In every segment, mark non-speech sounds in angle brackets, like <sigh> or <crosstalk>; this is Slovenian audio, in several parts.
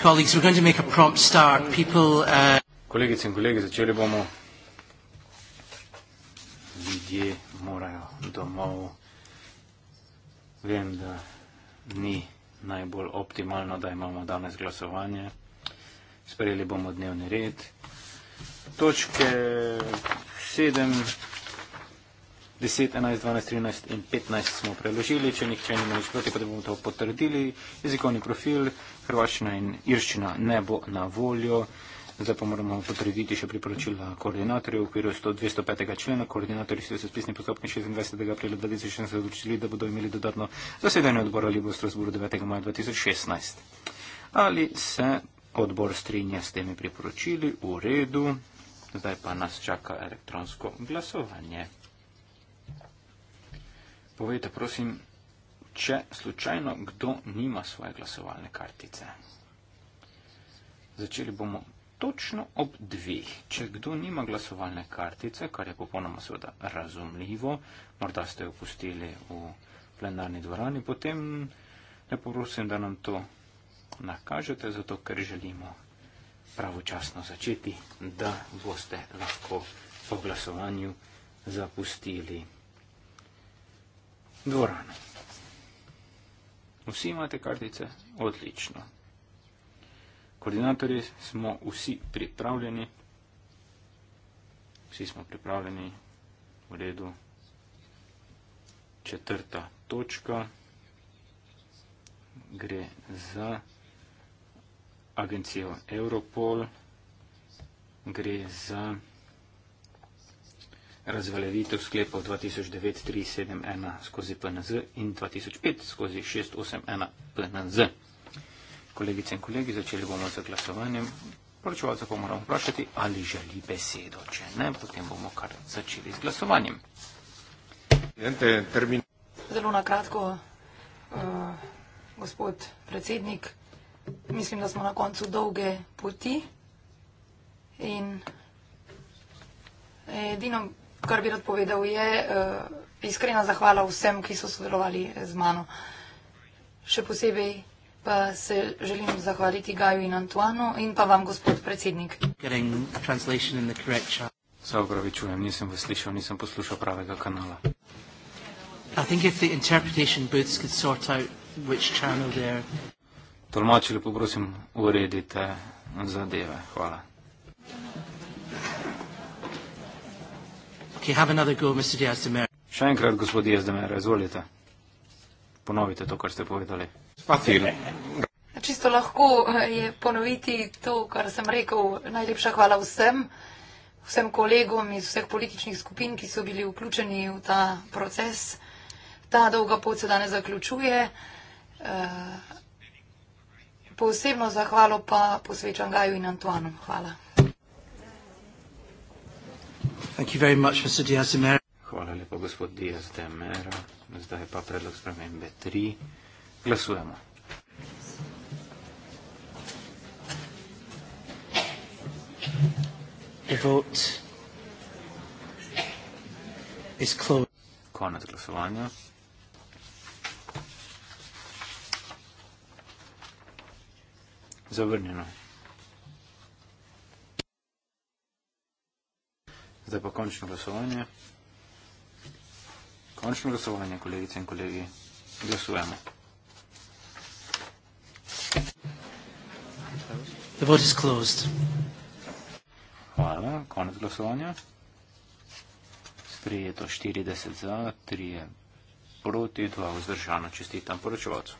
Colleagues, we're going to make a prompt start. People, uh... Kolegice in kolege, začeli bomo. Ljudje morajo domov. Vem, da ni najbolj optimalno, da imamo danes glasovanje. Sprejeli bomo dnevni red. Točke 7. 10, 11, 12, 13 in 15 smo preložili, če nihče ni nič proti, potem bomo to potrdili. Jezikovni profil Hrvaščina in Irščina ne bo na voljo. Zdaj pa moramo potrditi še priporočila koordinatorjev v okviru 205. člena. Koordinatorji so se spisni postopki 26. aprila 2016 odločili, da bodo imeli dodatno zasedanje odbora ali bo v Strasburu 9. maja 2016. Ali se odbor strinja s temi priporočili? V redu. Zdaj pa nas čaka elektronsko glasovanje povejte prosim, če slučajno kdo nima svoje glasovalne kartice. Začeli bomo točno ob dveh. Če kdo nima glasovalne kartice, kar je popolnoma seveda razumljivo, morda ste jo pustili v plenarni dvorani, potem lepo prosim, da nam to nakažete, zato ker želimo pravočasno začeti, da boste lahko po glasovanju zapustili dvorano. Vsi imate kartice? Odlično. Koordinatorji smo vsi pripravljeni. Vsi smo pripravljeni v redu. Četrta točka gre za agencijo Europol. Gre za agencijo Europol razveljavitev sklepov 2009-371 skozi PNZ in 2005 skozi 681 PNZ. Kolegice in kolegi, začeli bomo z glasovanjem. Poročevalca pa moramo vprašati, ali želi besedo. Če ne, potem bomo kar začeli z glasovanjem. Zelo na kratko, uh, gospod predsednik, mislim, da smo na koncu dolge poti in edino, kar bi rad povedal, je uh, iskrena zahvala vsem, ki so sodelovali z mano. Še posebej pa se želim zahvaliti Gaju in Antuanu in pa vam, gospod predsednik. Se opravičujem, nisem vas slišal, nisem poslušal pravega kanala. Tolmačili, poprosim, uredite zadeve. Hvala. Okay, have another go, Mr. Diaz de Mera. Še enkrat, gospod Diaz de Mera, izvolite. Ponovite to, kar ste povedali. Spatil. Ja, čisto lahko eh, je ponoviti to, kar sem rekel. Najlepša hvala vsem, vsem kolegom iz vseh političnih skupin, ki so bili vključeni v ta proces. Ta dolga pot se danes zaključuje. Eh, posebno zahvalo pa posvečam Gaju in Antoanu. Hvala. Hvala lepa, gospod Diaz de Mera. Zdaj pa predlog spremembe 3. Glasujemo. Konec glasovanja. Zavrnjeno je. Zdaj pa končno glasovanje. Končno glasovanje, kolegice in kolegi. Glasujemo. The vote is closed. Hvala. Konec glasovanja. Sprijeto 40 za, 3 proti, 2 vzdržano. Čestitam poročevalcu.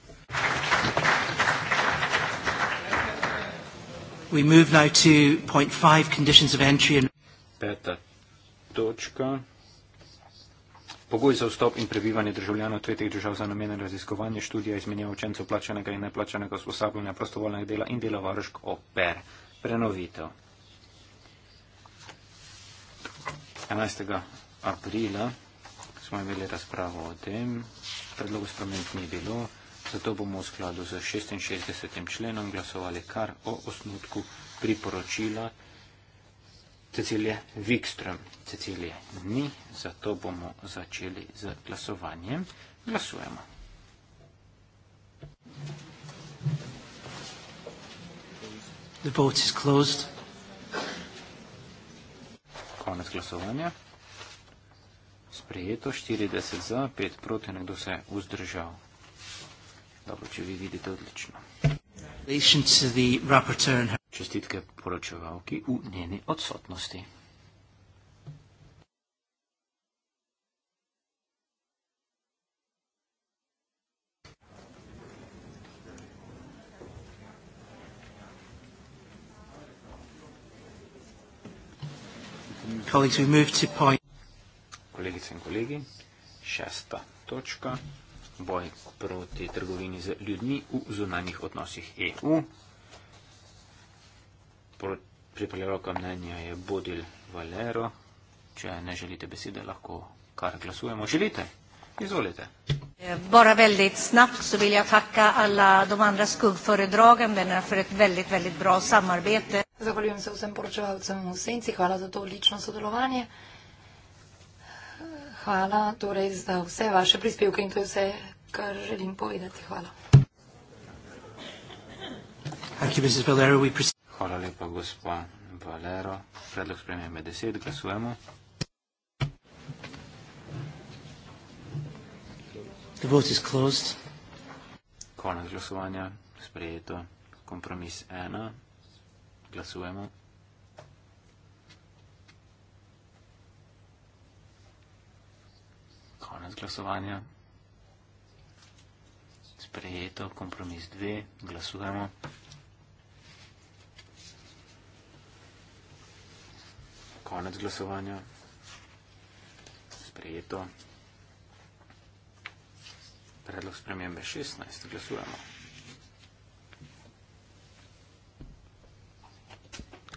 We move now to point five, conditions of entry and... Peta točka. Pogoj za vstop in prebivanje državljanov tretjih držav za namene raziskovanja, študija, izmenjava učencev plačanega in neplačanega usposabljanja, prostovoljnega dela in dela varošk oper. Prenovitev. 11. aprila smo imeli razpravo o tem, predlogu spremenit ni bilo, zato bomo v skladu z 66. členom glasovali kar o osnutku priporočila. Cecilije Wikström. Cecilije ni, zato bomo začeli z glasovanjem. Glasujemo. The vote is closed. Konec glasovanja. Sprejeto 40 za, 5 proti, nekdo se je vzdržal. Dobro, če vi vidite odlično. In to the rapporteur and her čestitke poročevalki v njeni odsotnosti. Kolegice in kolegi, šesta točka, boj proti trgovini z ljudmi v zunanjih odnosih EU pri prilogu mnenja je Budil Valero. Če ne želite besede, lahko kar glasujemo. Želite? Izvolite. Eh, bara väldigt snabbt så vill jag tacka alla de andra skuggföredragandena för ett väldigt, väldigt bra samarbete. Zahvaljujem se vsem poročevalcem v senci, hvala za to odlično sodelovanje. Hvala torej za vse vaše prispevke in to je vse, kar želim povedati. Hvala. Thank you, Mrs. Valero. We Hvala lepa, gospa Valero. Predlog spremembe 10, glasujemo. The vote is closed. Konec glasovanja, sprejeto. Kompromis 1, glasujemo. Konec glasovanja, sprejeto. Kompromis 2, glasujemo. konec glasovanja. Sprejeto. Predlog spremembe 16. Glasujemo.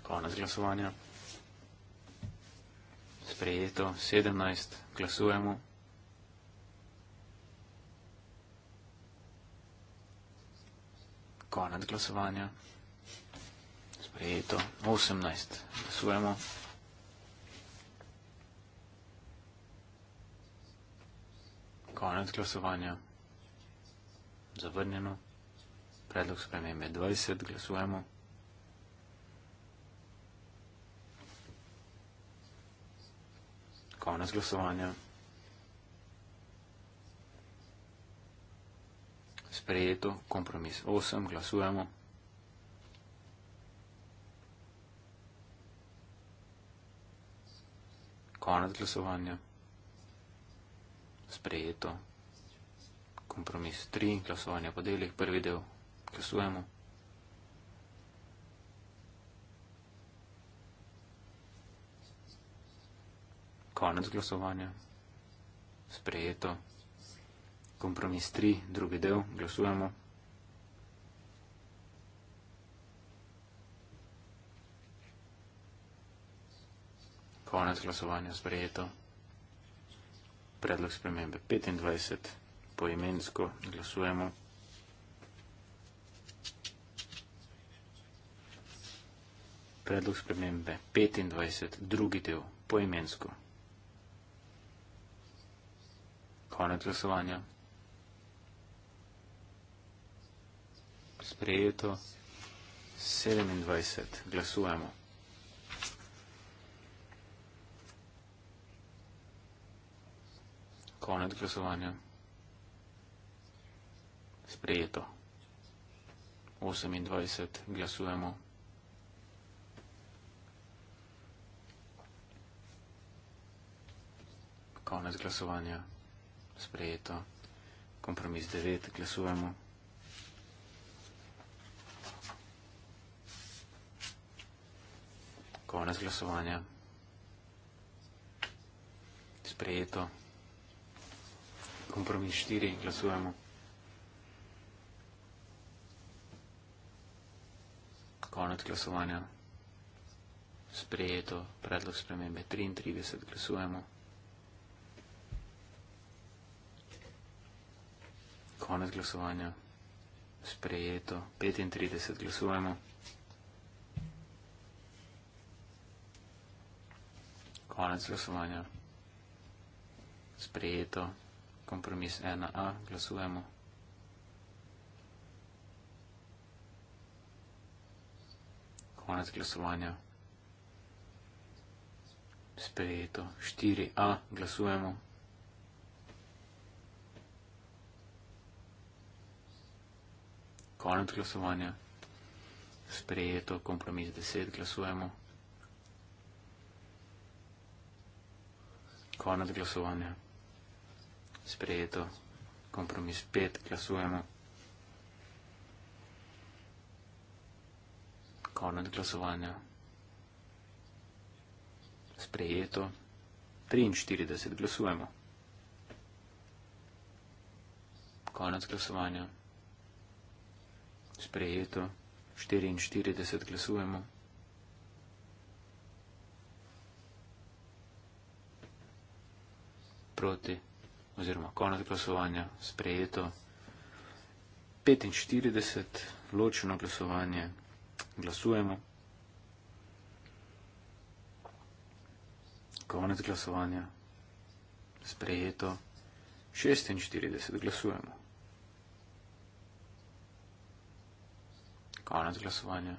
Konec glasovanja. Sprejeto. 17. Glasujemo. Konec glasovanja. Sprejeto. 18. Glasujemo. Glasujemo. Konec glasovanja. Zavrnjeno. Predlog spremembe 20. Glasujemo. Konec glasovanja. Sprejeto. Kompromis 8. Glasujemo. Konec glasovanja sprejeto. Kompromis 3, glasovanje po delih, prvi del, glasujemo. Konec glasovanja, sprejeto. Kompromis 3, drugi del, glasujemo. Konec glasovanja, sprejeto predlog spremembe 25, poimensko glasujemo. Predlog spremembe 25, drugi del, poimensko. Konec glasovanja. Sprejeto 27, glasujemo. Konec glasovanja. Sprejeto. 28 glasujemo. Konec glasovanja. Sprejeto. Kompromis 9 glasujemo. Konec glasovanja. Sprejeto kompromis 4 in glasujemo. Konec glasovanja. Sprejeto predlog spremembe 33 glasujemo. Konec glasovanja. Sprejeto 35 glasujemo. Konec glasovanja. Sprejeto kompromis 1a, glasujemo. Konec glasovanja. Sprejeto. 4a, glasujemo. Konec glasovanja. Sprejeto. Kompromis 10, glasujemo. Konec glasovanja sprejeto. Kompromis 5, glasujemo. Konec glasovanja. Sprejeto. 43, glasujemo. Konec glasovanja. Sprejeto. 44, glasujemo. Proti oziroma konec glasovanja sprejeto, 45 ločeno glasovanje, glasujemo, konec glasovanja sprejeto, 46 glasujemo, konec glasovanja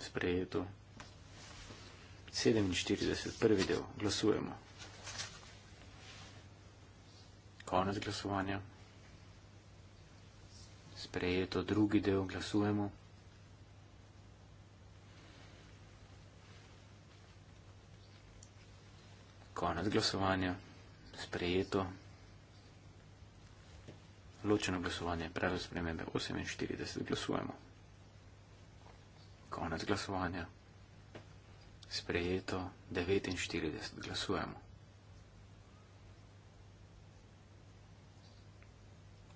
sprejeto. 47. Prvi del. Glasujemo konec glasovanja. Sprejeto drugi del glasujemo. Konec glasovanja. Sprejeto. Ločeno glasovanje. Predlo spremembe 48 glasujemo. Konec glasovanja. Sprejeto 49 glasujemo.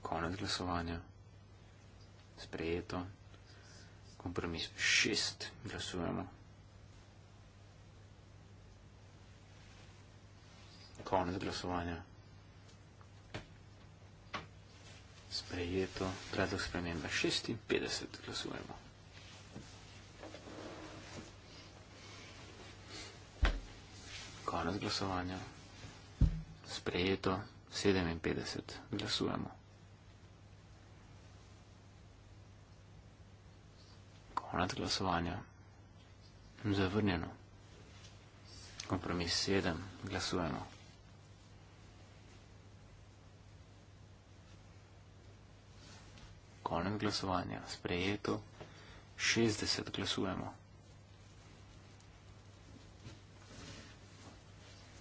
konec glasovanja. Sprejeto. Kompromis šest glasujemo. Konec glasovanja. Sprejeto. Predlog spremembe šest in petdeset glasujemo. Konec glasovanja. Sprejeto. 57. Glasujemo. konec glasovanja. Zavrnjeno. Kompromis 7. Glasujemo. Konec glasovanja. Sprejeto. 60. Glasujemo.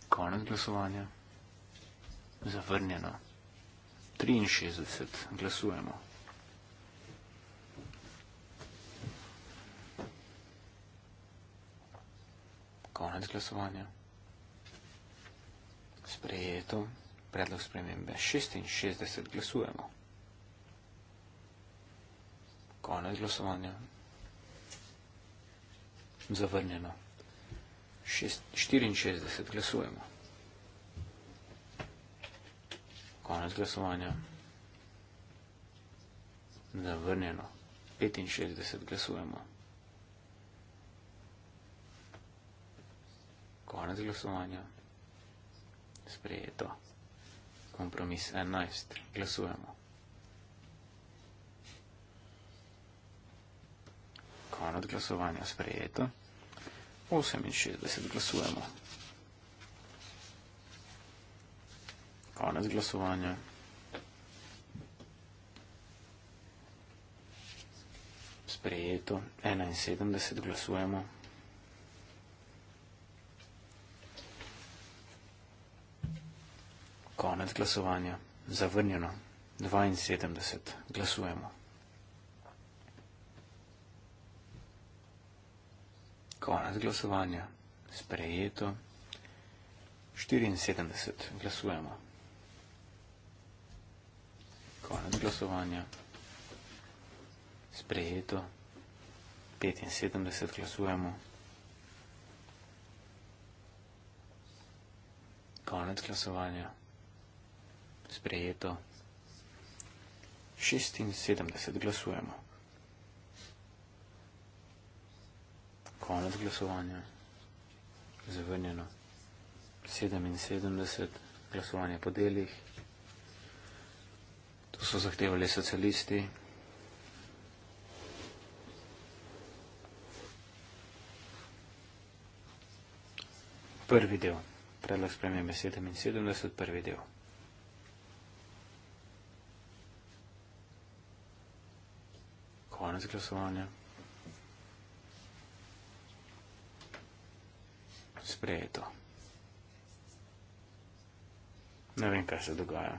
Konec glasovanja. Zavrnjeno. 63. Glasujemo. Konec glasovanja. Sprejeto. Predlog spremembe 66 glasujemo. Konec glasovanja. Zavrnjeno. 64 glasujemo. Konec glasovanja. Zavrnjeno. 65 glasujemo. Konec glasovanja. Sprejeto. Kompromis 11. Glasujemo. Konec glasovanja. Sprejeto. 68. Glasujemo. Konec glasovanja. Sprejeto. 71. Glasujemo. Konec glasovanja. Zavrnjeno. 72. Glasujemo. Konec glasovanja. Sprejeto. 74. Glasujemo. Konec glasovanja. Sprejeto. 75. Glasujemo. Konec glasovanja sprejeto. 76 glasujemo. Konec glasovanja. Zavrnjeno. 77 glasovanje po delih. To so zahtevali socialisti. Prvi del. Predlog spremembe 77. Prvi del. Konec glasovanja. Sprejeto. Ne vem, kaj se dogaja.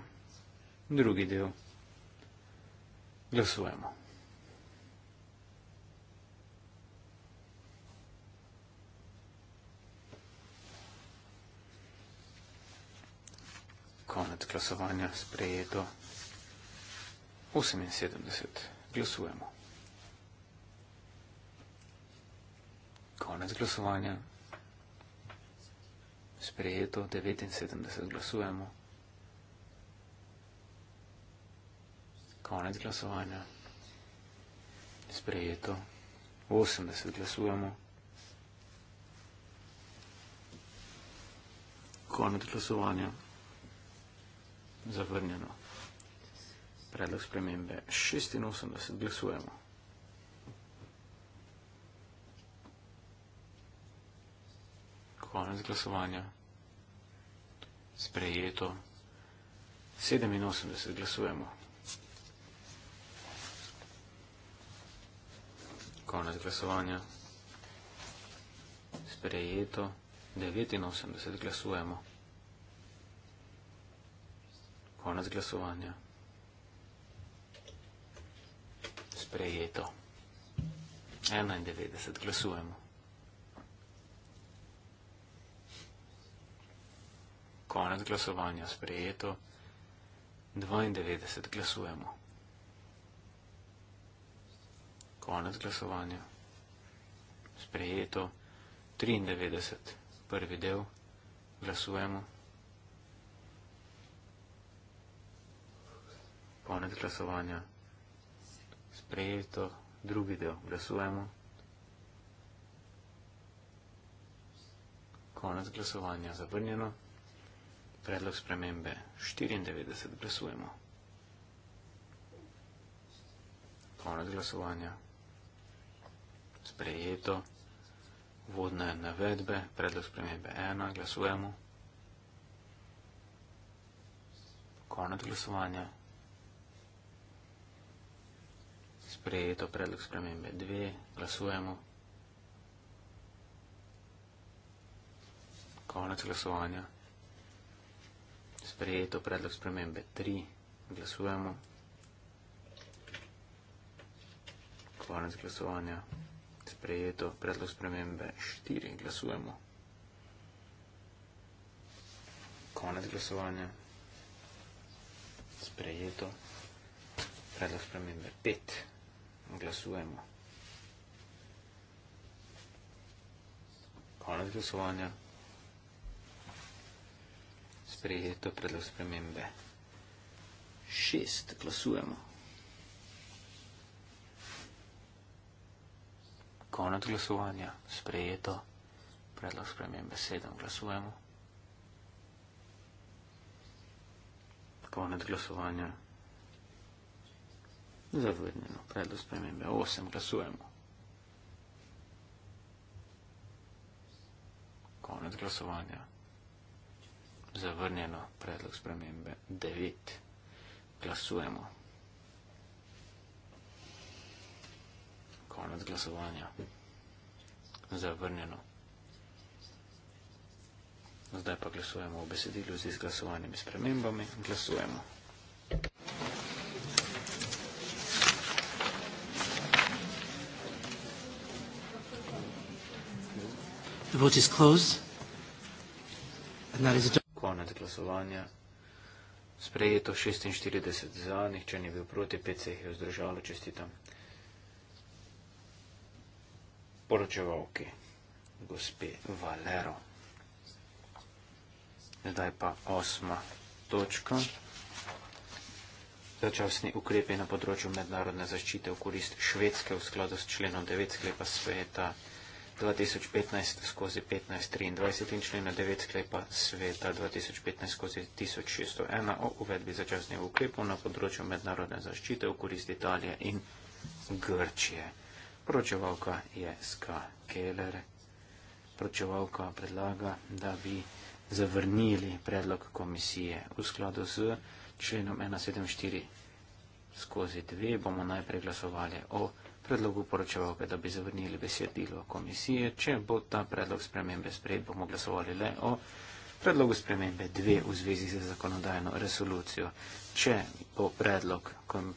Drugi del. Glasujemo. Konec glasovanja sprejeto. 78. Glasujemo. konec glasovanja. Sprejeto 79 glasujemo. Konec glasovanja. Sprejeto 80 glasujemo. Konec glasovanja. Zavrnjeno. Predlog spremembe 86 glasujemo. konec glasovanja. Sprejeto. 87 glasujemo. Konec glasovanja. Sprejeto. 89 glasujemo. Konec glasovanja. Sprejeto. 91 glasujemo. konec glasovanja sprejeto, 92 glasujemo. Konec glasovanja sprejeto, 93 prvi del glasujemo. Konec glasovanja sprejeto, drugi del glasujemo. Konec glasovanja zavrnjeno predlog spremembe 94 glasujemo. Konec glasovanja. Sprejeto. Vodne navedbe. Predlog spremembe 1. Glasujemo. Konec glasovanja. Sprejeto. Predlog spremembe 2. Glasujemo. Konec glasovanja. Sprejeto sprejeto predlog spremembe 3. Glasujemo. Konec glasovanja. Sprejeto predlog spremembe 4. Glasujemo. Konec glasovanja. Sprejeto predlog spremembe 5. Glasujemo. Konec glasovanja sprejeto predlog spremembe. Šest, glasujemo. Konec glasovanja, sprejeto predlog spremembe. Sedem, glasujemo. Konec glasovanja, zavrnjeno predlog spremembe. Osem, glasujemo. Konec glasovanja zavrnjeno predlog spremembe 9. Glasujemo. Konec glasovanja. Zavrnjeno. Zdaj pa glasujemo v besedilju z izglasovanimi spremembami. Glasujemo. The vote is closed. And that is glasovanja sprejeto 46 za, nihče ni bil proti, 5 se jih je vzdržalo, čestitam. Poročevalki, gospe Valero. Zdaj pa osma točka. Začasni ukrepi na področju mednarodne zaščite v korist Švedske v skladu s členom 9 sklepa sveta 2015 skozi 1523 in člena 9 sklepa sveta 2015 skozi 1601 o uvedbi začasnih ukrepov na področju mednarodne zaščite v korist Italije in Grčije. Pročevalka je Ska Keller. Pročevalka predlaga, da bi zavrnili predlog komisije v skladu z členom 174 skozi 2. Bomo najprej glasovali o predlogu poročevalke, da bi zavrnili besedilo komisije. Če bo ta predlog spremembe sprejet, bomo glasovali le o predlogu spremembe dve v zvezi z zakonodajno resolucijo. Če bo predlog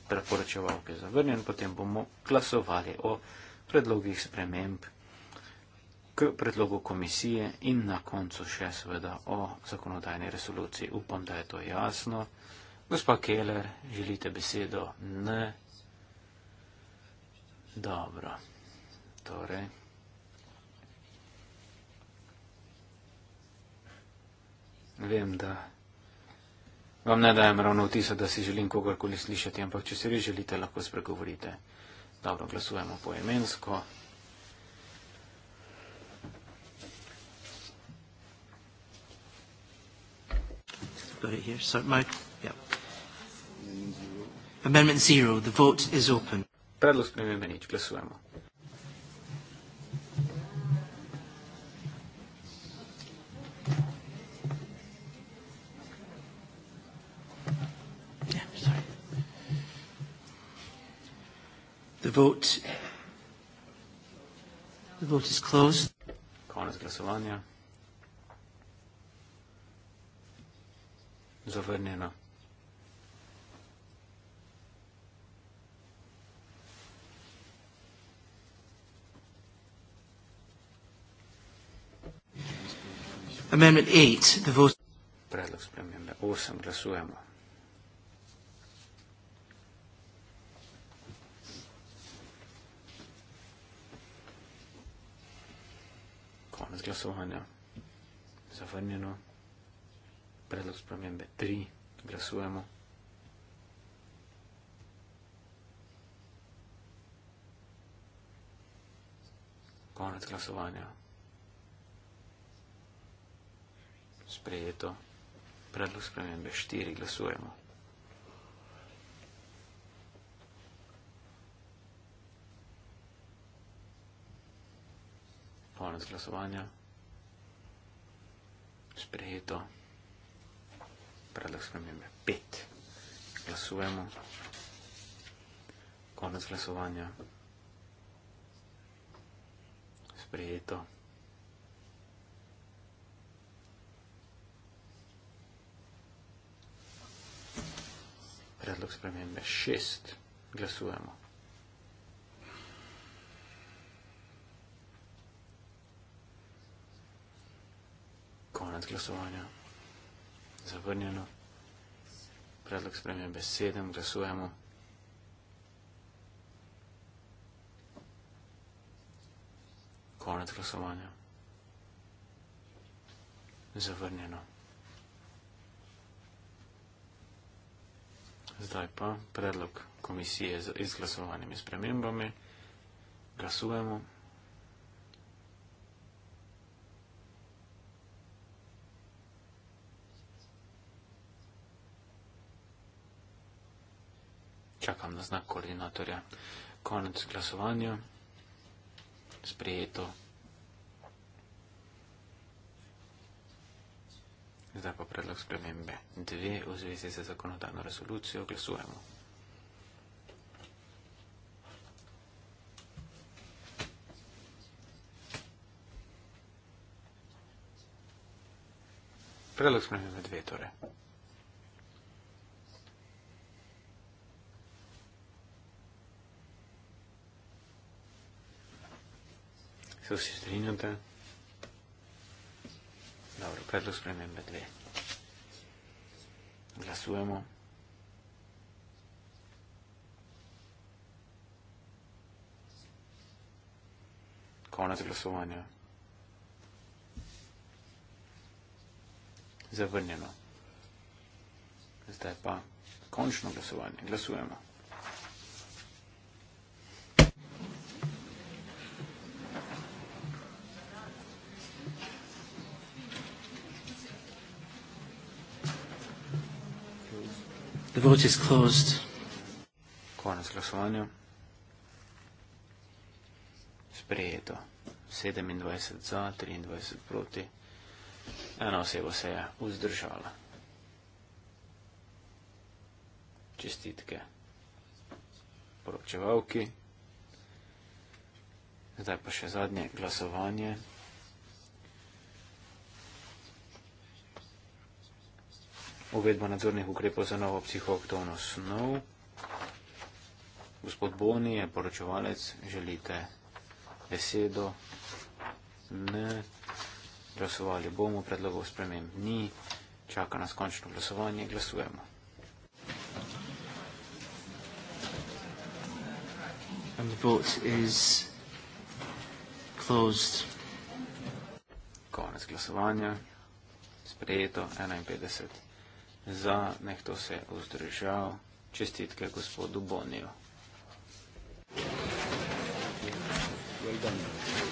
poročevalke zavrnjen, potem bomo glasovali o predlogih sprememb k predlogu komisije in na koncu še seveda o zakonodajni resoluciji. Upam, da je to jasno. Gospa Keller, želite besedo? Ne. Dobro. Torej. Vem, da vam ne dajem ravno vtisa, da si želim kogarkoli slišati, ampak če si res želite, lahko spregovorite. Dobro, glasujemo poemensko. Amendment zero, the vote is open. Predlog spremembe nič. Glasujemo. The vote. The vote Konec glasovanja. Zavrnjeno. Amendment 8, the vote. Predlog spremembe 8, glasujemo. Konec glasovanja. Zavrnjeno. Predlog spremembe 3, glasujemo. Konec glasovanja. sprejeto. Predlog spremembe štiri glasujemo. Konec glasovanja. Sprejeto. Predlog spremembe pet glasujemo. Konec glasovanja. Sprejeto. predlog spremembe. Šest glasujemo. Konec glasovanja. Zavrnjeno. Predlog spremembe. Sedem glasujemo. Konec glasovanja. Zavrnjeno. Zdaj pa predlog komisije z izglasovanimi spremembami. Glasujemo. Čakam na znak koordinatorja. Konec glasovanja. Sprijeto. Zdaj pa predlog spremembe. Dve v zvezi z zakonodajno resolucijo glasujemo. Predlog spremembe dve torej. Se vsi strinjate? Dobro, predlog spremembe dve. Glasujemo. Konec glasovanja. Zavrnjeno. Zdaj pa končno glasovanje. Glasujemo. Glasujemo. The vote is closed. Konec glasovanja. Sprejeto. 27 za, 23 proti. Ena oseba se je vzdržala. Čestitke poročevalki. Zdaj pa še zadnje glasovanje. uvedba nadzornih ukrepov za novo psihoaktovno snov. Gospod Boni je poročevalec, želite besedo? Ne. Glasovali bomo, predlogov sprememb ni. Čaka nas končno glasovanje, glasujemo. And the vote is closed. Konec glasovanja. Sprejeto 51 za nekto se vzdržal. Čestitke gospodu Boniju. Well done.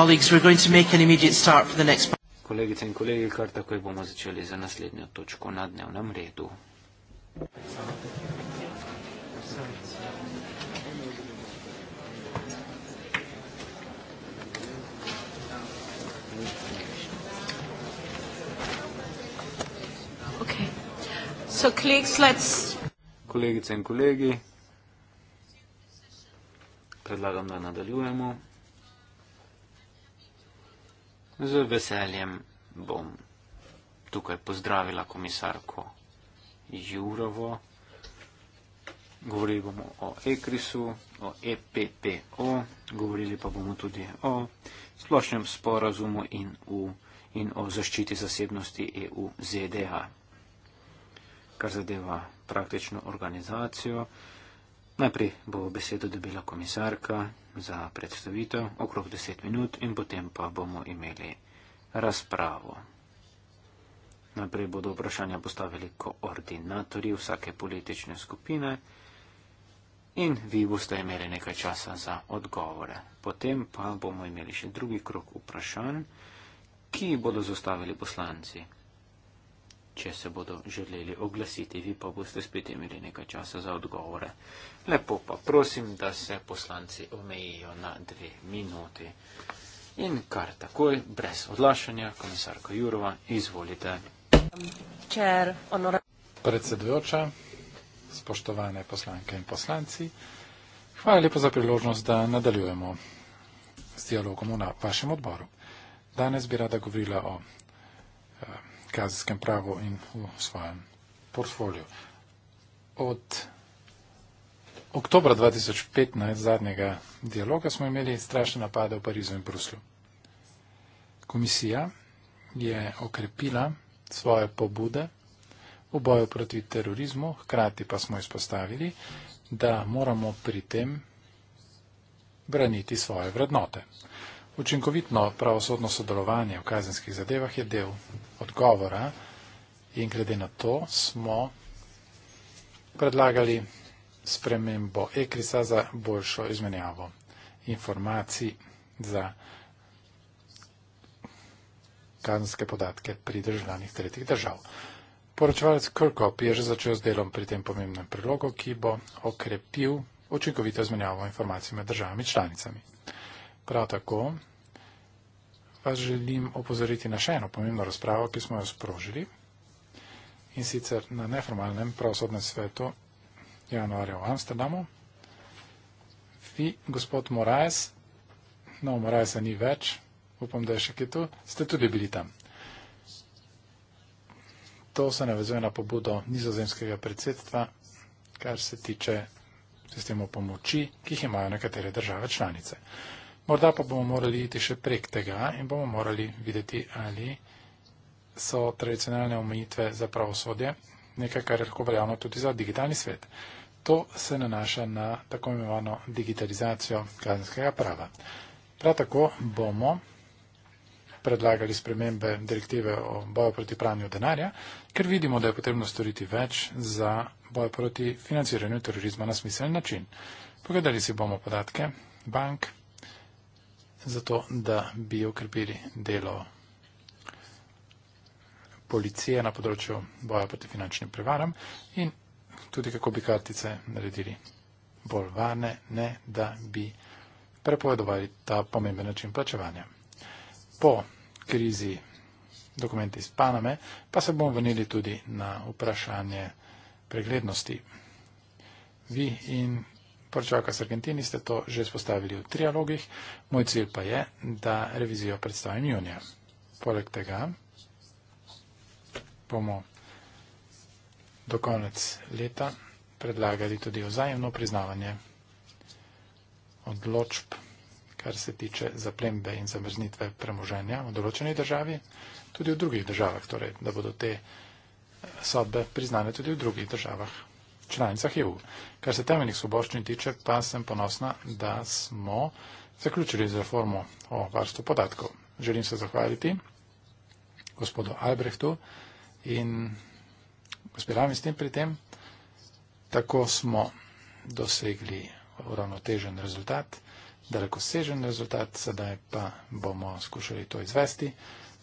colleagues, we're going to make an immediate start for the next... Kolegice in kolegi, kar takoj bomo začeli za naslednjo točko na dnevnem redu. Kolegice in kolegi, predlagam, da nadaljujemo. Z veseljem bom tukaj pozdravila komisarko Jurovo. Govorili bomo o ECRIS-u, o EPPO, govorili pa bomo tudi o splošnem sporazumu in, v, in o zaščiti zasebnosti EU-ZDA. Kar zadeva praktično organizacijo, Najprej bo besedo dobila komisarka za predstavitev okrog 10 minut in potem pa bomo imeli razpravo. Najprej bodo vprašanja postavili koordinatorji vsake politične skupine in vi boste imeli nekaj časa za odgovore. Potem pa bomo imeli še drugi krok vprašanj, ki bodo zastavili poslanci če se bodo želeli oglasiti, vi pa boste spet imeli nekaj časa za odgovore. Lepo pa prosim, da se poslanci omejijo na dve minuti. In kar takoj, brez odlašanja, komisarka Jurova, izvolite. Predsedujoča, spoštovane poslanke in poslanci, hvala lepo za priložnost, da nadaljujemo s dialogom na vašem odboru. Danes bi rada govorila o kazenskem pravu in v svojem portfolju. Od oktobra 2015, zadnjega dialoga, smo imeli strašne napade v Parizu in Bruslju. Komisija je okrepila svoje pobude v boju proti terorizmu, hkrati pa smo izpostavili, da moramo pri tem braniti svoje vrednote. Učinkovitno pravosodno sodelovanje v kazenskih zadevah je del odgovora in glede na to smo predlagali spremembo ekrisa za boljšo izmenjavo informacij za kazenske podatke pri državljanih tretjih držav. Poročevalec Krkop je že začel s delom pri tem pomembnem prilogu, ki bo okrepil učinkovito izmenjavo informacij med državami članicami. Prav tako pa želim opozoriti na še eno pomembno razpravo, ki smo jo sprožili in sicer na neformalnem pravosodnem svetu januarja v Amsterdamu. Vi, gospod Moraes, no, Moraesa ni več, upam, da je še kje tu, ste tudi bili tam. To se navezuje na pobudo nizozemskega predsedstva, kar se tiče sistemov pomoči, ki jih imajo nekatere države članice. Morda pa bomo morali iti še prek tega in bomo morali videti, ali so tradicionalne omejitve za pravosodje nekaj, kar je lahko veljavno tudi za digitalni svet. To se nanaša na tako imenovano digitalizacijo kazenskega prava. Prav tako bomo predlagali spremembe direktive o boju proti pranju denarja, ker vidimo, da je potrebno storiti več za boj proti financiranju terorizma na smiseln način. Pogledali si bomo podatke bank, zato da bi okrepili delo policije na področju boja proti finančnim prevaram in tudi kako bi kartice naredili bolj varne, ne da bi prepovedovali ta pomemben način plačevanja. Po krizi dokumenti iz Paname pa se bomo vrnili tudi na vprašanje preglednosti. Vi in poročavka s Argentini ste to že spostavili v trialogih, moj cilj pa je, da revizijo predstavim junija. Poleg tega bomo do konec leta predlagali tudi vzajemno priznavanje odločb, kar se tiče zaplembe in zamrznitve premoženja v določeni državi, tudi v drugih državah, torej, da bodo te sodbe priznane tudi v drugih državah članicah EU. Kar se temeljnih svoboščin tiče, pa sem ponosna, da smo zaključili z reformo o varstvu podatkov. Želim se zahvaliti gospodu Albrechtu in gospodami s tem pri tem. Tako smo dosegli uravnotežen rezultat, dalekosežen rezultat, sedaj pa bomo skušali to izvesti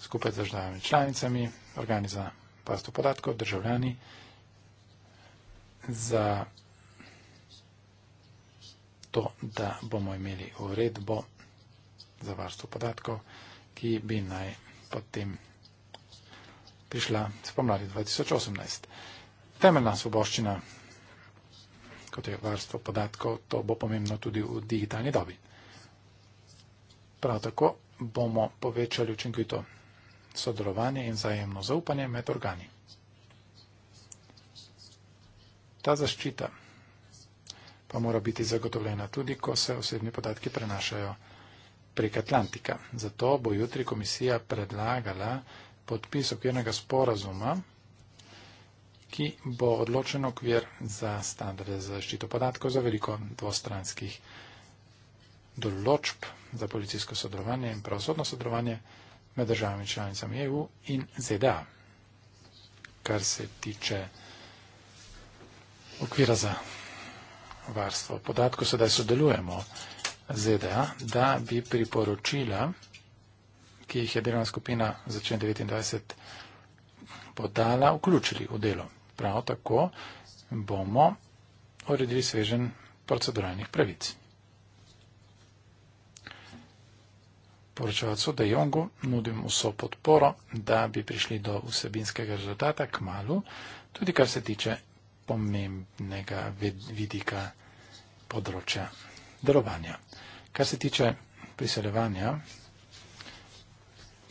skupaj z državami članicami, organi za varstvo podatkov, državljani za to, da bomo imeli uredbo za varstvo podatkov, ki bi naj potem prišla spomladi 2018. Temeljna svoboščina, kot je varstvo podatkov, to bo pomembno tudi v digitalni dobi. Prav tako bomo povečali učinkovito sodelovanje in zajemno zaupanje med organi. Ta zaščita pa mora biti zagotovljena tudi, ko se osebni podatki prenašajo prek Atlantika. Zato bo jutri komisija predlagala podpis okvirnega sporazuma, ki bo odločen okvir za standarde za zaščito podatkov za veliko dvostranskih določb za policijsko sodelovanje in pravosodno sodelovanje med državami članicami EU in ZDA. Kar se tiče okvira za varstvo podatkov, sedaj sodelujemo z ZDA, da bi priporočila, ki jih je delovna skupina za člen 29 podala, vključili v delo. Prav tako bomo uredili svežen proceduralnih pravic. Poročevalcu Dejongu nudim vso podporo, da bi prišli do vsebinskega rezultata k malu, tudi kar se tiče pomembnega vidika področja delovanja. Kar se tiče priseljevanja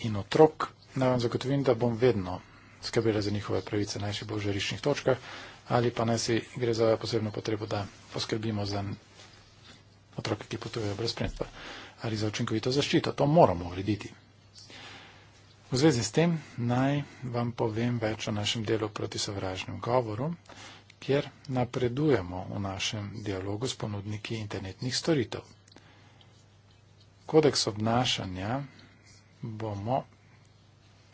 in otrok, naj vam zagotovim, da bom vedno skrbela za njihove pravice na najšibolj žariščnih točkah ali pa naj si gre za posebno potrebo, da poskrbimo za otroke, ki potujejo brez spremstva ali za učinkovito zaščito. To moramo urediti. V zvezi s tem naj vam povem več o našem delu proti sovražnem govoru kjer napredujemo v našem dialogu s ponudniki internetnih storitev. Kodeks obnašanja bomo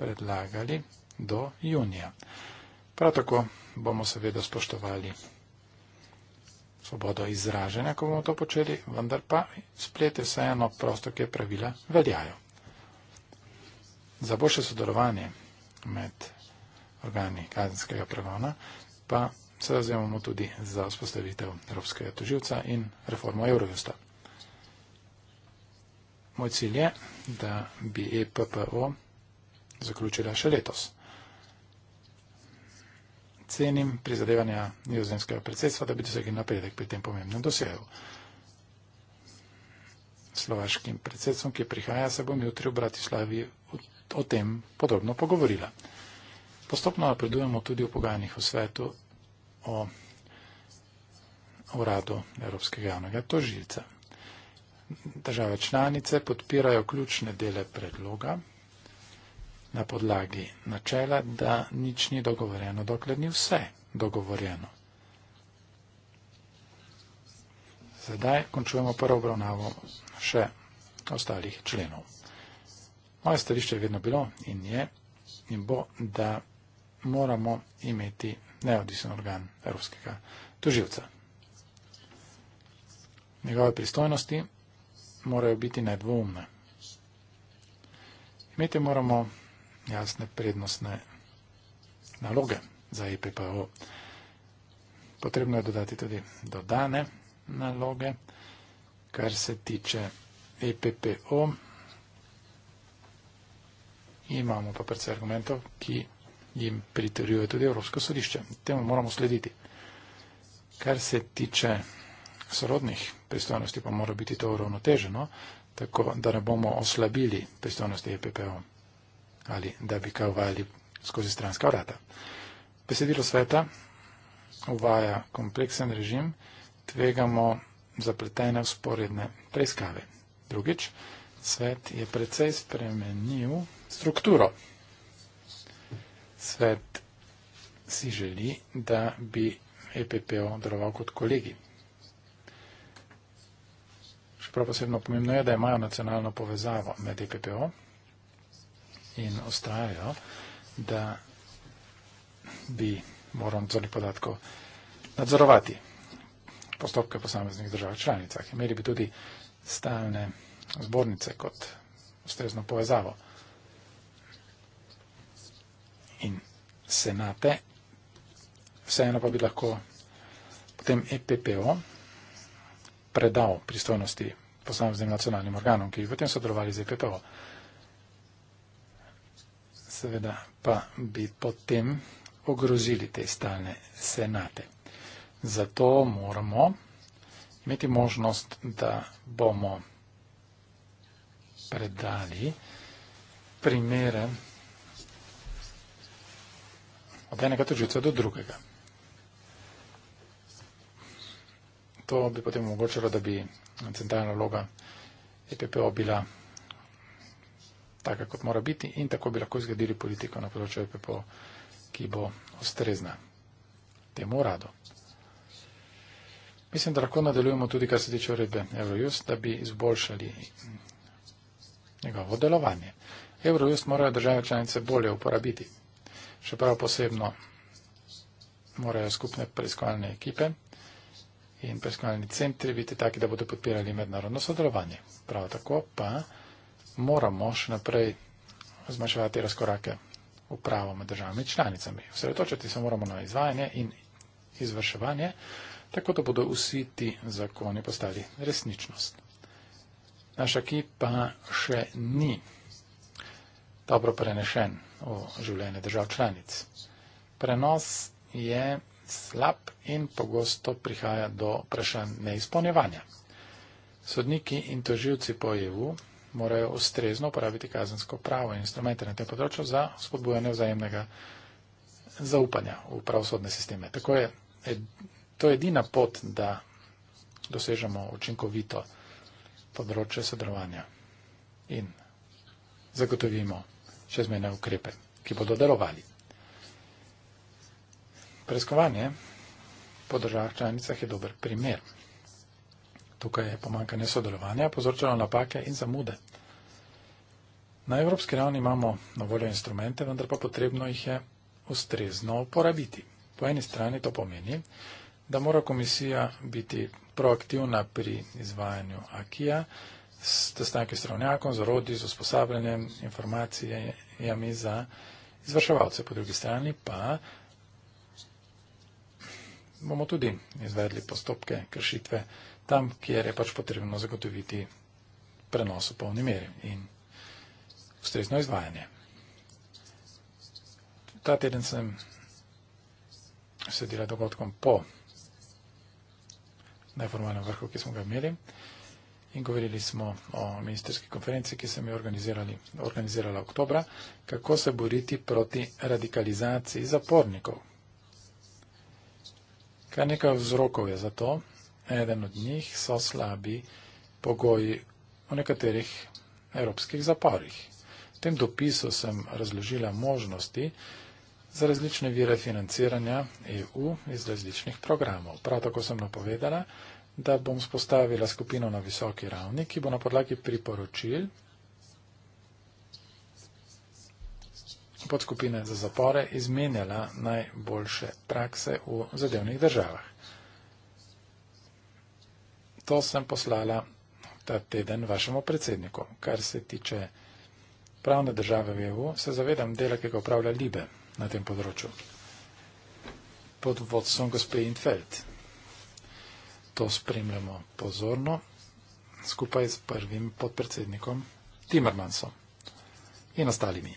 predlagali do junija. Prav tako bomo seveda spoštovali svobodo izražanja, ko bomo to počeli, vendar pa splet je vseeno prosto, kjer pravila veljajo. Za boljše sodelovanje med organi kazenskega pregona pa se zavzemamo tudi za vzpostavitev Evropskega toživca in reformo Eurojusta. Moj cilj je, da bi EPPO zaključila še letos. Cenim prizadevanja nizozemskega predsedstva, da bi dosegli napredek pri tem pomembnem dosegu. Slovaškim predsedstvom, ki prihaja, se bom jutri v Bratislavi o tem podrobno pogovorila. Postopno napredujemo tudi v pogajanjih v svetu o uradu Evropskega javnega toživca. Države članice podpirajo ključne dele predloga na podlagi načela, da nič ni dogovorjeno, dokler ni vse dogovorjeno. Zdaj končujemo prvo obravnavo še ostalih členov. Moje stališče je vedno bilo in je in bo, da moramo imeti neodvisen organ evropskega toživca. Njegove pristojnosti morajo biti nedvoumne. Imeti moramo jasne prednostne naloge za EPPO. Potrebno je dodati tudi dodane naloge, kar se tiče EPPO. Imamo pa predvsej argumentov, ki jim pritorjuje tudi Evropsko sodišče. Temu moramo slediti. Kar se tiče sorodnih pristojnosti, pa mora biti to uravnoteženo, tako da ne bomo oslabili pristojnosti EPPO ali da bi kaj uvajali skozi stranska vrata. Besedilo sveta uvaja kompleksen režim, tvegamo zapletene usporedne preiskave. Drugič, svet je precej spremenil strukturo. Svet si želi, da bi EPPO deloval kot kolegi. Čeprav posebno pomembno je, da imajo nacionalno povezavo med EPPO in ostrajajo, da bi moral nadzornih podatkov nadzorovati postopke posameznih držav članicah. Imeli bi tudi stalne zbornice kot ustrezno povezavo in senate, vseeno pa bi lahko potem EPPO predal pristojnosti posameznim nacionalnim organom, ki bi potem sodelovali z EPPO. Seveda pa bi potem ogrozili te stalne senate. Zato moramo imeti možnost, da bomo predali primere od enega tržica do drugega. To bi potem omogočilo, da bi centralna vloga EPPO bila taka, kot mora biti in tako bi lahko izgledili politiko na področju EPPO, ki bo ustrezna temu uradu. Mislim, da lahko nadaljujemo tudi, kar se tiče uredbe Eurojust, da bi izboljšali njegovo delovanje. Eurojust morajo države članice bolje uporabiti še prav posebno morajo skupne preiskovalne ekipe in preiskovalni centri biti taki, da bodo podpirali mednarodno sodelovanje. Prav tako pa moramo še naprej zmanjševati razkorake upravo med državami članicami. Sredotočiti se moramo na izvajanje in izvrševanje, tako da bodo vsi ti zakoni postali resničnost. Naša ekipa še ni dobro prenešen v življenje držav članic. Prenos je slab in pogosto prihaja do vprašanj neizpolnjevanja. Sodniki in toživci po EU morajo ustrezno uporabiti kazensko pravo in instrumente na tem področju za spodbujanje vzajemnega zaupanja v pravosodne sisteme. Tako je, to je edina pot, da dosežemo učinkovito področje sodelovanja in zagotovimo čezmene ukrepe, ki bodo delovali. Preiskovanje po državah članicah je dober primer. Tukaj je pomankanje sodelovanja povzročalo napake in zamude. Na evropski ravni imamo na voljo instrumente, vendar pa potrebno jih je ustrezno uporabiti. Po eni strani to pomeni, da mora komisija biti proaktivna pri izvajanju akija, sestanki strovnjakom, z orodji, z usposabljanjem, informacijami za izvrševalce. Po drugi strani pa bomo tudi izvedli postopke, kršitve tam, kjer je pač potrebno zagotoviti prenos v polni meri in ustrezno izvajanje. Ta teden sem sedela dogodkom po neformalnem vrhu, ki smo ga imeli in govorili smo o ministerski konferenci, ki sem jo organizirala oktobra, kako se boriti proti radikalizaciji zapornikov. Kar nekaj vzrokov je za to, eden od njih so slabi pogoji v nekaterih evropskih zaporih. V tem dopisu sem razložila možnosti za različne vire financiranja EU iz različnih programov. Prav tako sem napovedala, da bom spostavila skupino na visoki ravni, ki bo na podlagi priporočil podskupine za zapore izmenjala najboljše prakse v zadevnih državah. To sem poslala ta teden vašemu predsedniku. Kar se tiče pravne države v EU, se zavedam dela, ki ga upravlja Libe na tem področju pod vodstvom gospe Infeld to spremljamo pozorno, skupaj s prvim podpredsednikom Timmermansom in ostalimi.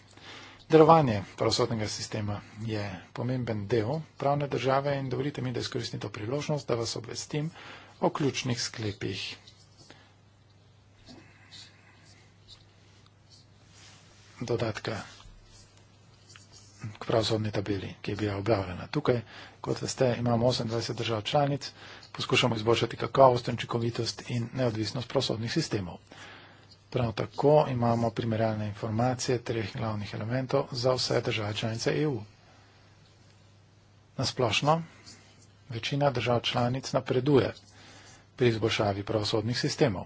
Delovanje pravosodnega sistema je pomemben del pravne države in dovolite mi, da izkoristim to priložnost, da vas obvestim o ključnih sklepih. dodatka k pravosodni tabeli, ki je bila objavljena tukaj. Kot veste, imamo 28 držav članic, poskušamo izboljšati kakovost, učinkovitost in neodvisnost pravosodnih sistemov. Prav tako imamo primerjalne informacije treh glavnih elementov za vse države članice EU. Nasplošno, večina držav članic napreduje pri izboljšavi pravosodnih sistemov.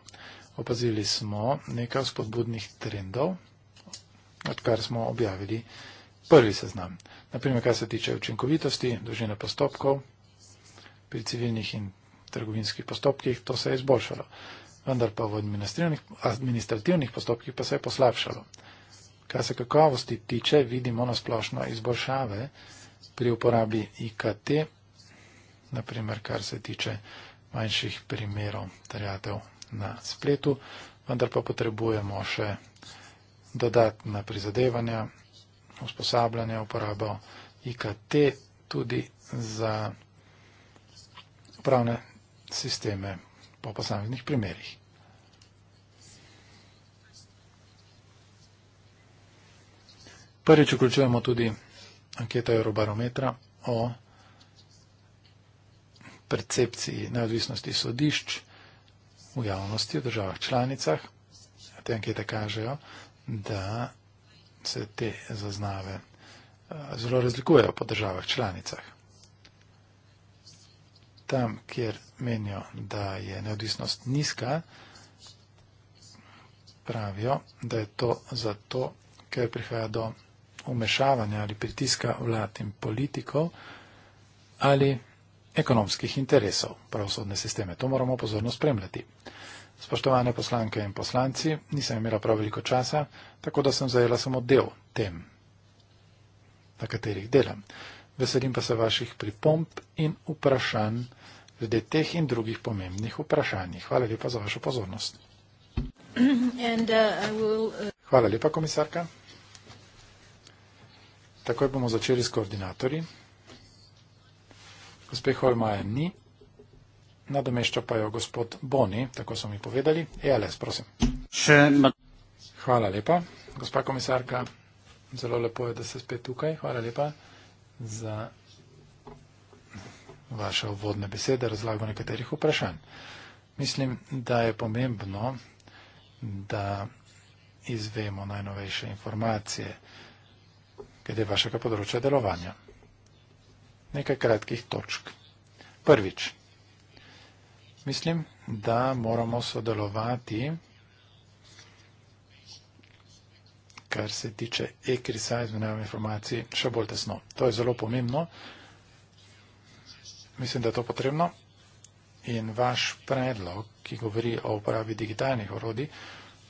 Opazili smo nekaj spodbudnih trendov, odkar smo objavili prvi seznam. Naprimer, kar se tiče učinkovitosti, dožine postopkov pri civilnih in trgovinskih postopkih to se je izboljšalo, vendar pa v administrativnih, administrativnih postopkih pa se je poslabšalo. Kar se kakovosti tiče, vidimo na splošno izboljšave pri uporabi IKT, naprimer kar se tiče manjših primerov trjatev na spletu, vendar pa potrebujemo še dodatna prizadevanja, usposabljanja, uporabo IKT tudi za upravne sisteme po posameznih primerjih. Prvič vključujemo tudi anketo Eurobarometra o percepciji neodvisnosti sodišč v javnosti v državah članicah. Te ankete kažejo, da se te zaznave eh, zelo razlikujejo po državah članicah tam, kjer menijo, da je neodvisnost nizka, pravijo, da je to zato, ker prihaja do umešavanja ali pritiska vlad in politikov ali ekonomskih interesov pravosodne sisteme. To moramo pozorno spremljati. Spoštovane poslanke in poslanci, nisem imela prav veliko časa, tako da sem zajela samo del tem, na katerih delam. Veselim pa se vaših pripomp in vprašanj glede teh in drugih pomembnih vprašanj. Hvala lepa za vašo pozornost. Uh, uh, Hvala lepa, komisarka. Takoj bomo začeli s koordinatorji. Gospe Holmaja ni, nadomešča pa jo gospod Boni, tako so mi povedali. ELS, prosim. Hvala lepa, gospa komisarka. Zelo lepo je, da ste spet tukaj. Hvala lepa za vaše uvodne besede, razlago nekaterih vprašanj. Mislim, da je pomembno, da izvemo najnovejše informacije glede vašega področja delovanja. Nekaj kratkih točk. Prvič, mislim, da moramo sodelovati, kar se tiče e-krisa izmenjave informacij, še bolj tesno. To je zelo pomembno, mislim, da je to potrebno. In vaš predlog, ki govori o uporabi digitalnih orodij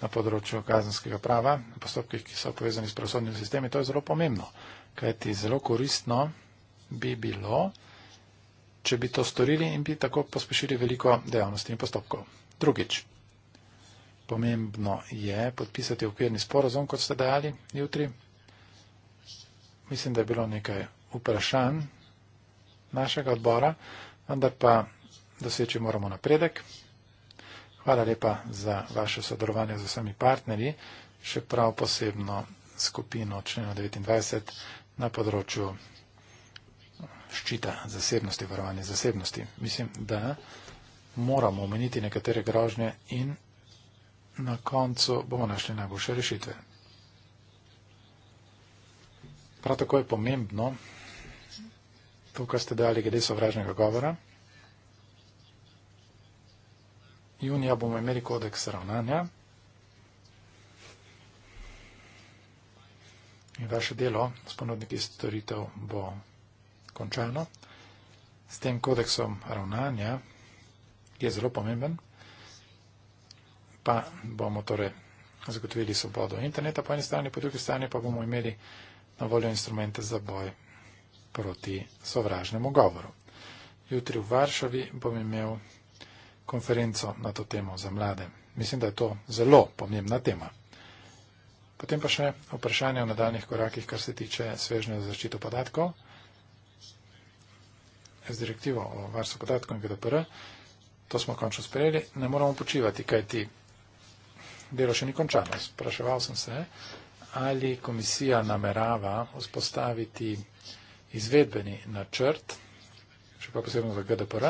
na področju kazenskega prava, postopkih, ki so povezani s pravosodnimi sistemi, to je zelo pomembno. Kajti zelo koristno bi bilo, če bi to storili in bi tako pospešili veliko dejavnosti in postopkov. Drugič, pomembno je podpisati okvirni sporozum, kot ste dejali jutri. Mislim, da je bilo nekaj vprašanj našega odbora, vendar pa doseči moramo napredek. Hvala lepa za vaše sodelovanje z vsemi partnerji, še prav posebno skupino členov 29 na področju ščita zasebnosti, varovanja zasebnosti. Mislim, da moramo omeniti nekatere grožnje in na koncu bomo našli najboljše rešitve. Prav tako je pomembno, to, kar ste dali glede sovražnega govora. Junija bomo imeli kodeks ravnanja. In vaše delo s ponudniki storitev bo končano. S tem kodeksom ravnanja, ki je zelo pomemben, pa bomo torej zagotovili svobodo interneta po eni strani, po drugi strani pa bomo imeli na voljo instrumente za boj proti sovražnemu govoru. Jutri v Varšavi bom imel konferenco na to temo za mlade. Mislim, da je to zelo pomembna tema. Potem pa še vprašanje o nadaljnih korakih, kar se tiče svežne zaščito podatkov. Z direktivo o varstvu podatkov in GDPR, to smo končno sprejeli, ne moramo počivati, kaj ti delo še ni končano. Spraševal sem se, ali komisija namerava vzpostaviti izvedbeni načrt, še pa posebno za GDPR.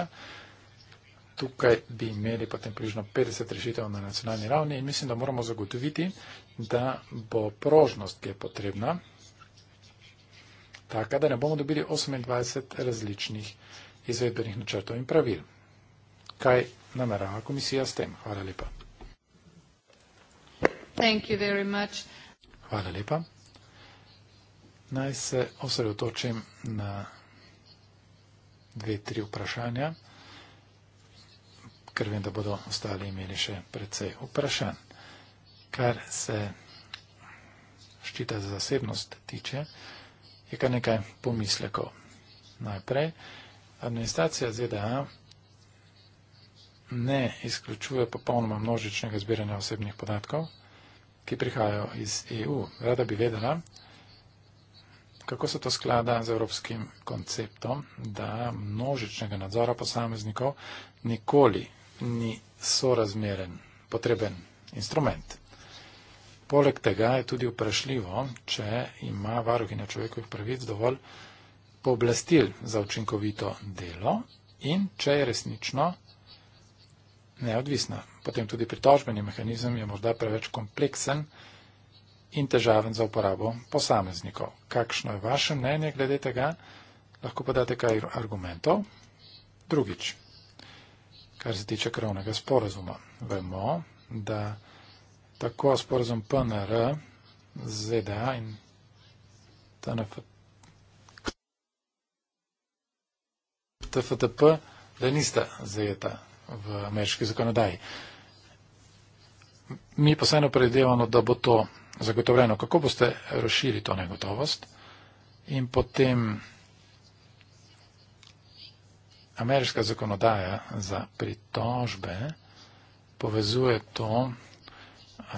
Tukaj bi imeli potem približno 50 rešitev na nacionalni ravni in mislim, da moramo zagotoviti, da bo prožnost, ki je potrebna, taka, da ne bomo dobili 28 različnih izvedbenih načrtov in pravil. Kaj namerava komisija s tem? Hvala lepa. Thank you very much. Hvala lepa naj se osredotočim na dve, tri vprašanja, ker vem, da bodo ostali imeli še precej vprašanj. Kar se ščita za zasebnost tiče, je kar nekaj pomislekov. Najprej, administracija ZDA ne izključuje popolnoma množičnega zbiranja osebnih podatkov, ki prihajajo iz EU. Rada bi vedela, kako se to sklada z evropskim konceptom, da množičnega nadzora posameznikov nikoli ni sorazmeren potreben instrument. Poleg tega je tudi vprašljivo, če ima varuhina človekovih pravic dovolj pooblastil za učinkovito delo in če je resnično neodvisna. Potem tudi pritožbeni mehanizem je morda preveč kompleksen, in težaven za uporabo posameznikov. Kakšno je vaše mnenje glede tega? Lahko podate kaj argumentov. Drugič, kar se tiče krovnega sporazuma. Vemo, da tako sporazum PNR z ZDA in TNF, TFTP, da nista zajeta v ameriški zakonodaji. Mi posebno predvidevamo, da bo to zagotovljeno, kako boste razširili to negotovost in potem ameriška zakonodaja za pritožbe povezuje to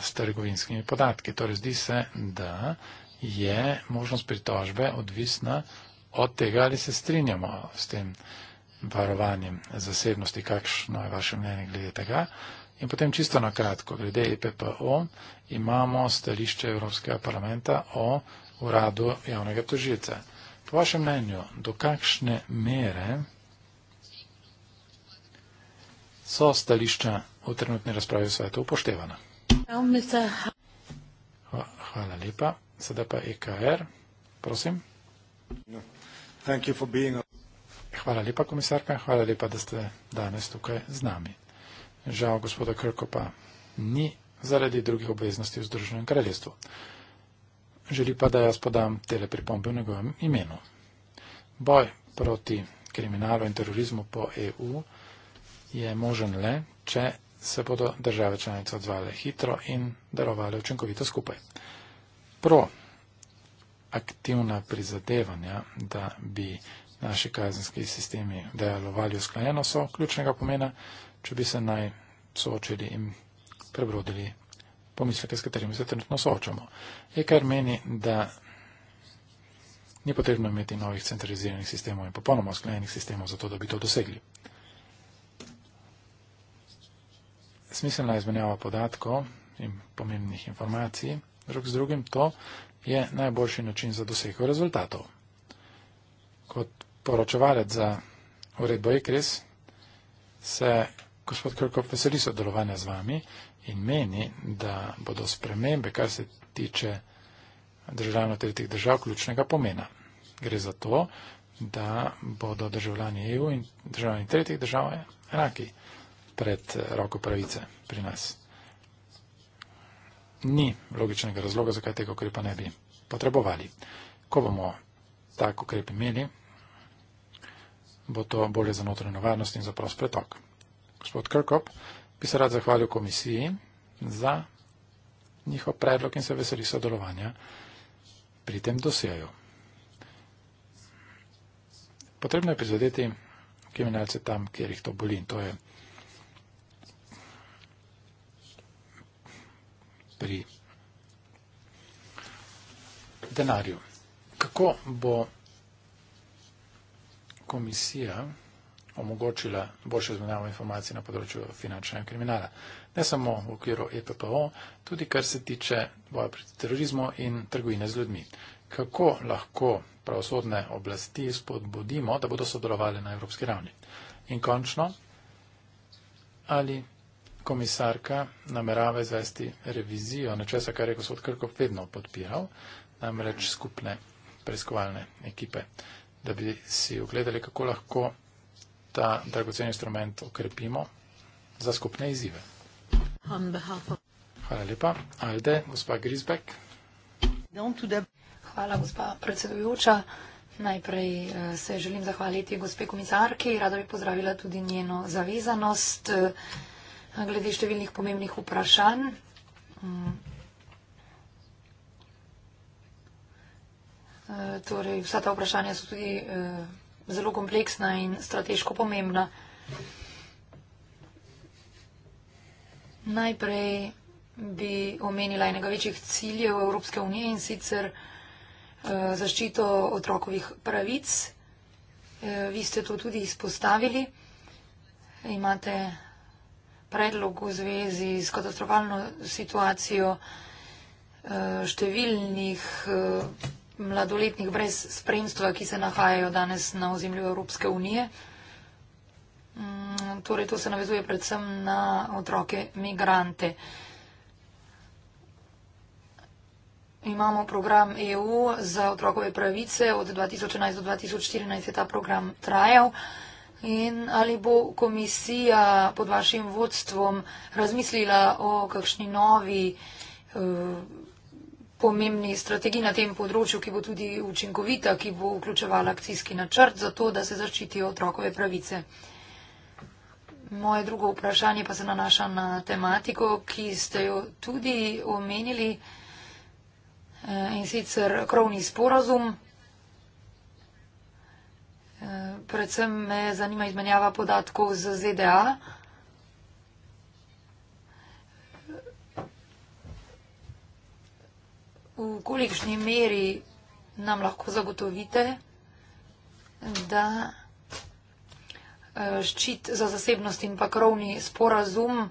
s trgovinskimi podatki. Torej zdi se, da je možnost pritožbe odvisna od tega, ali se strinjamo s tem varovanjem zasebnosti, kakšno je vaše mnenje glede tega. In potem čisto na kratko, glede EPPO imamo stališče Evropskega parlamenta o uradu javnega tožilca. Po vašem mnenju, do kakšne mere so stališča v trenutni razpravi sveta upoštevana? Hvala lepa. Sedaj pa EKR. Prosim. No. Hvala lepa, komisarka. Hvala lepa, da ste danes tukaj z nami. Žal gospoda Krkopa ni zaradi drugih obveznosti v Združenem kraljestvu. Želi pa, da jaz podam tele pripombe v njegovem imenu. Boj proti kriminalu in terorizmu po EU je možen le, če se bodo države članice odzvale hitro in darovale učinkovito skupaj. Pro aktivna prizadevanja, da bi naši kazenski sistemi delovali usklajeno, so ključnega pomena če bi se naj soočili in prebrodili pomisleke, s katerimi se trenutno soočamo. Je kar meni, da ni potrebno imeti novih centraliziranih sistemov in popolnoma usklajenih sistemov za to, da bi to dosegli. Smiselna izmenjava podatkov in pomembnih informacij drug z drugim, to je najboljši način za dosego rezultatov. Kot poročevalec za uredbo ECRIS se gospod Krkov veseli sodelovanja z vami in meni, da bodo spremembe, kar se tiče državljanov tretjih držav, ključnega pomena. Gre za to, da bodo državljani EU in državljani tretjih držav enaki pred roko pravice pri nas. Ni logičnega razloga, zakaj tega ukrepa ne bi potrebovali. Ko bomo tako ukrep imeli, bo to bolje za notranjo varnost in za prost pretok gospod Krkop, bi se rad zahvalil komisiji za njihov predlog in se veseli sodelovanja pri tem dosjeju. Potrebno je prizadeti kriminalce tam, kjer jih to boli in to je pri denarju. Kako bo komisija omogočila boljše izmenjavo informacij na področju finančnega kriminala. Ne samo v okviru EPPO, tudi kar se tiče boja proti terorizmu in trgovine z ljudmi. Kako lahko pravosodne oblasti spodbudimo, da bodo sodelovali na evropski ravni? In končno, ali komisarka namerava izvesti revizijo nečesa, kar je gospod Krko vedno podpiral, namreč skupne preiskovalne ekipe, da bi si ogledali, kako lahko ta dragocen instrument okrepimo za skupne izzive. Hvala lepa. Alde, gospa Grisbeck. Hvala, gospa predsedujoča. Najprej eh, se želim zahvaliti gospe komisarki. Rada bi pozdravila tudi njeno zavezanost eh, glede številnih pomembnih vprašanj. Mm. Eh, torej, vsa ta vprašanja so tudi zelo kompleksna in strateško pomembna. Najprej bi omenila enega večjih ciljev Evropske unije in sicer eh, zaščito otrokovih pravic. Eh, vi ste to tudi izpostavili. Imate predlog v zvezi s katastrofalno situacijo eh, številnih. Eh, mladoletnih brez spremstva, ki se nahajajo danes na ozemlju Evropske unije. Mm, torej, to se navezuje predvsem na otroke migrante. Imamo program EU za otrokove pravice. Od 2011 do 2014 je ta program trajal. In ali bo komisija pod vašim vodstvom razmislila o kakšni novi. Uh, pomembni strategiji na tem področju, ki bo tudi učinkovita, ki bo vključevala akcijski načrt za to, da se zaščitijo otrokove pravice. Moje drugo vprašanje pa se nanaša na tematiko, ki ste jo tudi omenili eh, in sicer krovni sporazum. Eh, predvsem me zanima izmenjava podatkov z ZDA. v kolikšni meri nam lahko zagotovite, da eh, ščit za zasebnost in pa krovni sporazum,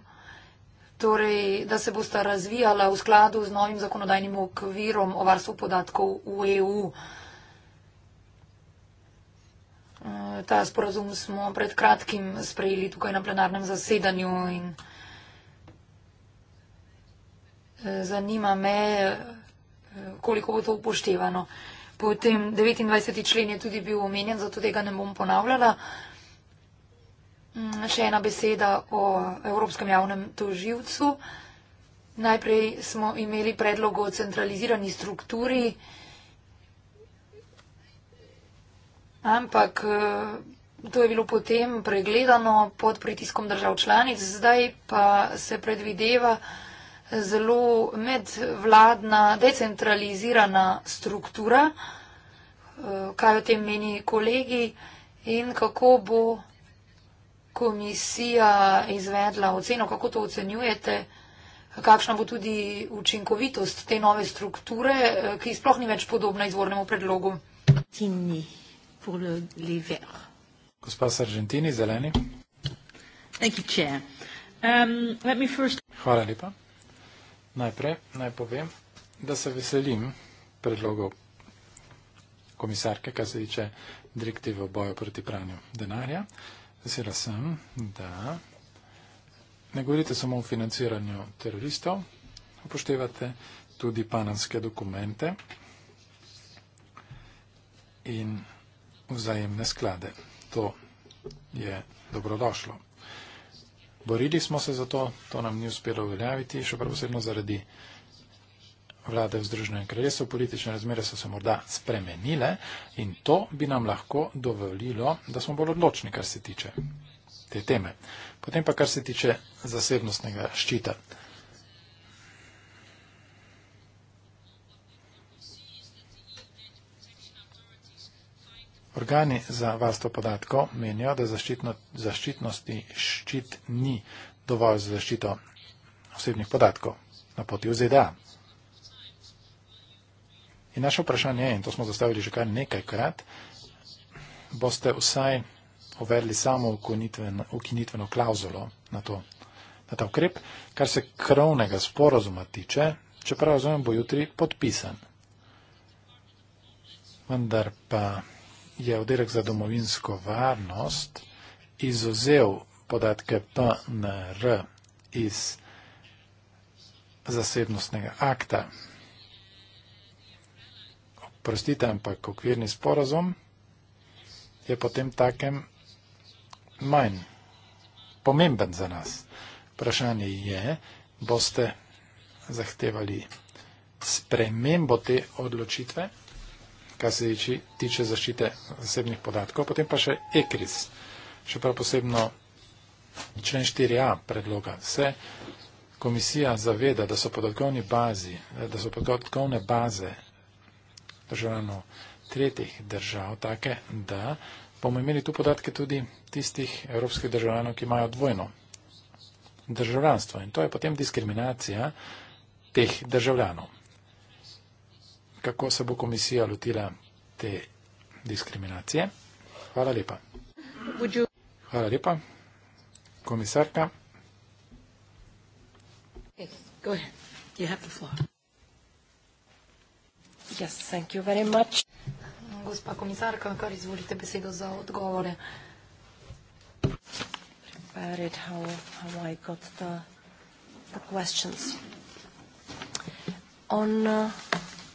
torej da se bosta razvijala v skladu z novim zakonodajnim okvirom o varstvu podatkov v EU. Eh, ta sporazum smo pred kratkim sprejeli tukaj na plenarnem zasedanju in eh, zanima me, koliko bo to upoštevano. Potem 29. člen je tudi bil omenjen, zato tega ne bom ponavljala. Mm, še ena beseda o Evropskem javnem toživcu. Najprej smo imeli predlog o centralizirani strukturi, ampak eh, to je bilo potem pregledano pod pritiskom držav članic, zdaj pa se predvideva, zelo medvladna, decentralizirana struktura. Eh, kaj o tem meni kolegi in kako bo komisija izvedla oceno, kako to ocenjujete, kakšna bo tudi učinkovitost te nove strukture, eh, ki sploh ni več podobna izvornemu predlogu. Gospa Sargentini, zeleni. Um, first... Hvala lepa. Najprej naj povem, da se veselim predlogov komisarke, kar se tiče direktive o boju proti pranju denarja. Vesela sem, da ne govorite samo o financiranju teroristov, upoštevate tudi panamske dokumente in vzajemne sklade. To je dobrodošlo. Borili smo se za to, to nam ni uspelo uveljaviti, še prav posebno zaradi vlade v Združenem kraljestvu. Politične razmere so se morda spremenile in to bi nam lahko dovolilo, da smo bolj odločni, kar se tiče te teme. Potem pa, kar se tiče zasebnostnega ščita. Organi za varstvo podatkov menijo, da zaščitno, zaščitnosti ščit ni dovolj za zaščito osebnih podatkov na poti v ZDA. In naše vprašanje je, in to smo zastavili že kar nekajkrat, boste vsaj uvedli samo ukinitveno klauzulo na, to, na ta ukrep, kar se krovnega sporozuma tiče, čeprav razumem, bo jutri podpisan. Vendar pa je oddelek za domovinsko varnost izuzel podatke PNR iz zasebnostnega akta. Prostite, ampak okvirni sporazum je potem takem manj pomemben za nas. Vprašanje je, boste zahtevali spremembo te odločitve? kar se tiče zaščite zasebnih podatkov. Potem pa še ECRIS, še prav posebno člen 4a predloga. Se komisija zaveda, da so podatkovni bazi, da so podatkovne baze državljanov tretjih držav take, da bomo imeli tu podatke tudi tistih evropskih državljanov, ki imajo dvojno državljanstvo. In to je potem diskriminacija teh državljanov kako se bo komisija lotila te diskriminacije. Hvala lepa. Hvala lepa. Komisarka. Yes, yes, Gospa komisarka, kar izvolite besedo za odgovore. Prepared how, how I got the, the questions. On uh,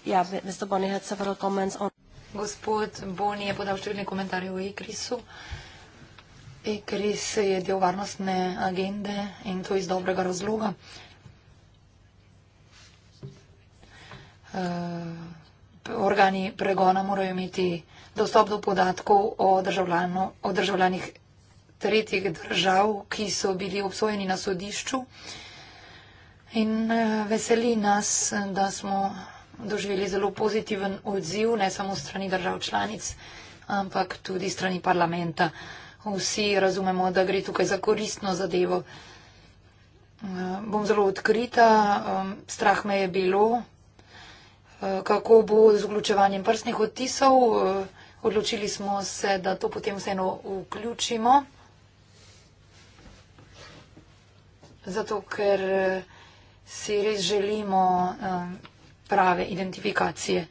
Ja, Mr. Boni had several comments on. Gospod Boni je podal številne komentarje o ICRIS-u. ICRIS je del varnostne agende in to iz dobrega razloga. Eh, organi pregona morajo imeti dostop do podatkov o, o državljanih tretjih držav, ki so bili obsojeni na sodišču. In eh, veseli nas, da smo doživeli zelo pozitiven odziv, ne samo strani držav članic, ampak tudi strani parlamenta. Vsi razumemo, da gre tukaj za koristno zadevo. Bom zelo odkrita, um, strah me je bilo, uh, kako bo z vključevanjem prstnih odtisov. Uh, odločili smo se, da to potem vseeno vključimo. Zato, ker uh, si res želimo um, prave identifikacije.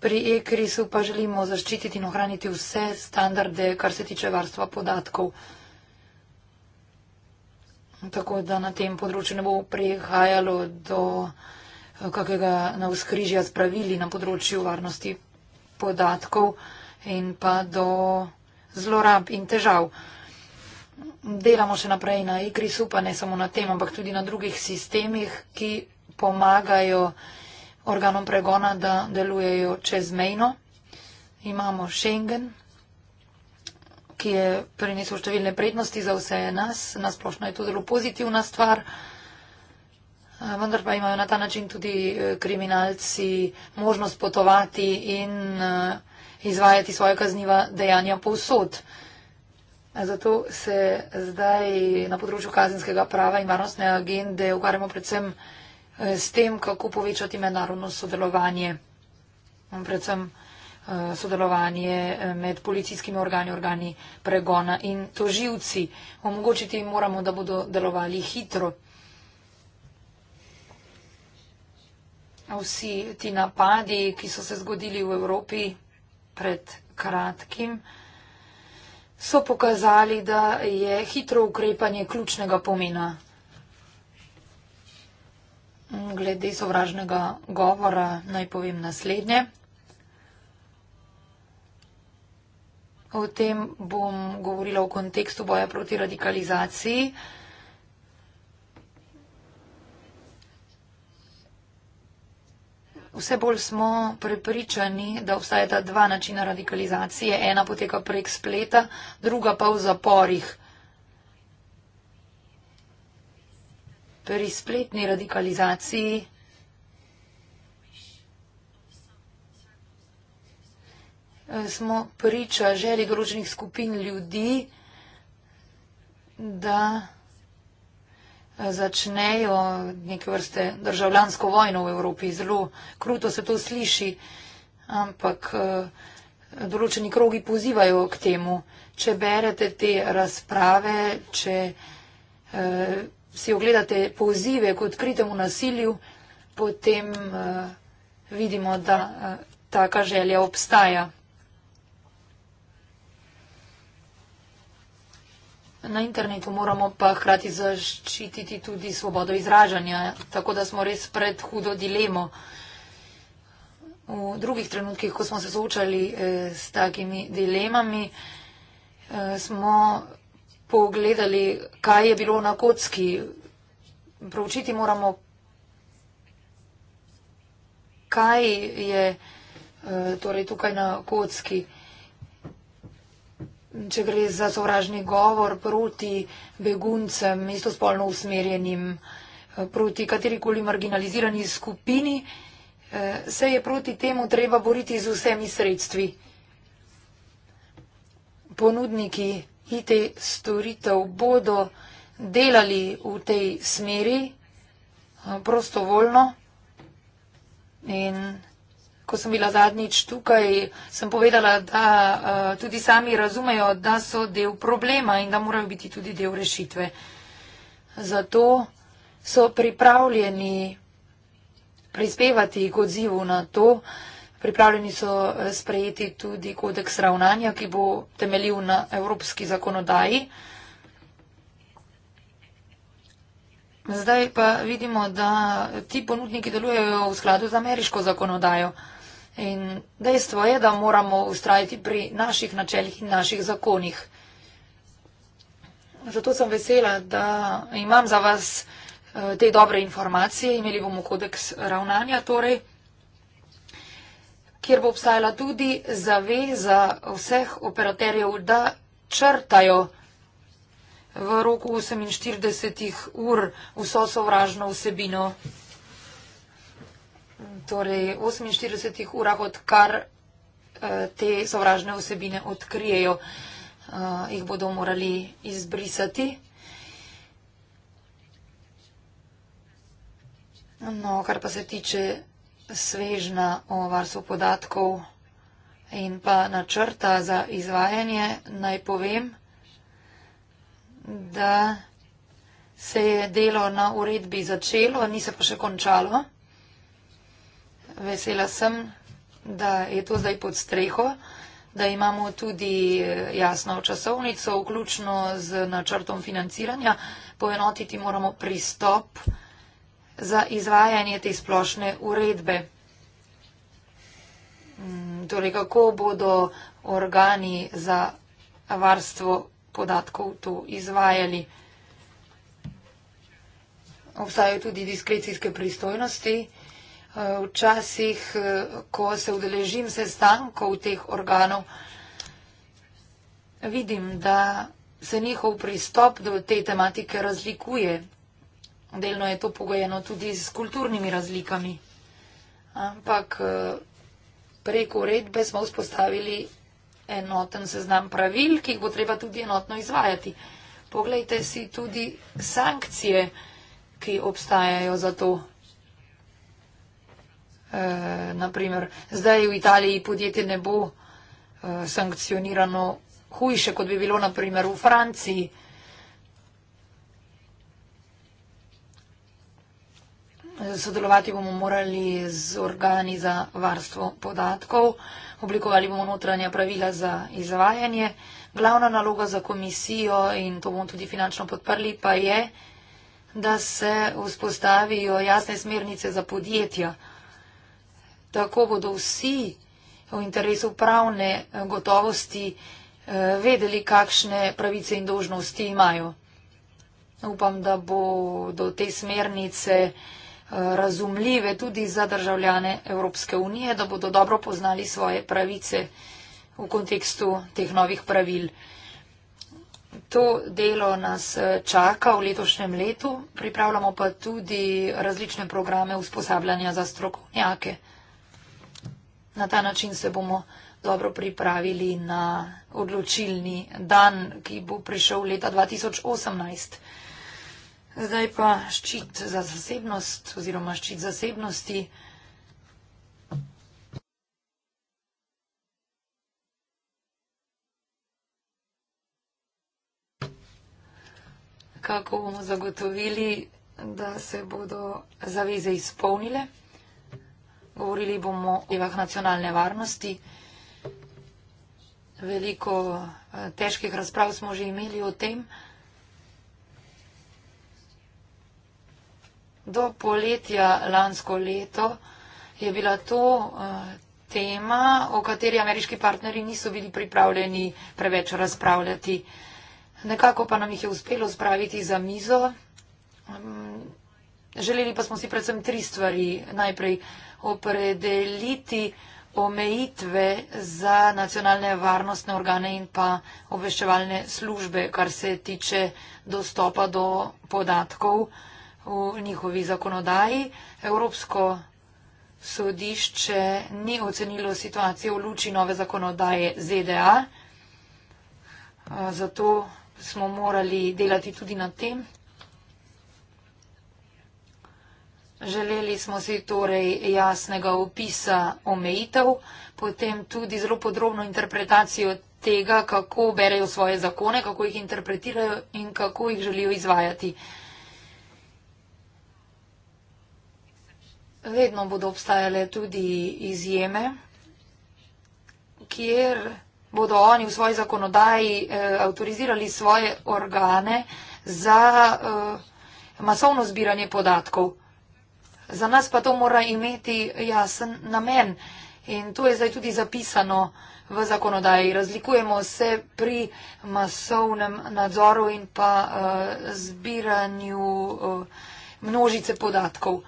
Pri e-krisu pa želimo zaščititi in ohraniti vse standarde, kar se tiče varstva podatkov. Tako da na tem področju ne bo prihajalo do eh, kakega navskrižja z pravili na področju varnosti podatkov in pa do zlorab in težav. Delamo še naprej na e-krisu, pa ne samo na tem, ampak tudi na drugih sistemih, ki pomagajo organom pregona, da delujejo čezmejno. Imamo Schengen, ki je prinesel številne prednosti za vse nas. Nasplošno je to zelo pozitivna stvar. Vendar pa imajo na ta način tudi eh, kriminalci možnost potovati in eh, izvajati svoje kazniva dejanja povsod. Zato se zdaj na področju kazenskega prava in varnostne agende ukvarjamo predvsem Eh, s tem, kako povečati mednarodno sodelovanje, eh, predvsem eh, sodelovanje med policijskimi organi, organi pregona in toživci. Omogočiti jim moramo, da bodo delovali hitro. Vsi ti napadi, ki so se zgodili v Evropi pred kratkim, so pokazali, da je hitro ukrepanje ključnega pomena. Glede sovražnega govora naj povem naslednje. O tem bom govorila v kontekstu boja proti radikalizaciji. Vse bolj smo prepričani, da obstajata dva načina radikalizacije. Ena poteka prek spleta, druga pa v zaporih. pri spletni radikalizaciji smo priča želi določenih skupin ljudi, da začnejo neke vrste državljansko vojno v Evropi. Zelo kruto se to sliši, ampak eh, določeni krogi pozivajo k temu. Če berete te razprave, če eh, si ogledate pozive k odkritemu nasilju, potem uh, vidimo, da uh, taka želja obstaja. Na internetu moramo pa hkrati zaščititi tudi svobodo izražanja, tako da smo res pred hudo dilemo. V drugih trenutkih, ko smo se soočali eh, s takimi dilemami, eh, smo pogledali, kaj je bilo na kocki. Proučiti moramo, kaj je eh, torej, tukaj na kocki. Če gre za sovražni govor proti beguncem, istospolno usmerjenim, eh, proti katerikoli marginalizirani skupini, eh, se je proti temu treba boriti z vsemi sredstvi. Ponudniki IT storitev bodo delali v tej smeri eh, prostovoljno. In ko sem bila zadnjič tukaj, sem povedala, da eh, tudi sami razumejo, da so del problema in da morajo biti tudi del rešitve. Zato so pripravljeni prispevati k odzivu na to, Pripravljeni so eh, sprejeti tudi kodeks ravnanja, ki bo temeljil na evropski zakonodaji. Zdaj pa vidimo, da ti ponudniki delujejo v skladu z ameriško zakonodajo. In dejstvo je, da moramo ustrajati pri naših načeljih in naših zakonih. Zato sem vesela, da imam za vas eh, te dobre informacije. Imeli bomo kodeks ravnanja, torej kjer bo obstajala tudi zaveza vseh operaterjev, da črtajo v roku 48 ur vso sovražno vsebino. Torej, 48 urah, odkar eh, te sovražne vsebine odkrijejo, eh, jih bodo morali izbrisati. No, kar pa se tiče svežna o varstvu podatkov in pa načrta za izvajanje, naj povem, da se je delo na uredbi začelo, ni se pa še končalo. Vesela sem, da je to zdaj pod streho, da imamo tudi eh, jasno časovnico, vključno z načrtom financiranja. Poenotiti moramo pristop za izvajanje te splošne uredbe. Mm, torej, kako bodo organi za varstvo podatkov to izvajali? Obstajajo tudi diskrecijske pristojnosti. Eh, včasih, eh, ko se udeležim sestankov teh organov, vidim, da se njihov pristop do te tematike razlikuje delno je to pogojeno tudi s kulturnimi razlikami. Ampak eh, prek uredbe smo vzpostavili enoten seznam pravil, ki jih bo treba tudi enotno izvajati. Poglejte si tudi sankcije, ki obstajajo za to. E, eh, naprimer, zdaj v Italiji podjetje ne bo e, sankcionirano hujše, kot bi bilo naprimer v Franciji. E, Sodelovati bomo morali z organi za varstvo podatkov, oblikovali bomo notranja pravila za izvajanje. Glavna naloga za komisijo, in to bomo tudi finančno podprli, pa je, da se vzpostavijo jasne smernice za podjetja. Tako bodo vsi v interesu pravne eh, gotovosti eh, vedeli, kakšne pravice in dožnosti imajo. Upam, da bo do te smernice razumljive tudi za državljane Evropske unije, da bodo dobro poznali svoje pravice v kontekstu teh novih pravil. To delo nas čaka v letošnjem letu, pripravljamo pa tudi različne programe usposabljanja za strokovnjake. Na ta način se bomo dobro pripravili na odločilni dan, ki bo prišel leta 2018. Zdaj pa ščit za zasebnost oziroma ščit zasebnosti. Kako bomo zagotovili, da se bodo zaveze izpolnile? Govorili bomo o evah nacionalne varnosti. Veliko eh, težkih razprav smo že imeli o tem, da se bodo zaveze izpolnile. Do poletja lansko leto je bila to eh, tema, o kateri ameriški partnerji niso bili pripravljeni preveč razpravljati. Nekako pa nam jih je uspelo spraviti za mizo. Mm, želeli pa smo si predvsem tri stvari. Najprej opredeliti omejitve za nacionalne varnostne organe in pa obveščevalne službe, kar se tiče dostopa do podatkov v njihovi zakonodaji. Evropsko sodišče ni ocenilo situacije v luči nove zakonodaje ZDA. Zato smo morali delati tudi na tem. Želeli smo si torej jasnega opisa omejitev, potem tudi zelo podrobno interpretacijo tega, kako berejo svoje zakone, kako jih interpretirajo in kako jih želijo izvajati. Vedno bodo obstajale tudi izjeme, kjer bodo oni v svoji zakonodaji eh, avtorizirali svoje organe za eh, masovno zbiranje podatkov. Za nas pa to mora imeti jasen namen in to je zdaj tudi zapisano v zakonodaji. Razlikujemo se pri masovnem nadzoru in pa eh, zbiranju eh, množice podatkov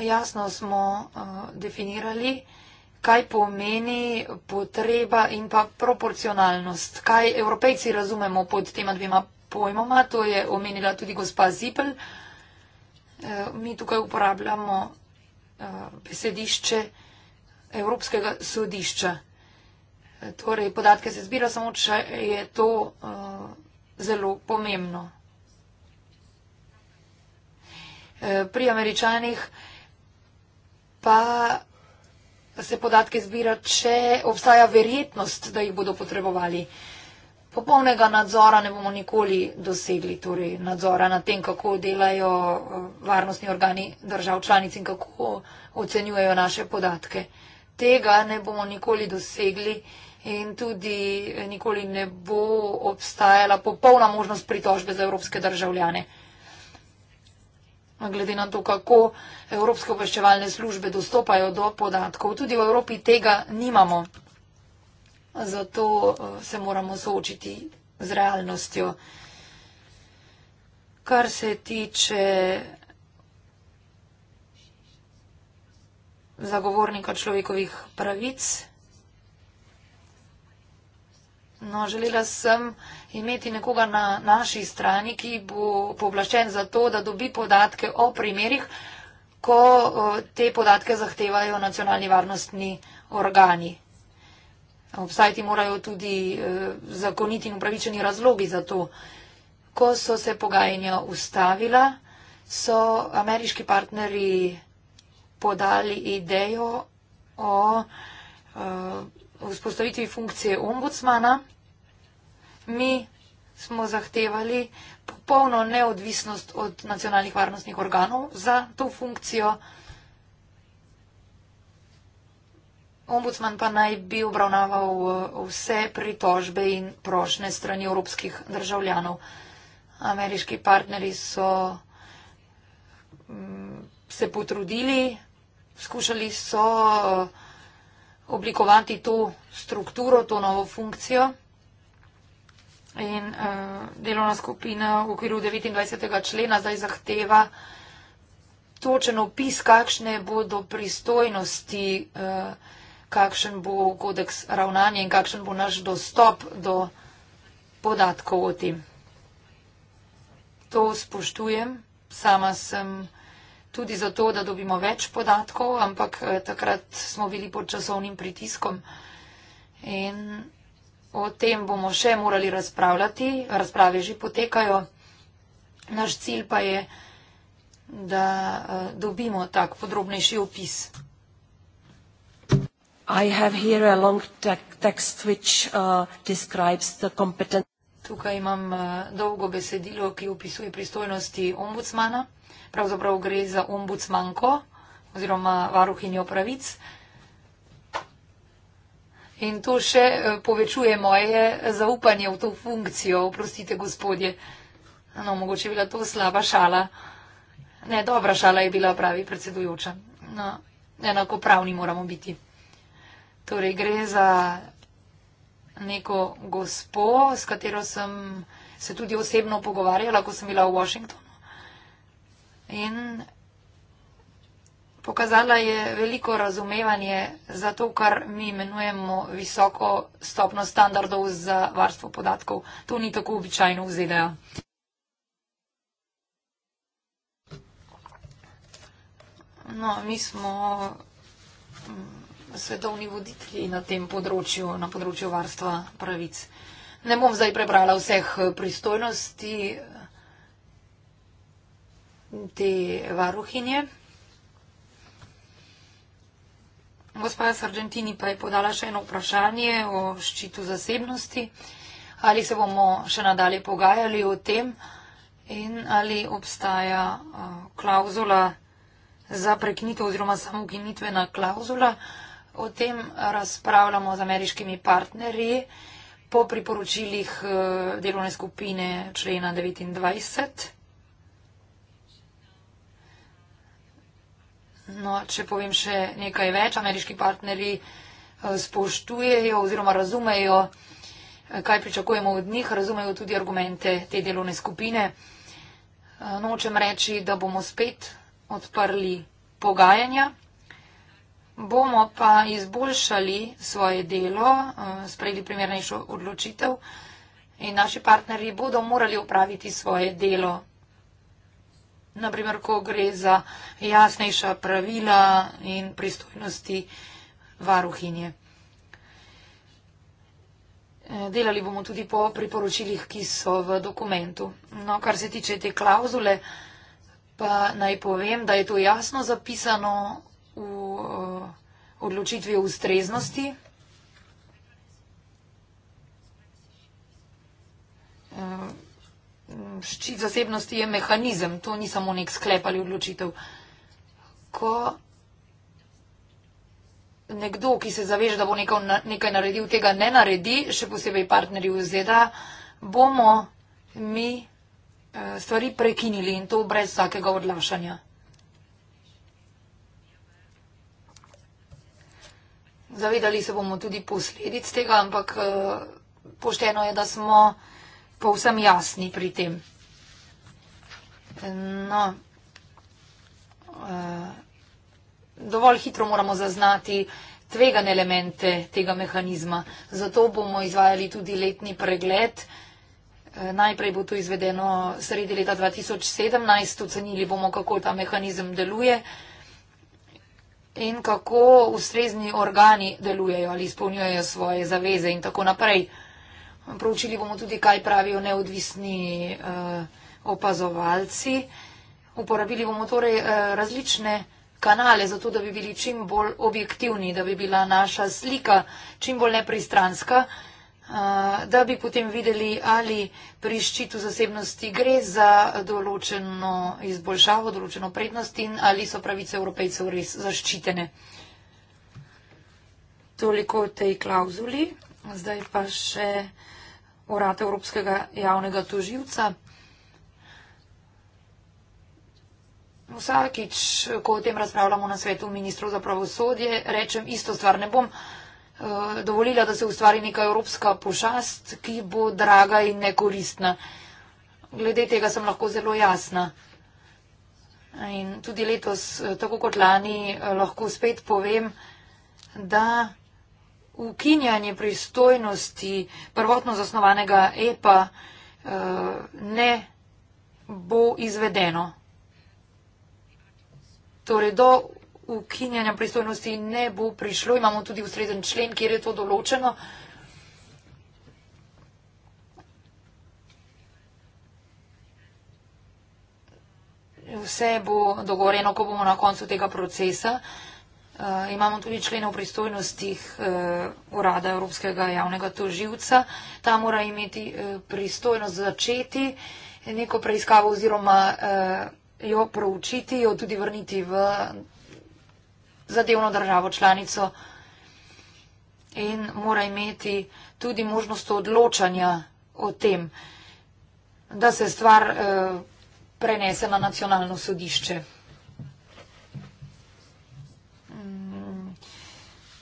jasno smo eh, definirali, kaj pomeni potreba in pa proporcionalnost. Kaj evropejci razumemo pod tema dvema pojmoma, to je omenila tudi gospa Zipel. Eh, mi tukaj uporabljamo eh, besedišče Evropskega sodišča. Torej, podatke se zbira samo, če je to uh, zelo pomembno. E, pri američanih uh, pa se podatke zbira, če obstaja verjetnost, da jih bodo potrebovali. Popolnega nadzora ne bomo nikoli dosegli, torej nadzora nad tem, kako delajo eh, varnostni organi držav članic in kako ocenjujejo naše podatke. Tega ne bomo nikoli dosegli in tudi eh, nikoli ne bo obstajala popolna možnost pritožbe za evropske državljane glede na to, kako evropske obveščevalne službe dostopajo do podatkov. Tudi v Evropi tega nimamo. Zato eh, se moramo soočiti z realnostjo. Kar se tiče zagovornika človekovih pravic, no, želela sem imeti nekoga na naši strani, ki bo povlašen za to, da dobi podatke o primerih, ko te podatke zahtevajo nacionalni varnostni organi. Obstajati morajo tudi e, zakoniti in upravičeni razlogi za to. Ko so se pogajanja ustavila, so ameriški partneri podali idejo o e, vzpostavitvi funkcije ombudsmana mi smo zahtevali popolno neodvisnost od nacionalnih varnostnih organov za to funkcijo. Ombudsman pa naj bi obravnaval eh, vse pritožbe in prošne strani evropskih državljanov. Ameriški partnerji so mm, se potrudili, skušali so eh, oblikovati to strukturo, to novo funkcijo. In uh, delovna skupina v okviru 29. člena zdaj zahteva točen opis, kakšne bodo pristojnosti, uh, kakšen bo kodeks ravnanja in kakšen bo naš dostop do podatkov o tem. To spoštujem. Sama sem tudi zato, da dobimo več podatkov, ampak uh, takrat smo bili pod časovnim pritiskom. In, O tem bomo še morali razpravljati, razprave že potekajo. Naš cilj pa je, da eh, dobimo tak podrobnejši opis. Uh, Tukaj imam eh, dolgo besedilo, ki opisuje pristojnosti ombudsmana. Pravzaprav gre za ombudsmanko oziroma varuhinjo pravic. In to še eh, povečuje moje eh, zaupanje v to funkcijo, oprostite, gospodje. No, mogoče je bila to slaba šala. Ne, dobra šala je bila, pravi predsedujoča. No, enakopravni moramo biti. Torej, gre za neko gospo, s katero sem se tudi osebno pogovarjala, ko sem bila v Washingtonu. In Pokazala je veliko razumevanje za to, kar mi imenujemo visoko stopno standardov za varstvo podatkov. To ni tako običajno v ZDA. No, mi smo mm, svetovni voditelji na tem področju, na področju varstva pravic. Ne bom zdaj prebrala vseh eh, pristojnosti te varuhinje. Gospa iz Argentini pa je podala še eno vprašanje o ščitu zasebnosti. Ali se bomo še nadalje pogajali o tem in ali obstaja klauzula za preknitev oziroma samo ukinitvena klauzula. O tem razpravljamo z ameriškimi partnerji po priporočilih e, delovne skupine člena 29. No, če povem še nekaj več, ameriški partnerji eh, spoštujejo oziroma razumejo, eh, kaj pričakujemo od njih, razumejo tudi argumente te delovne skupine. Eh, nočem reči, da bomo spet odprli pogajanja, bomo pa izboljšali svoje delo, sprejeli primernejšo odločitev in naši partnerji bodo morali upraviti svoje delo naprimer, ko gre za jasnejša pravila in pristojnosti varuhinje. Delali bomo tudi po priporočilih, ki so v dokumentu. No, kar se tiče te klauzule, pa naj povem, da je to jasno zapisano v eh, odločitvi o ustreznosti. ščit zasebnosti je mehanizem, to ni samo nek sklep ali odločitev. Ko nekdo, ki se zaveže, da bo nekaj, nekaj naredil, tega ne naredi, še posebej partnerji v ZDA, bomo mi eh, stvari prekinili in to brez vsakega odlašanja. Zavedali se bomo tudi posledic tega, ampak eh, pošteno je, da smo povsem jasni pri tem. No, eh, dovolj hitro moramo zaznati tvegan elemente tega mehanizma. Zato bomo izvajali tudi letni pregled. Eh, najprej bo to izvedeno sredi leta 2017. Ocenili bomo, kako ta mehanizem deluje in kako ustrezni organi delujejo ali izpolnjujejo svoje zaveze in tako naprej. Proučili bomo tudi, kaj pravijo neodvisni uh, opazovalci. Uporabili bomo torej uh, različne kanale, zato da bi bili čim bolj objektivni, da bi bila naša slika čim bolj nepristranska, uh, da bi potem videli, ali pri ščitu zasebnosti gre za določeno izboljšavo, določeno prednost in ali so pravice evropejcev res zaščitene. Toliko o tej klauzuli. Zdaj pa še urad Evropskega javnega toživca. Vsakič, ko o tem razpravljamo na svetu ministrov za pravosodje, rečem isto stvar. Ne bom eh, dovolila, da se ustvari neka evropska pošast, ki bo draga in nekoristna. Glede tega sem lahko zelo jasna. In tudi letos, eh, tako kot lani, eh, lahko spet povem, da ukinjanje pristojnosti prvotno zasnovanega EPA eh, ne bo izvedeno. Torej, do ukinjanja pristojnosti ne bo prišlo. Imamo tudi ustrezen člen, kjer je to določeno. Vse bo dogovoreno, ko bomo na koncu tega procesa. Eh, imamo tudi člene v pristojnostih eh, Urada Evropskega javnega toživca. Ta mora imeti eh, pristojnost začeti neko preiskavo oziroma jo proučiti, jo tudi vrniti v zadevno državo članico in mora imeti tudi možnost odločanja o tem, da se stvar prenese na nacionalno sodišče.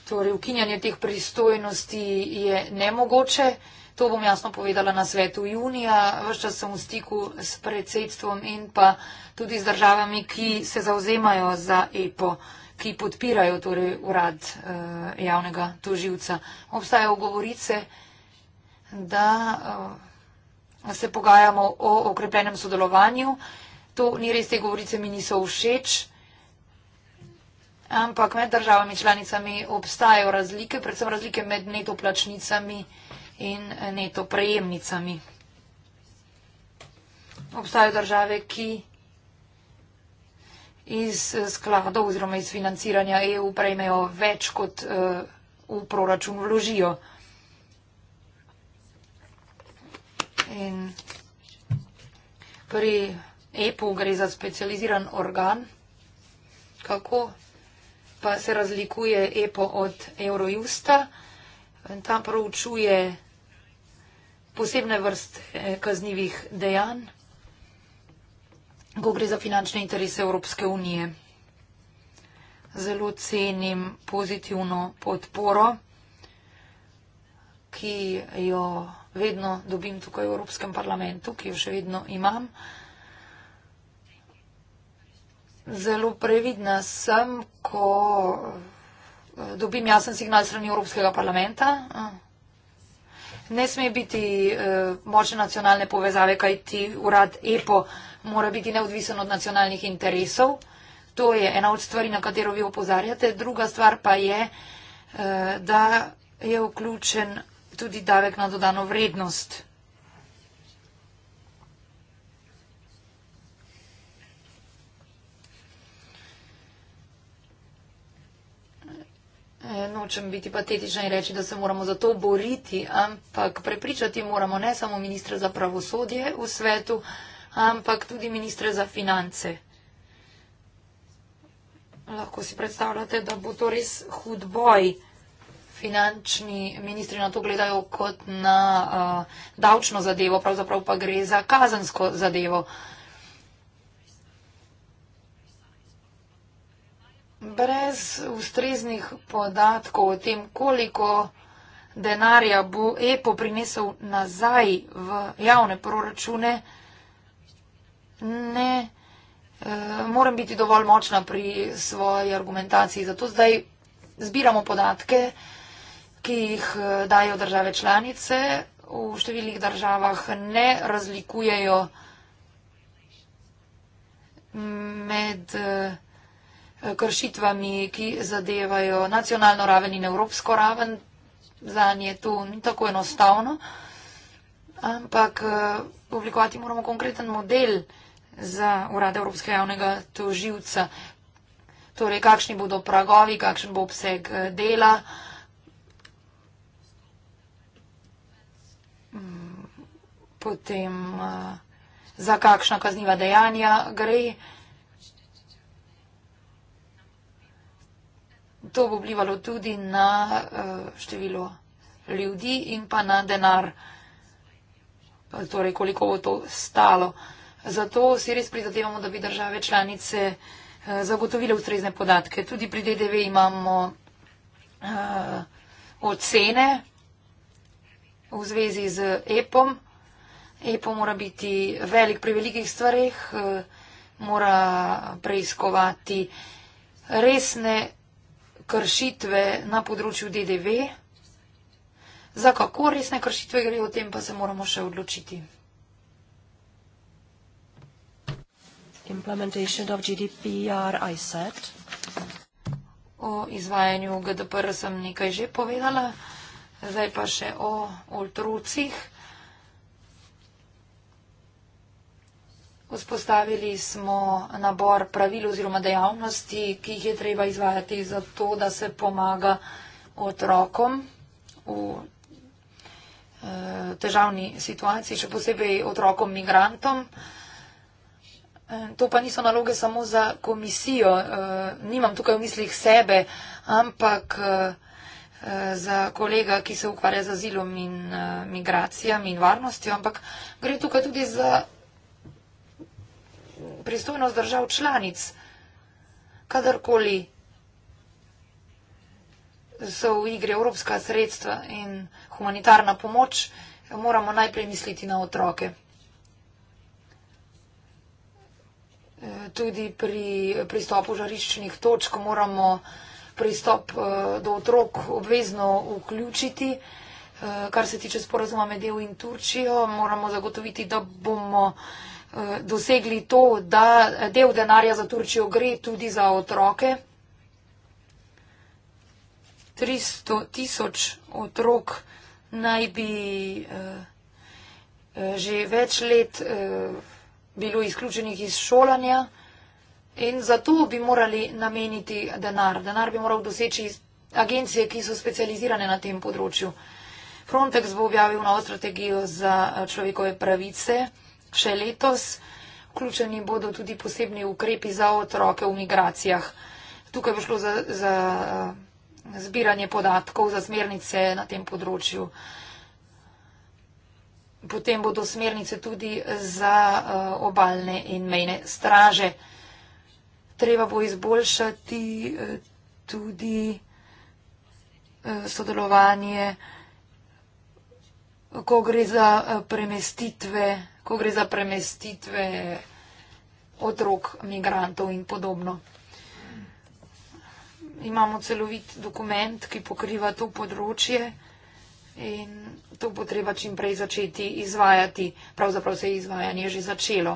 Torej, ukinjanje teh pristojnosti je nemogoče. To bom jasno povedala na svetu junija. Vse čas sem v stiku s predsedstvom in pa tudi z državami, ki se zauzemajo za EPO, ki podpirajo torej urad eh, javnega toživca. Obstajajo govorice, da eh, se pogajamo o okrepenem sodelovanju. To ni res, te govorice mi niso všeč ampak med državami članicami obstajajo razlike, predvsem razlike med neto plačnicami in eh, neto prejemnicami. Obstajajo države, ki iz eh, skladov oziroma iz financiranja EU prejmejo več, kot eh, v proračun vložijo. In pri EPU gre za specializiran organ. Kako pa se razlikuje EPO od Eurojusta. Tam proučuje posebne vrste eh, kaznjivih dejanj, ko gre za finančne interese Evropske unije. Zelo cenim pozitivno podporo, ki jo vedno dobim tukaj v Evropskem parlamentu, ki jo še vedno imam. Zelo previdna sem, ko eh, dobim jasen signal strani Evropskega parlamenta. Ne sme biti eh, močne nacionalne povezave, kaj ti urad EPO mora biti neodvisen od nacionalnih interesov. To je ena od stvari, na katero vi opozarjate. Druga stvar pa je, eh, da je vključen tudi davek na dodano vrednost. Eh, nočem biti patetična in reči, da se moramo za to boriti, ampak prepričati moramo ne samo ministra za pravosodje v svetu, ampak tudi ministra za finance. Lahko si predstavljate, da bo to res hud boj. Finančni ministri na to gledajo kot na uh, davčno zadevo, pravzaprav pa gre za kazansko zadevo. Uh, brez ustreznih podatkov o tem, koliko denarja bo EPO prinesel nazaj v javne proračune, ne eh, morem biti dovolj močna pri svoji argumentaciji. Zato zdaj zbiramo podatke, ki jih eh, dajo države članice. V številnih državah ne razlikujejo med. Eh, kršitvami, ki zadevajo nacionalno raven in evropsko raven. Za nje to ni tako enostavno, ampak eh, oblikovati moramo konkreten model za urad Evropskega javnega toživca. Torej, kakšni bodo pragovi, kakšen bo obseg eh, dela. Mm, potem, eh, za kakšna kazniva dejanja gre. to bo vplivalo tudi na eh, število ljudi in pa na denar, eh, torej koliko bo to stalo. Zato si res prizadevamo, da bi države članice eh, zagotovile ustrezne podatke. Tudi pri DDV imamo uh, ocene v zvezi z EPOM. EPO mora biti velik pri velikih stvarih, uh, mora preiskovati resne kršitve na področju DDV. Za kako resne kršitve gre, o tem pa se moramo še odločiti. Implementation of GDPR ISET. O izvajanju GDPR sem nekaj že povedala, zdaj pa še o otrocih. Vzpostavili smo nabor pravil oziroma dejavnosti, ki jih je treba izvajati zato, da se pomaga otrokom v eh, težavni situaciji, še posebej otrokom migrantom. Eh, to pa niso naloge samo za komisijo, eh, nimam tukaj v mislih sebe, ampak za kolega, ki se ukvarja z azilom in migracijami in varnostjo, ampak gre tukaj tudi za pristojnost držav članic, kadarkoli so v igri evropska sredstva in humanitarna pomoč, moramo najprej misliti na otroke. E, tudi pri pristopu žariščnih točk moramo pristop e, do otrok obvezno vključiti. E, kar se tiče sporazuma med EU in Turčijo, moramo zagotoviti, da bomo Eh, dosegli to, da del denarja za Turčijo gre tudi za otroke. 300 tisoč otrok naj bi eh, eh, že več let bilo izključenih iz šolanja in zato bi morali nameniti denar. Denar bi moral doseči agencije, ki so specializirane na tem področju. Frontex bo objavil novo strategijo za človekove pravice še letos. Vključeni bodo tudi posebni ukrepi za otroke v migracijah. Tukaj bo šlo za, za eh, zbiranje podatkov, za smernice na tem področju. Potem bodo smernice tudi za eh, obalne in mejne straže. Treba bo izboljšati eh, tudi sodelovanje, ko gre za premestitve ko gre za premestitve otrok, migrantov in podobno. Imamo celovit dokument, ki pokriva to področje in to bo treba čim prej začeti izvajati. Pravzaprav se je izvajanje že začelo.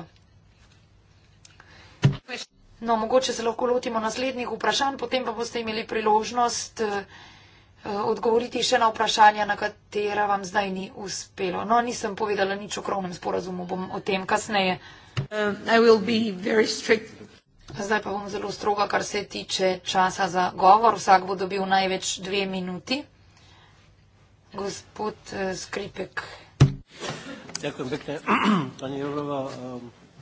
No, mogoče se lahko lotimo naslednjih vprašanj, potem pa boste imeli priložnost. Uh, Eh, odgovoriti še na vprašanja, na katera vam zdaj ni uspelo. No, nisem povedala nič o krovnem sporazumu, bom o tem kasneje. Uh, zdaj pa bom zelo stroga, kar se tiče časa za govor. Vsak bo dobil največ dve minuti. Gospod uh, Skripek. Ďakujem pekne, <clears throat> pani Jurova,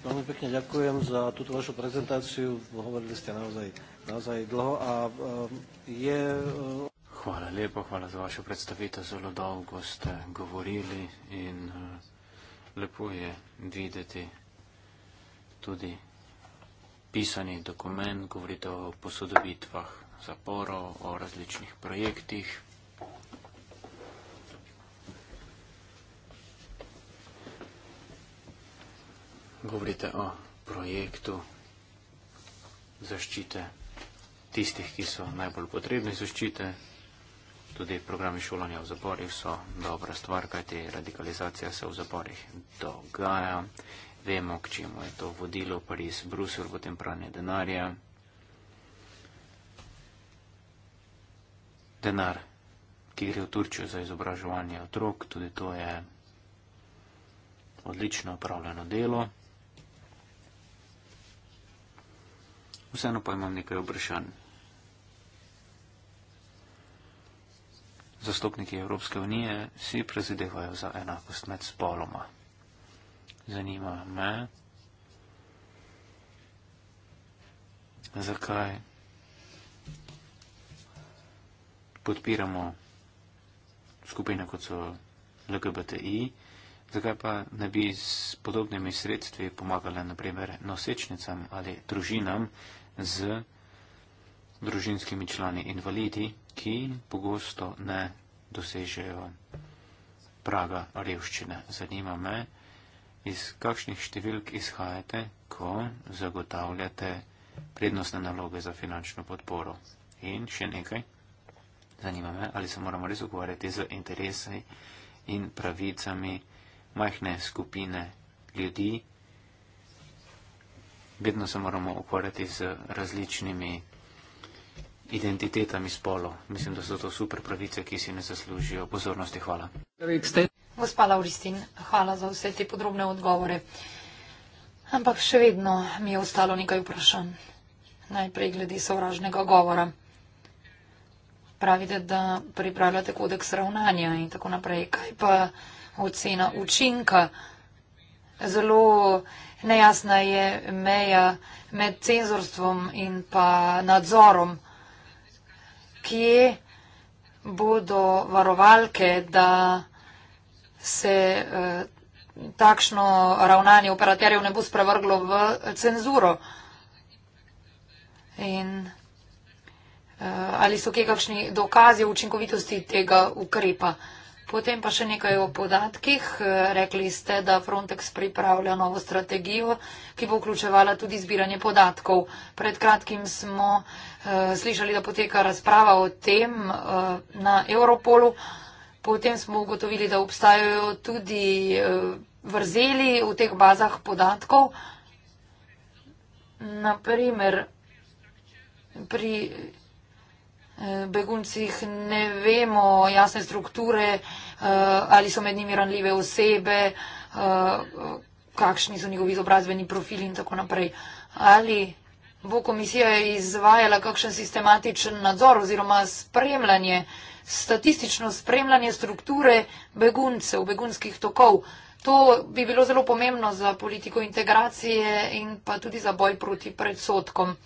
veľmi pekne ďakujem za túto vašu prezentáciu. Hovorili ste naozaj, naozaj dlho a je... Uh... Hvala lepa, hvala za vašo predstavitev. Zelo dolgo ste govorili in eh, lepo je videti tudi pisani dokument, govorite o posodobitvah zaporov, o različnih projektih. Govorite o projektu zaščite tistih, ki so najbolj potrebni zaščite, Tudi programi šolanja v zaporih so dobra stvar, kajti radikalizacija se v zaporih dogaja. Vemo, k čemu je to vodilo, Pariz, Brusel, potem pranje denarja. Denar, ki gre v Turčijo za izobraževanje otrok, tudi to je odlično upravljeno delo. Vseeno pa imam nekaj vprašanj. zastopniki Evropske unije si prezidevajo za enakost med spoloma. Zanima me, zakaj podpiramo skupine, kot so LGBTI, zakaj pa ne bi s podobnimi sredstvi pomagali naprimer nosečnicam ali družinam z družinskimi člani invalidi, ki pogosto ne dosežejo praga revščine. Zanima me, iz kakšnih številk izhajate, ko zagotavljate prednostne naloge za finančno podporo. In še nekaj, zanima me, ali se moramo res ukvarjati z interesi in pravicami majhne skupine ljudi. Vedno se moramo ukvarjati z različnimi identitetami spolov. Mislim, da so to super pravice, ki si ne zaslužijo pozornosti. Hvala. Gospa Lauristin, hvala za vse te podrobne odgovore. Ampak še vedno mi je ostalo nekaj vprašanj. Najprej glede sovražnega govora. Pravite, da pripravljate kodeks ravnanja in tako naprej. Kaj pa ocena učinka? Zelo nejasna je meja med cenzorstvom in pa nadzorom kje bodo varovalke, da se eh, takšno ravnanje operaterjev ne bo sprevrglo v cenzuro. In eh, ali so kje kakšni dokazi o učinkovitosti tega ukrepa. Potem pa še nekaj o podatkih. Eh, rekli ste, da Frontex pripravlja novo strategijo, ki bo vključevala tudi zbiranje podatkov. Pred kratkim smo uh, slišali, da poteka razprava o tem uh, na Europolu. Potem smo ugotovili, da obstajajo tudi uh, vrzeli v teh bazah podatkov. Naprimer, pri beguncih ne vemo jasne strukture, eh, ali so med njimi ranljive osebe, eh, kakšni so njihovi izobrazbeni profili in tako naprej. Ali bo komisija izvajala kakšen sistematičen nadzor oziroma spremljanje, statistično spremljanje strukture beguncev, begunskih tokov. To bi bilo zelo pomembno za politiko integracije in pa tudi za boj proti predsotkom.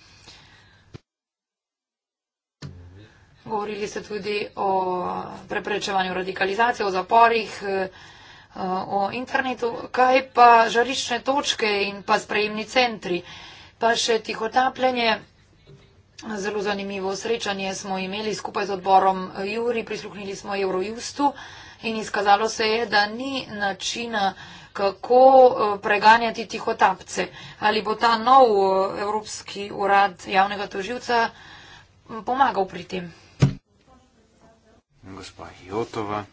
Govorili ste tudi o preprečevanju radikalizacije, o zaporih, eh, o internetu. Kaj pa žarične točke in pa sprejemni centri? Pa še tihotapljenje, zelo zanimivo srečanje smo imeli skupaj z odborom Juri, prisluhnili smo Eurojustu in izkazalo se je, da ni načina, kako eh, preganjati tihotapce. Ali bo ta nov eh, Evropski urad javnega toživca pomagal pri tem? gospa Jotova.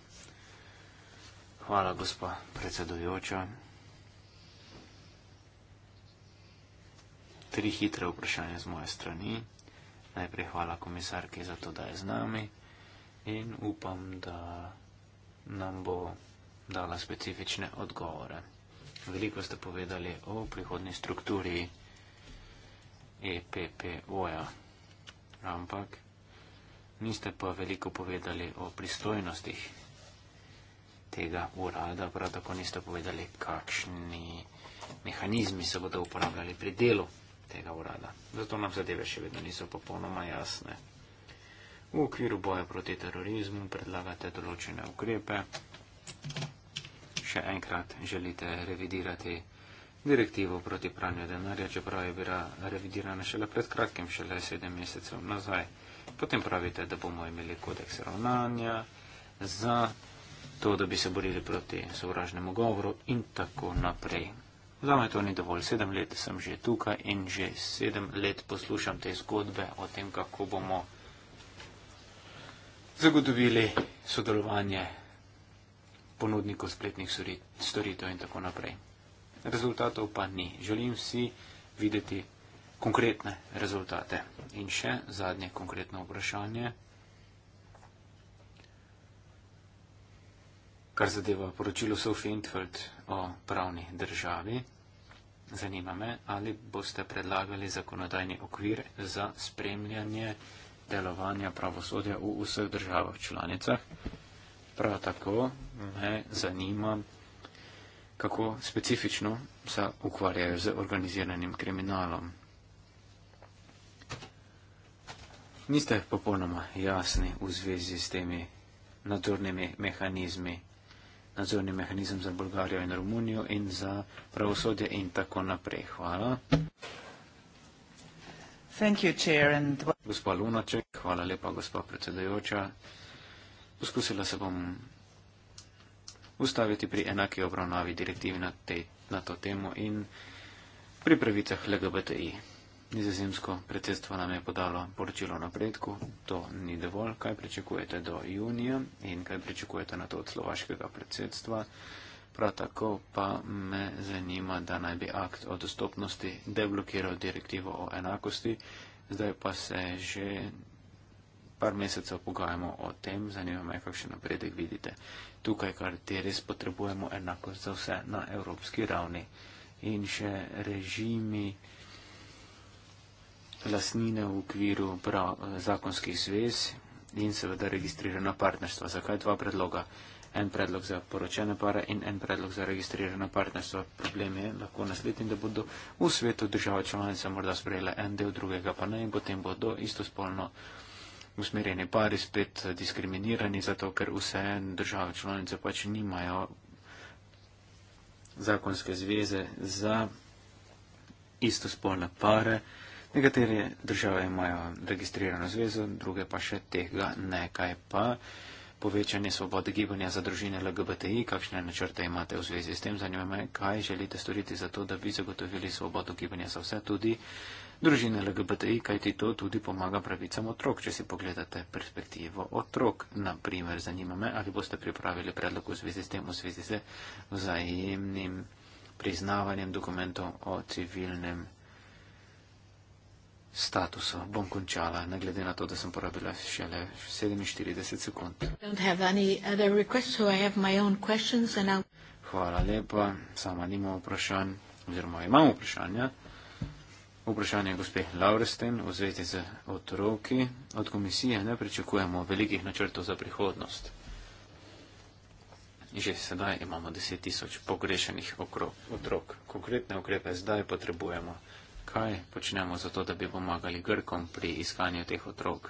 Hvala, gospa predsedujoča. Tri hitre vprašanja z moje strani. Najprej hvala komisarki za to, da je z nami in upam, da nam bo dala specifične odgovore. Veliko ste povedali o prihodni strukturi EPPO-ja, ampak niste pa veliko povedali o pristojnostih tega urada, prav tako niste povedali, kakšni mehanizmi se bodo uporabljali pri delu tega urada. Zato nam zadeve še vedno niso popolnoma jasne. V okviru boja proti terorizmu predlagate določene ukrepe. Še enkrat želite revidirati direktivo proti pranju denarja, čeprav je bila revidirana šele pred kratkim, šele sedem mesecev nazaj potem pravite, da bomo imeli kodeks ravnanja za to, da bi se borili proti sovražnemu govoru in tako naprej. Za me to ni dovolj. Sedem let sem že tukaj in že sedem let poslušam te zgodbe o tem, kako bomo zagotovili sodelovanje ponudnikov spletnih storitev in tako naprej. Rezultatov pa ni. Želim si videti konkretne rezultate. In še zadnje konkretno vprašanje, kar zadeva poročilo Sophie Intfeld o pravni državi. Zanima me, ali boste predlagali zakonodajni okvir za spremljanje delovanja pravosodja v vseh državah članicah. Prav tako me zanima, kako specifično se ukvarjajo z organiziranim kriminalom niste popolnoma jasni v zvezi s temi nadzornimi mehanizmi, nadzorni mehanizem za Bolgarijo in Romunijo in za pravosodje in tako naprej. Hvala. You, chair, and... Gospa Lunaček, hvala lepa, gospa predsedajoča. Poskusila se bom ustaviti pri enaki obravnavi direktivi na, te, na to temo in pri pravicah LGBTI. Nizozemsko predsedstvo nam je podalo poročilo o napredku, to ni dovolj, kaj pričakujete do junija in kaj pričakujete na to od slovaškega predsedstva. Prav tako pa me zanima, da naj bi akt o dostopnosti deblokiral direktivo o enakosti, zdaj pa se že par mesecev pogajamo o tem, zanima me, kakšen napredek vidite tukaj, kar te res potrebujemo enakost za vse na evropski ravni in še režimi lasnine v okviru zakonskih zvez in seveda registrirana partnerstva. Zakaj dva predloga? En predlog za poročene pare in en predlog za registrirana partnerstva. Problem je lahko naslednji, da bodo v svetu država članica morda sprejela en del drugega, pa ne in potem bodo istospolno usmerjeni pari spet diskriminirani, zato ker vse države članice pač nimajo zakonske zveze za istospolne pare. Nekatere države imajo registrirano zvezo, druge pa še tega ne. Kaj pa povečanje svobode gibanja za družine LGBTI, kakšne načrte imate v zvezi s tem, zanima me, kaj želite storiti za to, da bi zagotovili svobodo gibanja za vse, tudi družine LGBTI, kajti to tudi pomaga pravicam otrok, če si pogledate perspektivo otrok. Naprimer, zanima me, ali boste pripravili predlog v zvezi s tem, v zvezi z vzajemnim priznavanjem dokumentov o civilnem statusu. Bom končala, ne glede na to, da sem porabila šele 47 sekund. Hvala lepa, sama nimam vprašanj, oziroma imam vprašanja. Vprašanje je gospe Laurestin v zvezi z otroki. Od komisije ne pričakujemo velikih načrtov za prihodnost. Že sedaj imamo 10 tisoč pogrešenih okrog, otrok. Konkretne ukrepe zdaj potrebujemo kaj počnemo za to, da bi pomagali Grkom pri iskanju teh otrok.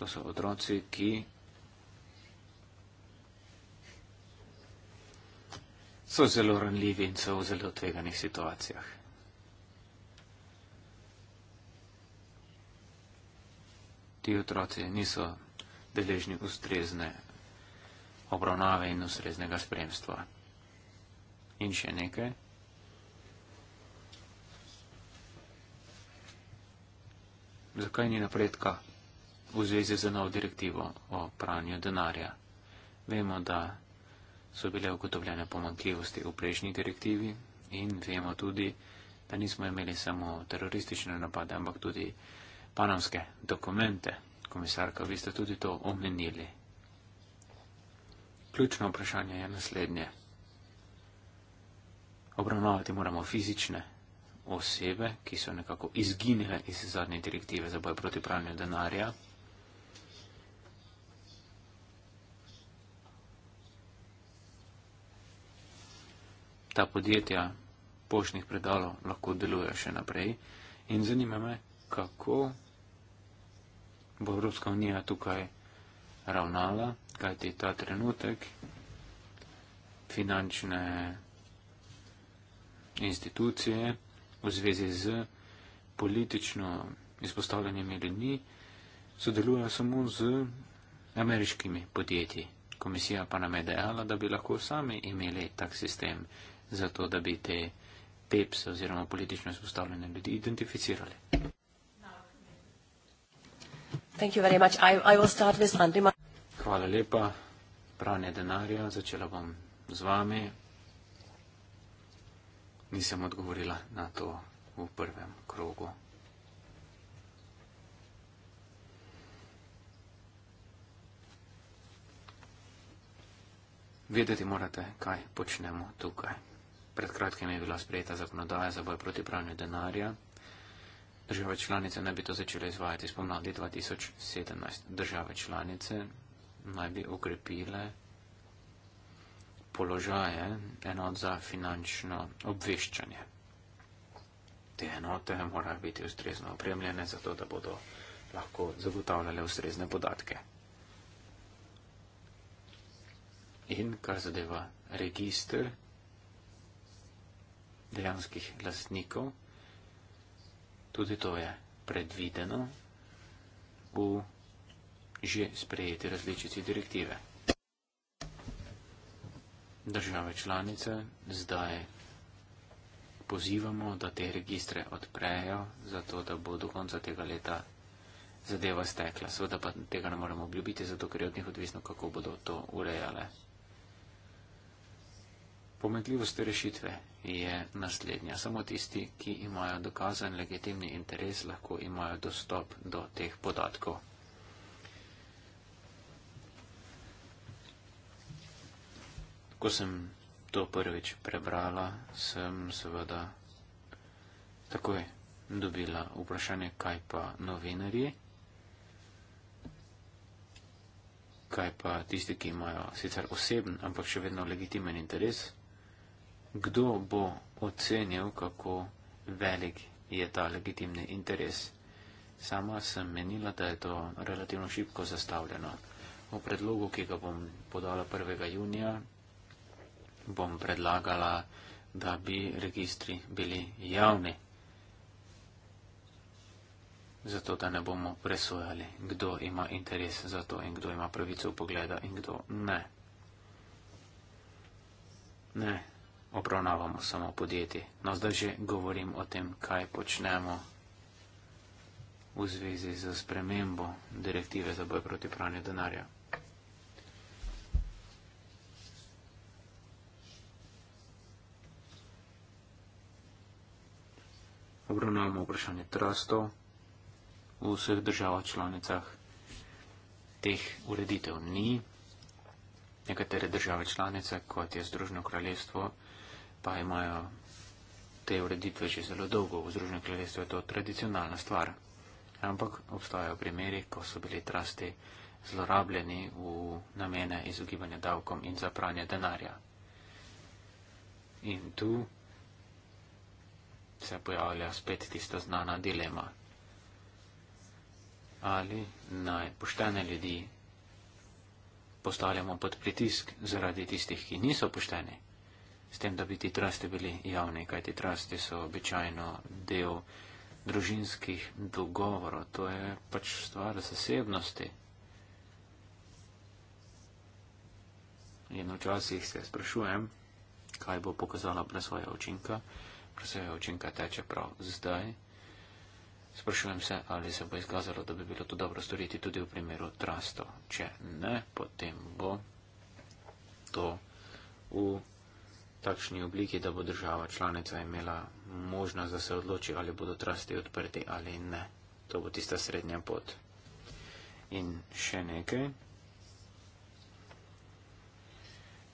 To so otroci, ki so zelo ranljivi in so v zelo tveganih situacijah. Ti otroci niso deležni ustrezne obravnave in ustreznega spremstva. In še nekaj. zakaj ni napredka v zvezi z novo direktivo o pranju denarja. Vemo, da so bile ugotovljene pomankljivosti v prejšnji direktivi in vemo tudi, da nismo imeli samo teroristične napade, ampak tudi panamske dokumente. Komisarka, vi ste tudi to omenili. Ključno vprašanje je naslednje. Obravnavati moramo fizične osebe, ki so nekako izginile iz zadnje direktive za boj proti pranju denarja. Ta podjetja poštnih predalov lahko delujejo še naprej in zanima me, kako bo Evropska unija tukaj ravnala, kajti ta trenutek finančne institucije v zvezi z politično izpostavljanjem ljudi, sodelujo samo z ameriškimi podjetji. Komisija pa nam je dejala, da bi lahko sami imeli tak sistem za to, da bi te pepse oziroma politično izpostavljene ljudi identificirali. Hvala lepa. Pranje denarja začela bom z vami nisem odgovorila na to v prvem krogu. Vedeti morate, kaj počnemo tukaj. Pred kratkim je bila sprejeta zakonodaja za boj proti pranju denarja. Države članice naj bi to začele izvajati spomladi 2017. Države članice naj bi ukrepile položaje, eh, enot za finančno obveščanje. Te enote morajo biti ustrezno opremljene, zato da bodo lahko zagotavljale ustrezne podatke. In kar zadeva registr dejanskih lastnikov, tudi to je predvideno v že sprejeti različici direktive države članice zdaj pozivamo, da te registre odprejo, zato da bo do konca tega leta zadeva stekla. Seveda pa tega ne moremo obljubiti, zato ker je od njih odvisno, kako bodo to urejale. Pometljivost rešitve je naslednja. Samo tisti, ki imajo dokazan legitimni interes, lahko imajo dostop do teh podatkov. Ko sem to prvič prebrala, sem seveda takoj dobila vprašanje, kaj pa novinarji, kaj pa tisti, ki imajo sicer oseben, ampak še vedno legitimen interes, kdo bo ocenil, kako velik je ta legitimni interes. Sama sem menila, da je to relativno šibko zastavljeno. V predlogu, ki ga bom podala 1. junija bom predlagala, da bi registri bili javni. Zato, da ne bomo presojali, kdo ima interes za to in kdo ima pravico upogleda in kdo ne. Ne, obravnavamo samo podjetje. No, zdaj že govorim o tem, kaj počnemo v zvezi z spremembo direktive za boj proti pranju denarja. obravnavamo vprašanje trastov v vseh državah članicah. Teh ureditev ni. Nekatere države članice, kot je Združeno kraljestvo, pa imajo te ureditve že zelo dolgo. V Združenem kraljestvu je to tradicionalna stvar. Ampak obstajajo primeri, ko so bili trasti zlorabljeni v namene izogibanja davkom in zapranja denarja. In tu se pojavlja spet tista znana dilema. Ali naj poštene ljudi postavljamo pod pritisk zaradi tistih, ki niso pošteni, s tem, da bi ti trasti bili javni, kaj ti trasti so običajno del družinskih dogovorov, to je pač stvar zasebnosti. In včasih se sprašujem, kaj bo pokazala presvoja učinka svojega učinka teče prav zdaj. Sprašujem se, ali se bo izkazalo, da bi bilo to dobro storiti tudi v primeru trasto. Če ne, potem bo to v takšni obliki, da bo država članica imela možnost, da se odloči, ali bodo trasti odprti ali ne. To bo tista srednja pot. In še nekaj.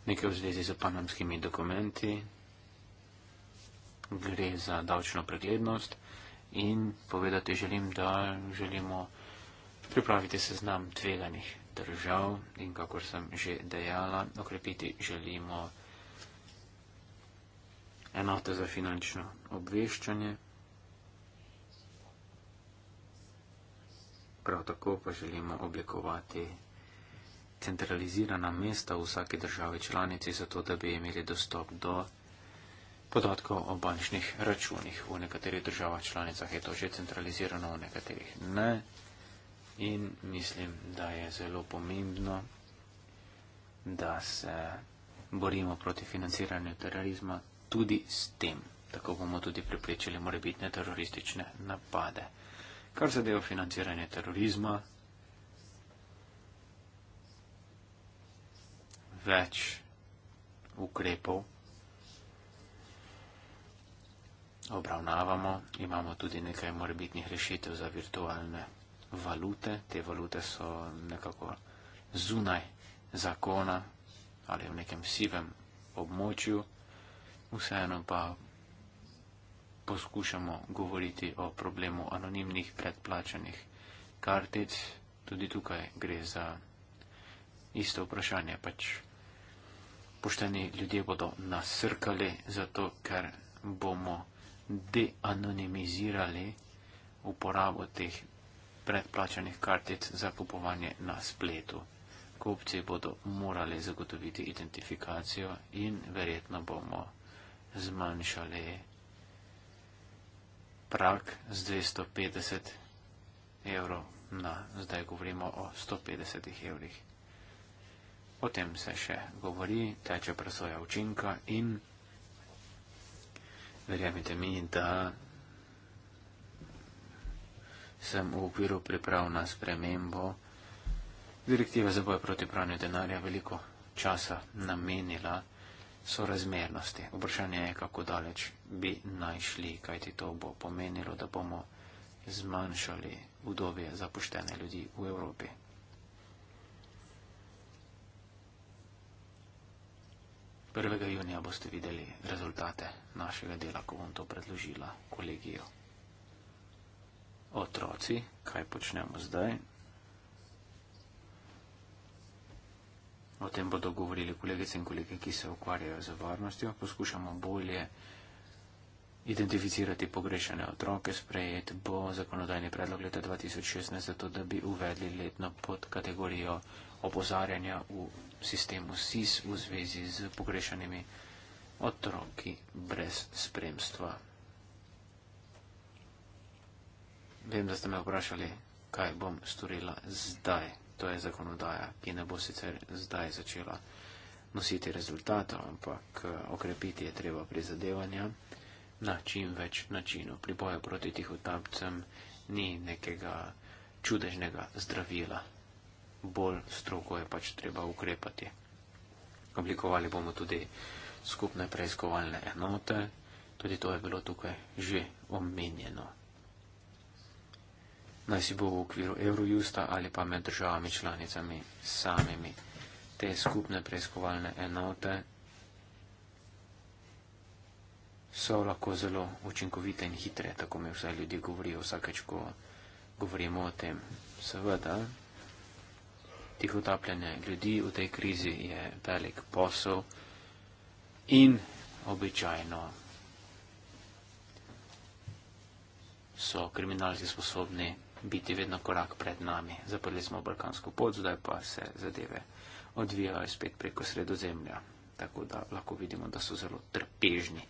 Nekaj v zvezi z panamskimi dokumenti, gre za davčno preglednost in povedati želim, da želimo pripraviti seznam tveganih držav in, kakor sem že dejala, okrepiti želimo enote za finančno obveščanje. Prav tako pa želimo oblikovati centralizirana mesta v vsaki državi članici, zato da bi imeli dostop do podatkov o bančnih računih. V nekaterih državah članicah je to že centralizirano, v nekaterih ne. In mislim, da je zelo pomembno, da se borimo proti financiranju terorizma tudi s tem. Tako bomo tudi preprečili morebitne teroristične napade. Kar se deo financiranja terorizma, več ukrepov obravnavamo, imamo tudi nekaj morbitnih rešitev za virtualne valute. Te valute so nekako zunaj zakona ali v nekem sivem območju. Vseeno pa poskušamo govoriti o problemu anonimnih predplačanih kartic. Tudi tukaj gre za isto vprašanje. Pač pošteni ljudje bodo nasrkali zato, ker bomo deanonimizirali uporabo teh predplačanih kartic za kupovanje na spletu. Kupci bodo morali zagotoviti identifikacijo in verjetno bomo zmanjšali prak z 250 evrov na zdaj govorimo o 150 evrih. O tem se še govori, teče presoja učinka in verjamite mi, da sem v okviru priprav na spremembo direktive za boj proti pranju denarja veliko časa namenila sorazmernosti. Vprašanje je, kako daleč bi naj šli, kajti to bo pomenilo, da bomo zmanjšali udobje za poštene ljudi v Evropi. 1. junija boste videli rezultate našega dela, ko bom to predložila kolegijo. Otroci, kaj počnemo zdaj? O tem bodo govorili kolegice in kolege, ki se ukvarjajo z varnostjo. Poskušamo bolje identificirati pogrešene otroke. Sprejet bo zakonodajni predlog leta 2016, zato da bi uvedli letno podkategorijo kategorijo opozarjanja v sistemu SIS v zvezi z pogrešanimi otroki brez spremstva. Vem, da ste me vprašali, kaj bom storila zdaj. To je zakonodaja, ki ne bo sicer zdaj začela nositi rezultatov, ampak eh, okrepiti je treba prizadevanja na čim več načinov. Pri boju proti tihotapcem ni nekega čudežnega zdravila bolj strogo je pač treba ukrepati. Oblikovali bomo tudi skupne preiskovalne enote, tudi to je bilo tukaj že omenjeno. Naj si bo v okviru Eurojusta ali pa med državami članicami samimi te skupne preiskovalne enote so lahko zelo učinkovite in hitre, tako mi vsaj ljudje govorijo vsakeč, ko govorimo o tem. Seveda, tih utapljanja ljudi v tej krizi je velik posel in običajno so kriminalci sposobni biti vedno korak pred nami. Zaprli smo balkansko pot, zdaj pa se zadeve odvijajo spet preko sredozemlja. Tako da lahko vidimo, da so zelo trpežni.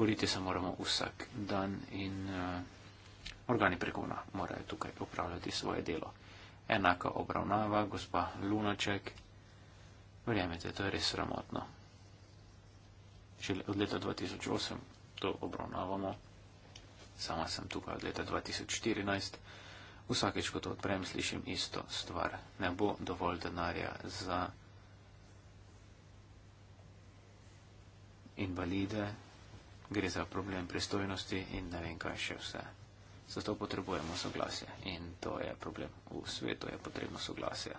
Boriti se moramo vsak dan in uh, organi pregona morajo tukaj upravljati svoje delo enaka obravnava, gospa Lunaček. Verjemite, to je res sramotno. Že od leta 2008 to obravnavamo. Sama sem tukaj od leta 2014. Vsakeč, ko to odprem, slišim isto stvar. Ne bo dovolj denarja za invalide, gre za problem pristojnosti in ne vem, kaj še vse. Zato potrebujemo soglasje in to je problem. V svetu je potrebno soglasje.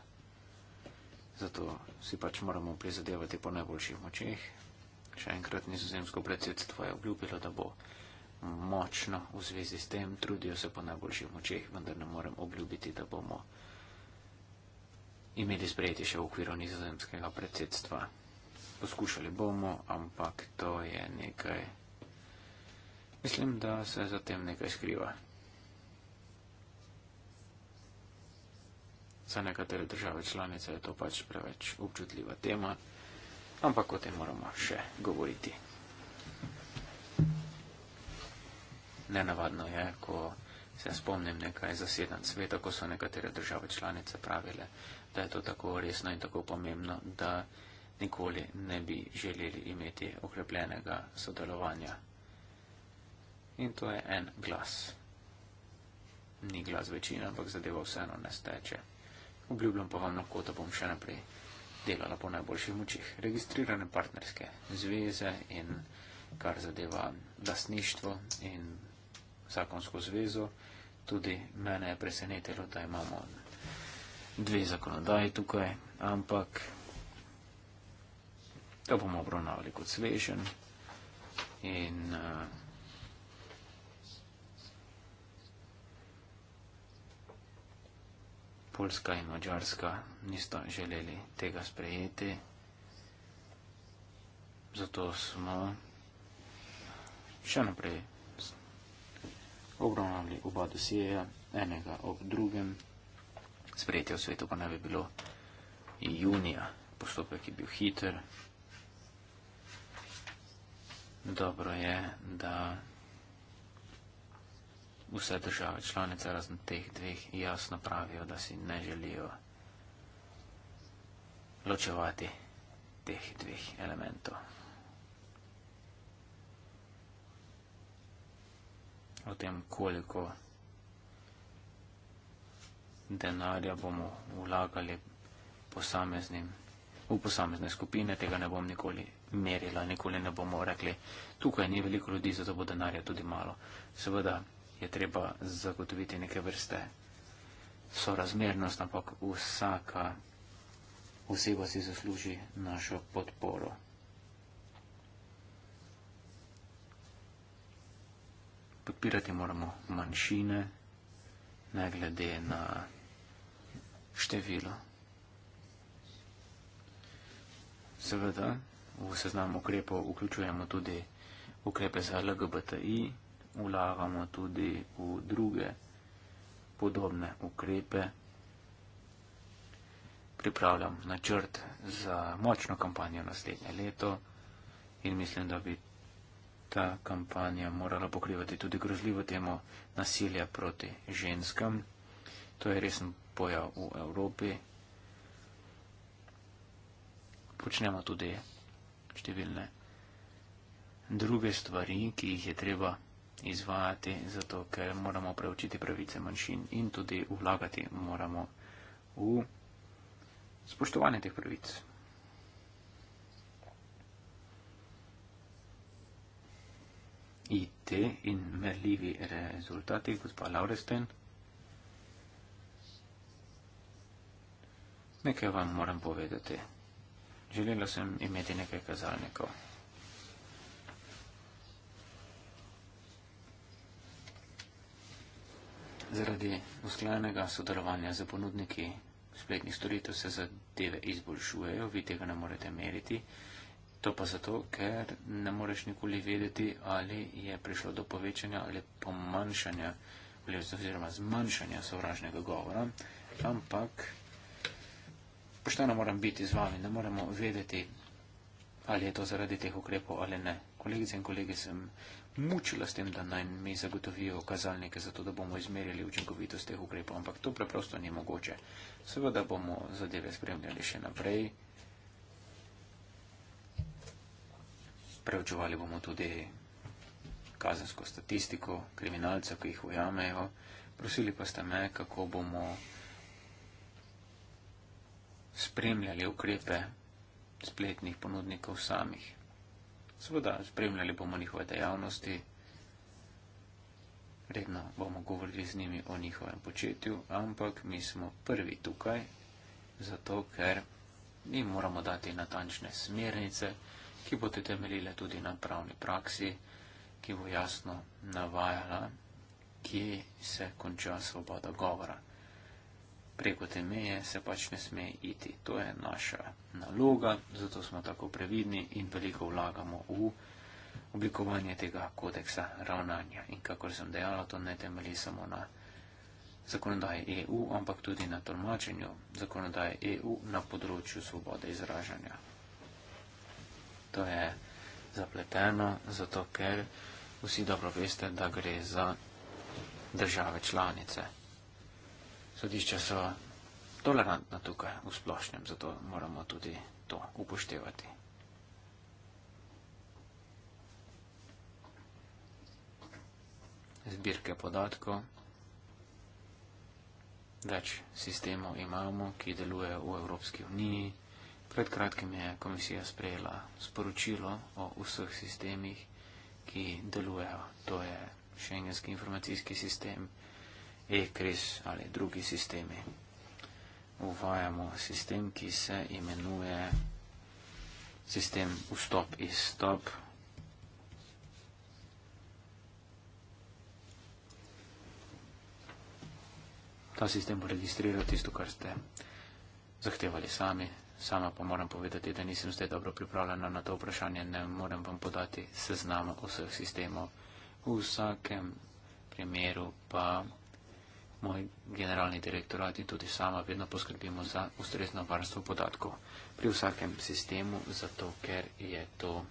Zato si pač moramo prizadevati po najboljših močeh. Še enkrat nizozemsko predsedstvo je obljubilo, da bo močno v zvezi s tem, trudijo se po najboljših močeh, vendar ne morem obljubiti, da bomo imeli sprejeti še v okviru nizozemskega predsedstva. Poskušali bomo, ampak to je nekaj. Mislim, da se za tem nekaj skriva. Za nekatere države članice je to pač preveč občutljiva tema, ampak o tem moramo še govoriti. Nenavadno je, ko se spomnim nekaj zaseden sveta, ko so nekatere države članice pravile, da je to tako resno in tako pomembno, da nikoli ne bi želeli imeti okrepljenega sodelovanja. In to je en glas. Ni glas večina, ampak zadeva vseeno ne steče. Obljubljam pa vam lahko, da bom še naprej delala po najboljših močih. Registrirane partnerske zveze in kar zadeva lasništvo in zakonsko zvezo. Tudi mene je presenetilo, da imamo dve zakonodaji tukaj, ampak to bomo obravnavali kot svežen. In, uh, Polska in Mačarska nista želeli tega sprejeti. Zato smo še naprej obravnavali oba dosjeja, enega ob drugem. Sprejetje v svetu pa naj bi bilo junija. Postopek je bil hiter. Dobro je, da vse države članice razen teh dveh jasno pravijo, da si ne želijo ločevati teh dveh elementov. O tem, koliko denarja bomo vlagali posameznim, v posamezne skupine, tega ne bom nikoli merila, nikoli ne bomo rekli, tukaj ni veliko ljudi, zato bo denarja tudi malo. Seveda je treba zagotoviti neke vrste sorazmernost, ampak vsaka oseba si zasluži našo podporo. Podpirati moramo manjšine, ne glede na število. Seveda, v seznam ukrepov vključujemo tudi ukrepe za LGBTI vlagamo tudi v druge podobne ukrepe. Pripravljam načrt za močno kampanjo naslednje leto in mislim, da bi ta kampanja morala pokrivati tudi grozljivo temo nasilja proti ženskam. To je resen pojav v Evropi. Počnemo tudi številne druge stvari, ki jih je treba izvajati, zato ker moramo preučiti pravice manjšin in tudi vlagati moramo v spoštovanje teh pravic. IT in merljivi rezultati, gospod Laurestein. Nekaj vam moram povedati. Želela sem imeti nekaj kazalnikov. Zaradi usklajenega sodelovanja z ponudniki spletnih storitev se zadeve izboljšujejo, vi tega ne morete meriti. To pa zato, ker ne moreš nikoli vedeti, ali je prišlo do povečanja ali pomanjšanja oziroma zmanjšanja sovražnega govora, ampak pošteno moram biti z vami, ne moremo vedeti, ali je to zaradi teh ukrepov ali ne. Kolegice in kolegi, sem mučila s tem, da naj mi zagotovijo kazalnike, zato da bomo izmerili učinkovitost teh ukrepov, ampak to preprosto ni mogoče. Seveda bomo zadeve spremljali še naprej. Preučevali bomo tudi kazensko statistiko kriminalcev, ki jih ujamejo. Prosili pa ste me, kako bomo spremljali ukrepe spletnih ponudnikov samih. Seveda, spremljali bomo njihove dejavnosti, redno bomo govorili z njimi o njihovem početju, ampak mi smo prvi tukaj, zato ker mi moramo dati natančne smernice, ki bodo temeljile tudi na pravni praksi, ki bo jasno navajala, kje se konča svoboda govora preko te meje se pač ne sme iti. To je naša naloga, zato smo tako previdni in veliko vlagamo v oblikovanje tega kodeksa ravnanja. In kakor sem dejala, to ne temelji samo na zakonodaje EU, ampak tudi na tolmačenju zakonodaje EU na področju svobode izražanja. To je zapleteno, zato ker vsi dobro veste, da gre za države članice sodišča so tolerantna tukaj v splošnem, zato moramo tudi to upoštevati. Zbirke podatkov, več sistemov imamo, ki delujejo v Evropski uniji. Pred kratkim je komisija sprejela sporočilo o vseh sistemih, ki delujejo. To je šengenski informacijski sistem, ekris ali drugi sistemi. Uvajamo sistem, ki se imenuje sistem vstop iz stop. Ta sistem bo registriral tisto, kar ste zahtevali sami. Sama pa moram povedati, da nisem zdaj dobro pripravljena na to vprašanje, ne morem vam podati seznama vseh sistemov. V vsakem primeru pa moj generalni direktor in tudi sama vedno poskrbimo za ustrezno varstvo podatkov pri vsakem sistemu, zato ker je to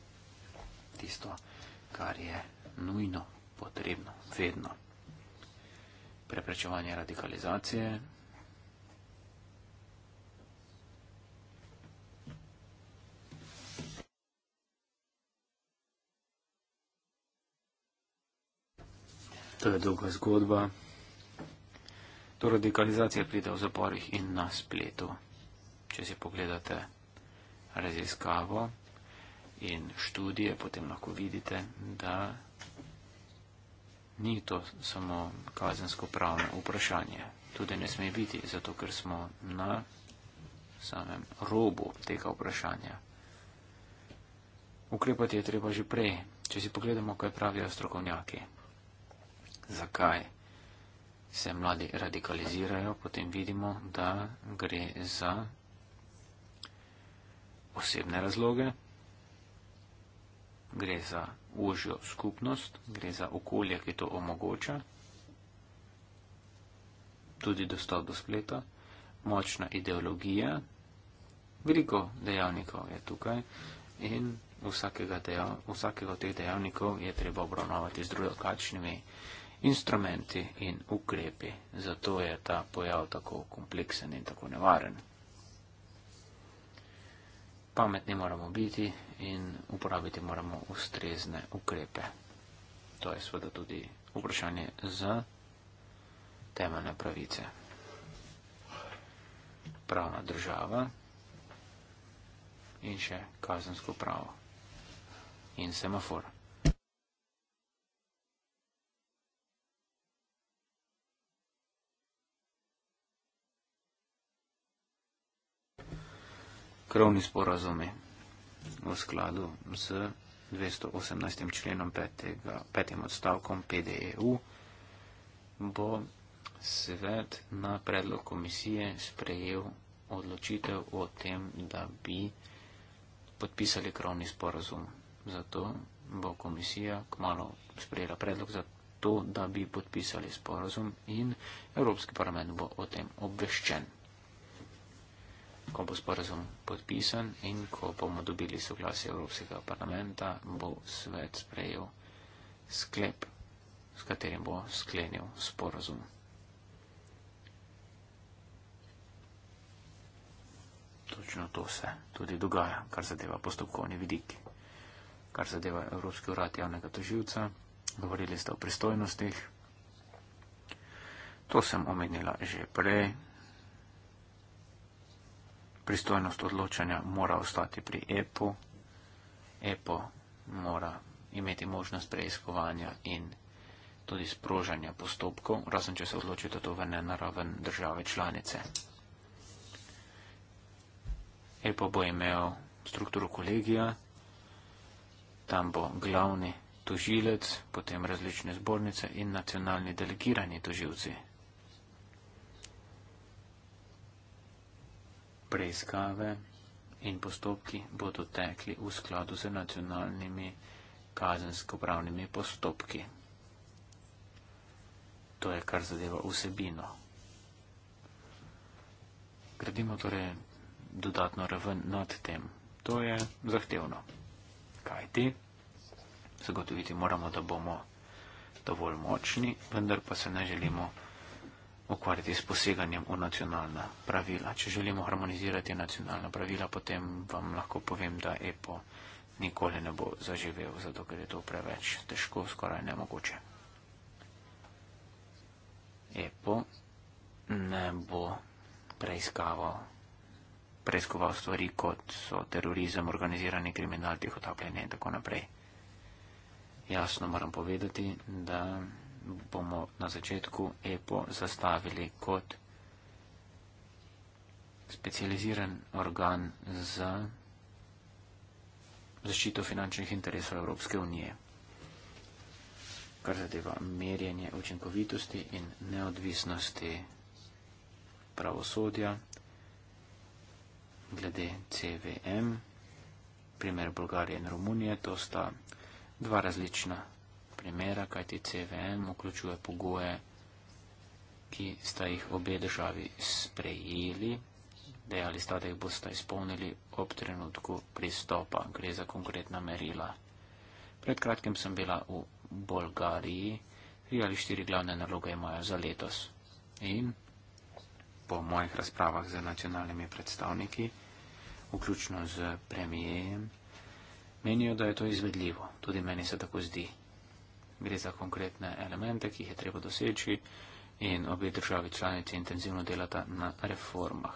tisto, kar je nujno potrebno, vedno. Preprečevanje radikalizacije. To je dolga zgodba. To radikalizacija pride v zaporih in na spletu. Če si pogledate raziskavo in študije, potem lahko vidite, da ni to samo kazensko pravno vprašanje. Tudi ne sme biti, zato ker smo na samem robu tega vprašanja. Ukrepati je treba že prej, če si pogledamo, kaj pravijo strokovnjaki. Zakaj? se mladi radikalizirajo, potem vidimo, da gre za osebne razloge, gre za užjo skupnost, gre za okolje, ki to omogoča, tudi dostop do spleta, močna ideologija, veliko dejavnikov je tukaj in vsakega, dejav, vsakega od teh dejavnikov je treba obravnavati z drugačnimi dejavniki instrumenti in ukrepi. Zato je ta pojav tako kompleksen in tako nevaren. Pametni moramo biti in uporabiti moramo ustrezne ukrepe. To je seveda tudi vprašanje za temeljne pravice. Pravna država in še kazensko pravo in semafor. krovni sporazumi v skladu z 218. členom petega, petim odstavkom PDEU bo svet na predlog komisije sprejel odločitev o tem, da bi podpisali krovni sporazum. Zato bo komisija kmalo sprejela predlog za to, da bi podpisali sporazum in Evropski parlament bo o tem obveščen ko bo sporazum podpisan in ko bomo dobili soglasje Evropskega parlamenta, bo svet sprejel sklep, s katerim bo sklenil sporazum. Točno to se tudi dogaja, kar zadeva postopkovni vidik, kar zadeva Evropski urad javnega toživca. Govorili ste o pristojnostih. To sem omenila že prej pristojnost odločanja mora ostati pri EPO, EPO mora imeti možnost preiskovanja in tudi sprožanja postopkov, razen če se odloči, da to vrne na raven države članice. EPO bo imel strukturo kolegija, tam bo glavni tožilec, potem različne zbornice in nacionalni delegirani tožilci. preiskave in postopki bodo tekli v skladu z nacionalnimi kazensko-pravnimi postopki. To je kar zadeva vsebino. Gradimo torej dodatno raven nad tem. To je zahtevno. Kaj ti? Zagotoviti moramo, da bomo dovolj močni, vendar pa se ne želimo ukvarjati s poseganjem v nacionalna pravila. Če želimo harmonizirati nacionalna pravila, potem vam lahko povem, da EPO nikoli ne bo zaživel, zato ker je to preveč težko, skoraj nemogoče. EPO ne bo preiskaval, preiskoval stvari, kot so terorizem, organizirani kriminal, tihotapljenje in tako naprej. Jasno moram povedati, da bomo na začetku EPO zastavili kot specializiran organ za zaščito finančnih interesov Evropske unije, kar zadeva merjenje učinkovitosti in neodvisnosti pravosodja glede CVM. Primer Bolgarije in Romunije, to sta dva različna primera, kajti CVM vključuje pogoje, ki sta jih obe državi sprejeli, dejali sta, da jih boste izpolnili ob trenutku pristopa. Gre za konkretna merila. Pred kratkim sem bila v Bolgariji, tri ali štiri glavne naloge imajo za letos. In po mojih razpravah z nacionalnimi predstavniki, vključno z premijejem, menijo, da je to izvedljivo. Tudi meni se tako zdi gre za konkretne elemente, ki jih je treba doseči in obe državi članici intenzivno delata na reformah.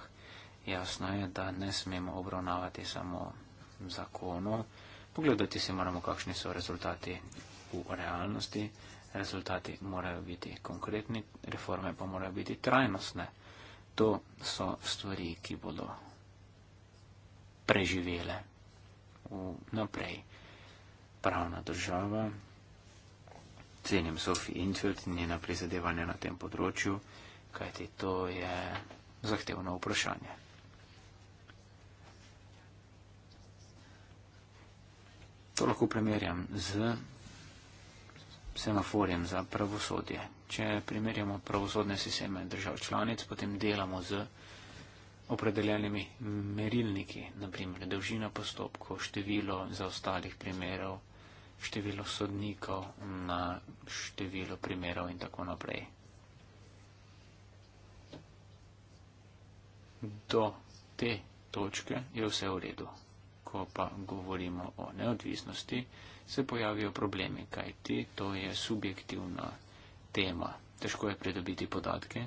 Jasno je, da ne smemo obravnavati samo zakono, pogledati si moramo, kakšni so rezultati v realnosti, rezultati morajo biti konkretni, reforme pa morajo biti trajnostne. To so stvari, ki bodo preživele v naprej. Pravna država cenim Sofi Inčelt in njena prizadevanja na tem področju, kajti to je zahtevno vprašanje. To lahko primerjam z semaforjem za pravosodje. Če primerjamo pravosodne sisteme držav članic, potem delamo z opredeljenimi merilniki, naprimer dolžina postopkov, število zaostalih primerov, število sodnikov, na število primerov in tako naprej. Do te točke je vse v redu. Ko pa govorimo o neodvisnosti, se pojavijo problemi, kajti to je subjektivna tema. Težko je pridobiti podatke.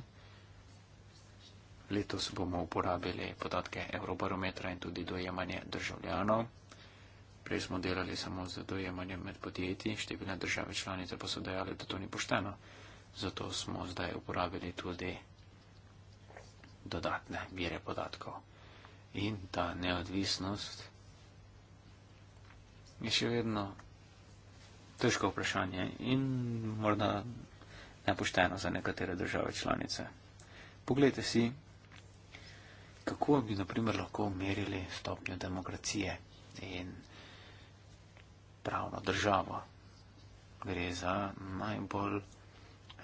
Letos bomo uporabili podatke Evrobarometra in tudi dojemanje državljanov. Prej smo delali samo z dojemanjem med podjetji, številne države članice pa so dejali, da to ni pošteno. Zato smo zdaj uporabili tudi dodatne vire podatkov. In ta neodvisnost je še vedno težko vprašanje in morda nepošteno za nekatere države članice. Poglejte si, kako bi naprimer lahko merili stopnjo demokracije in demokracije pravno državo. Gre za najbolj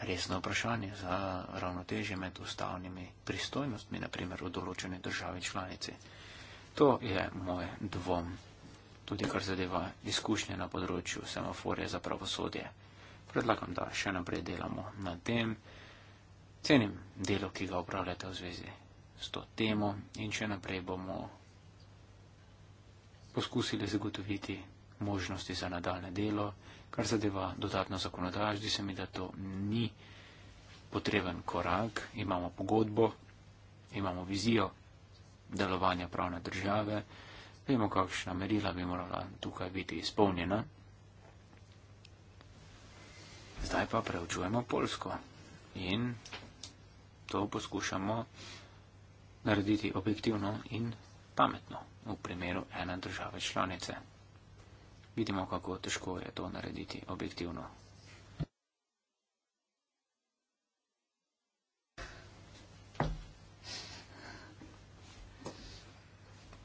resno vprašanje, za ravnoteže med ustavnimi pristojnostmi, naprimer v določeni državi članici. To je moj dvom, tudi kar zadeva izkušnje na področju semaforje za pravosodje. Predlagam, da še naprej delamo na tem. Cenim delo, ki ga upravljate v zvezi s to temo in še naprej bomo poskusili zagotoviti možnosti za nadaljne delo, kar zadeva dodatno zakonodajo, zdi se mi, da to ni potreben korak, imamo pogodbo, imamo vizijo delovanja pravne države, vemo, kakšna merila bi morala tukaj biti izpolnjena. Zdaj pa preučujemo Polsko in to poskušamo narediti objektivno in pametno v primeru ene države članice vidimo, kako težko je to narediti objektivno.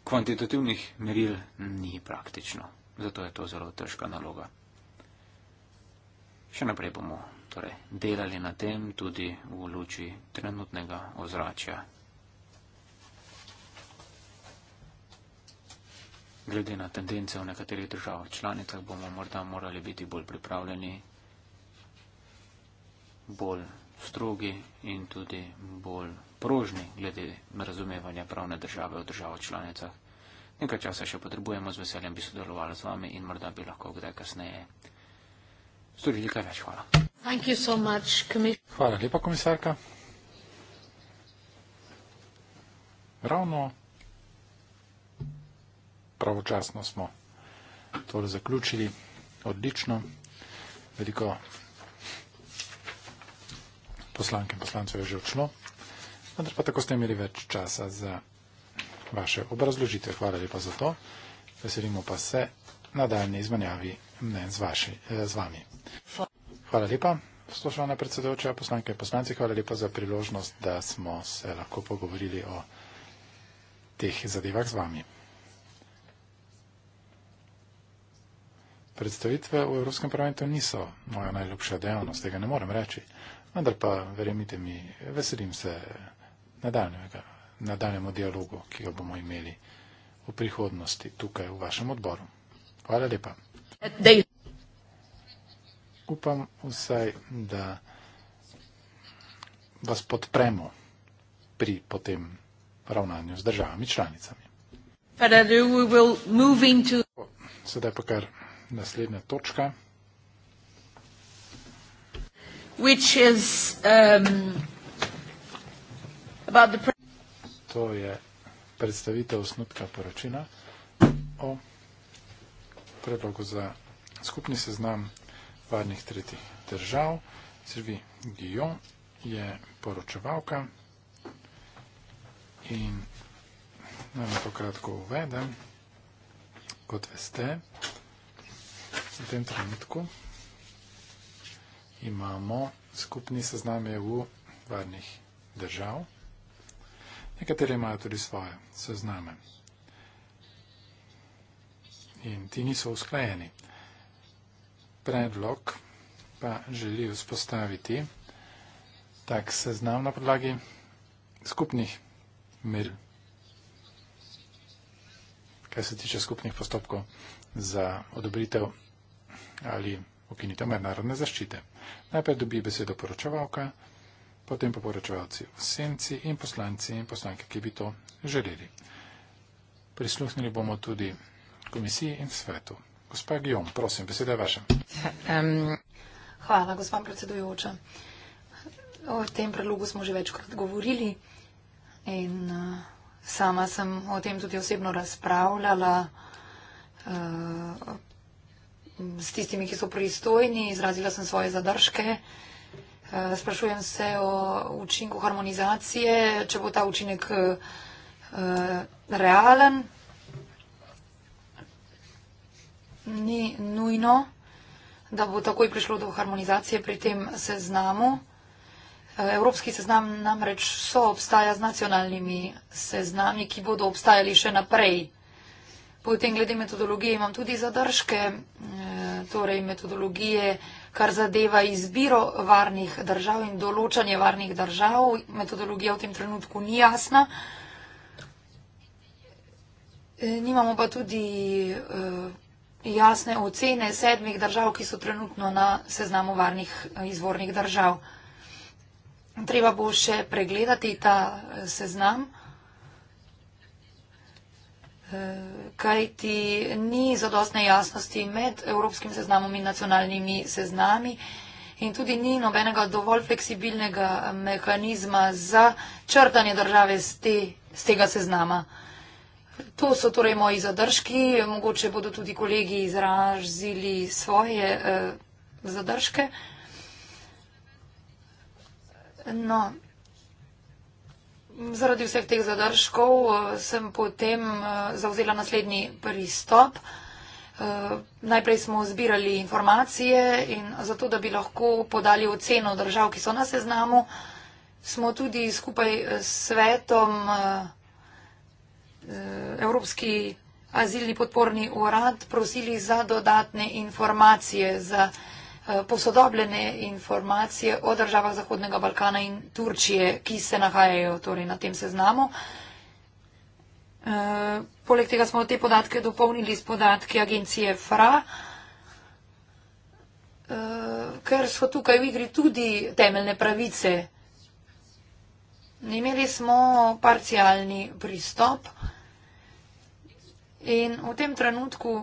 Kvantitativnih meril ni praktično, zato je to zelo težka naloga. Še naprej bomo torej, delali na tem tudi v luči trenutnega ozračja glede na tendence v nekaterih državah članicah, bomo morda morali biti bolj pripravljeni, bolj strogi in tudi bolj prožni glede na razumevanje pravne države v državah članicah. Nekaj časa še potrebujemo, z veseljem bi sodelovali z vami in morda bi lahko kdaj kasneje storili kaj več. Hvala. So much, Hvala lepa, komisarka. Ravno pravočasno smo to zaključili. Odlično. Veliko poslank in poslancev je že odšlo. Vendar pa tako ste imeli več časa za vaše obrazložitve. Hvala lepa za to. Veselimo pa se nadaljne izmenjavi mnen z, vaši, eh, z vami. Hvala lepa, spoštovana predsedujoča, poslanke in poslanci, hvala lepa za priložnost, da smo se lahko pogovorili o teh zadevah z vami. predstavitve v Evropskem parlamentu niso moja najljubša dejavnost, tega ne morem reči. Vendar pa, verjemite mi, veselim se nadaljemu dialogu, ki ga bomo imeli v prihodnosti tukaj v vašem odboru. Hvala lepa. Upam vsaj, da vas podpremo pri potem ravnanju z državami članicami. Sedaj pa kar naslednja točka. Um, to je predstavitev osnutka poročila o predlogu za skupni seznam varnih tretjih držav. Srbi Gijo je poročevalka in nam je to kratko uvedem. Kot veste, v tem trenutku imamo skupni seznam EU varnih držav. Nekateri imajo tudi svoje sezname. In ti niso usklajeni. Predlog pa želi vzpostaviti tak seznam na podlagi skupnih mer, kaj se tiče skupnih postopkov za odobritev ali ukinitev mednarodne zaščite. Najprej dobi besedo poročevalka, potem pa poročevalci v senci in poslanci in poslanke, ki bi to želeli. Prisluhnili bomo tudi komisiji in svetu. Gospa Gijom, prosim, beseda je vaša. Um, hvala, gospod predsedujoča. O tem predlogu smo že večkrat govorili in uh, sama sem o tem tudi osebno razpravljala uh, s tistimi, ki so pristojni, izrazila sem svoje zadržke. Eh, sprašujem se o učinku harmonizacije, če bo ta učinek eh, realen. Ni nujno, da bo takoj prišlo do harmonizacije pri tem seznamu. Eh, evropski seznam namreč so obstaja z nacionalnimi seznami, ki bodo obstajali še naprej. Potem glede metodologije imam tudi zadržke. E, torej metodologije, kar zadeva izbiro varnih držav in določanje varnih držav. Metodologija v tem trenutku ni jasna. E, nimamo pa tudi e, jasne ocene sedmih držav, ki so trenutno na seznamu varnih e, izvornih držav. Treba bo še pregledati ta seznam kajti ni zadostne jasnosti med evropskim seznamom in nacionalnimi seznami in tudi ni nobenega dovolj fleksibilnega mehanizma za črtanje države z, te, z tega seznama. To so torej moji zadržki, mogoče bodo tudi kolegi izrazili svoje eh, zadržke. No, Zaradi vseh teh zadržkov eh, sem potem eh, zauzela naslednji pristop. Eh, najprej smo zbirali informacije in zato, da bi lahko podali oceno držav, ki so na seznamu, smo tudi skupaj s svetom Evropski azilni podporni urad prosili za dodatne informacije. Za Eh, posodobljene informacije o državah Zahodnega Balkana in Turčije, ki se nahajajo torej, na tem seznamu. Eh, poleg tega smo te podatke dopolnili s podatki agencije FRA, eh, ker so tukaj v igri tudi temeljne pravice. Imeli smo parcialni pristop in v tem trenutku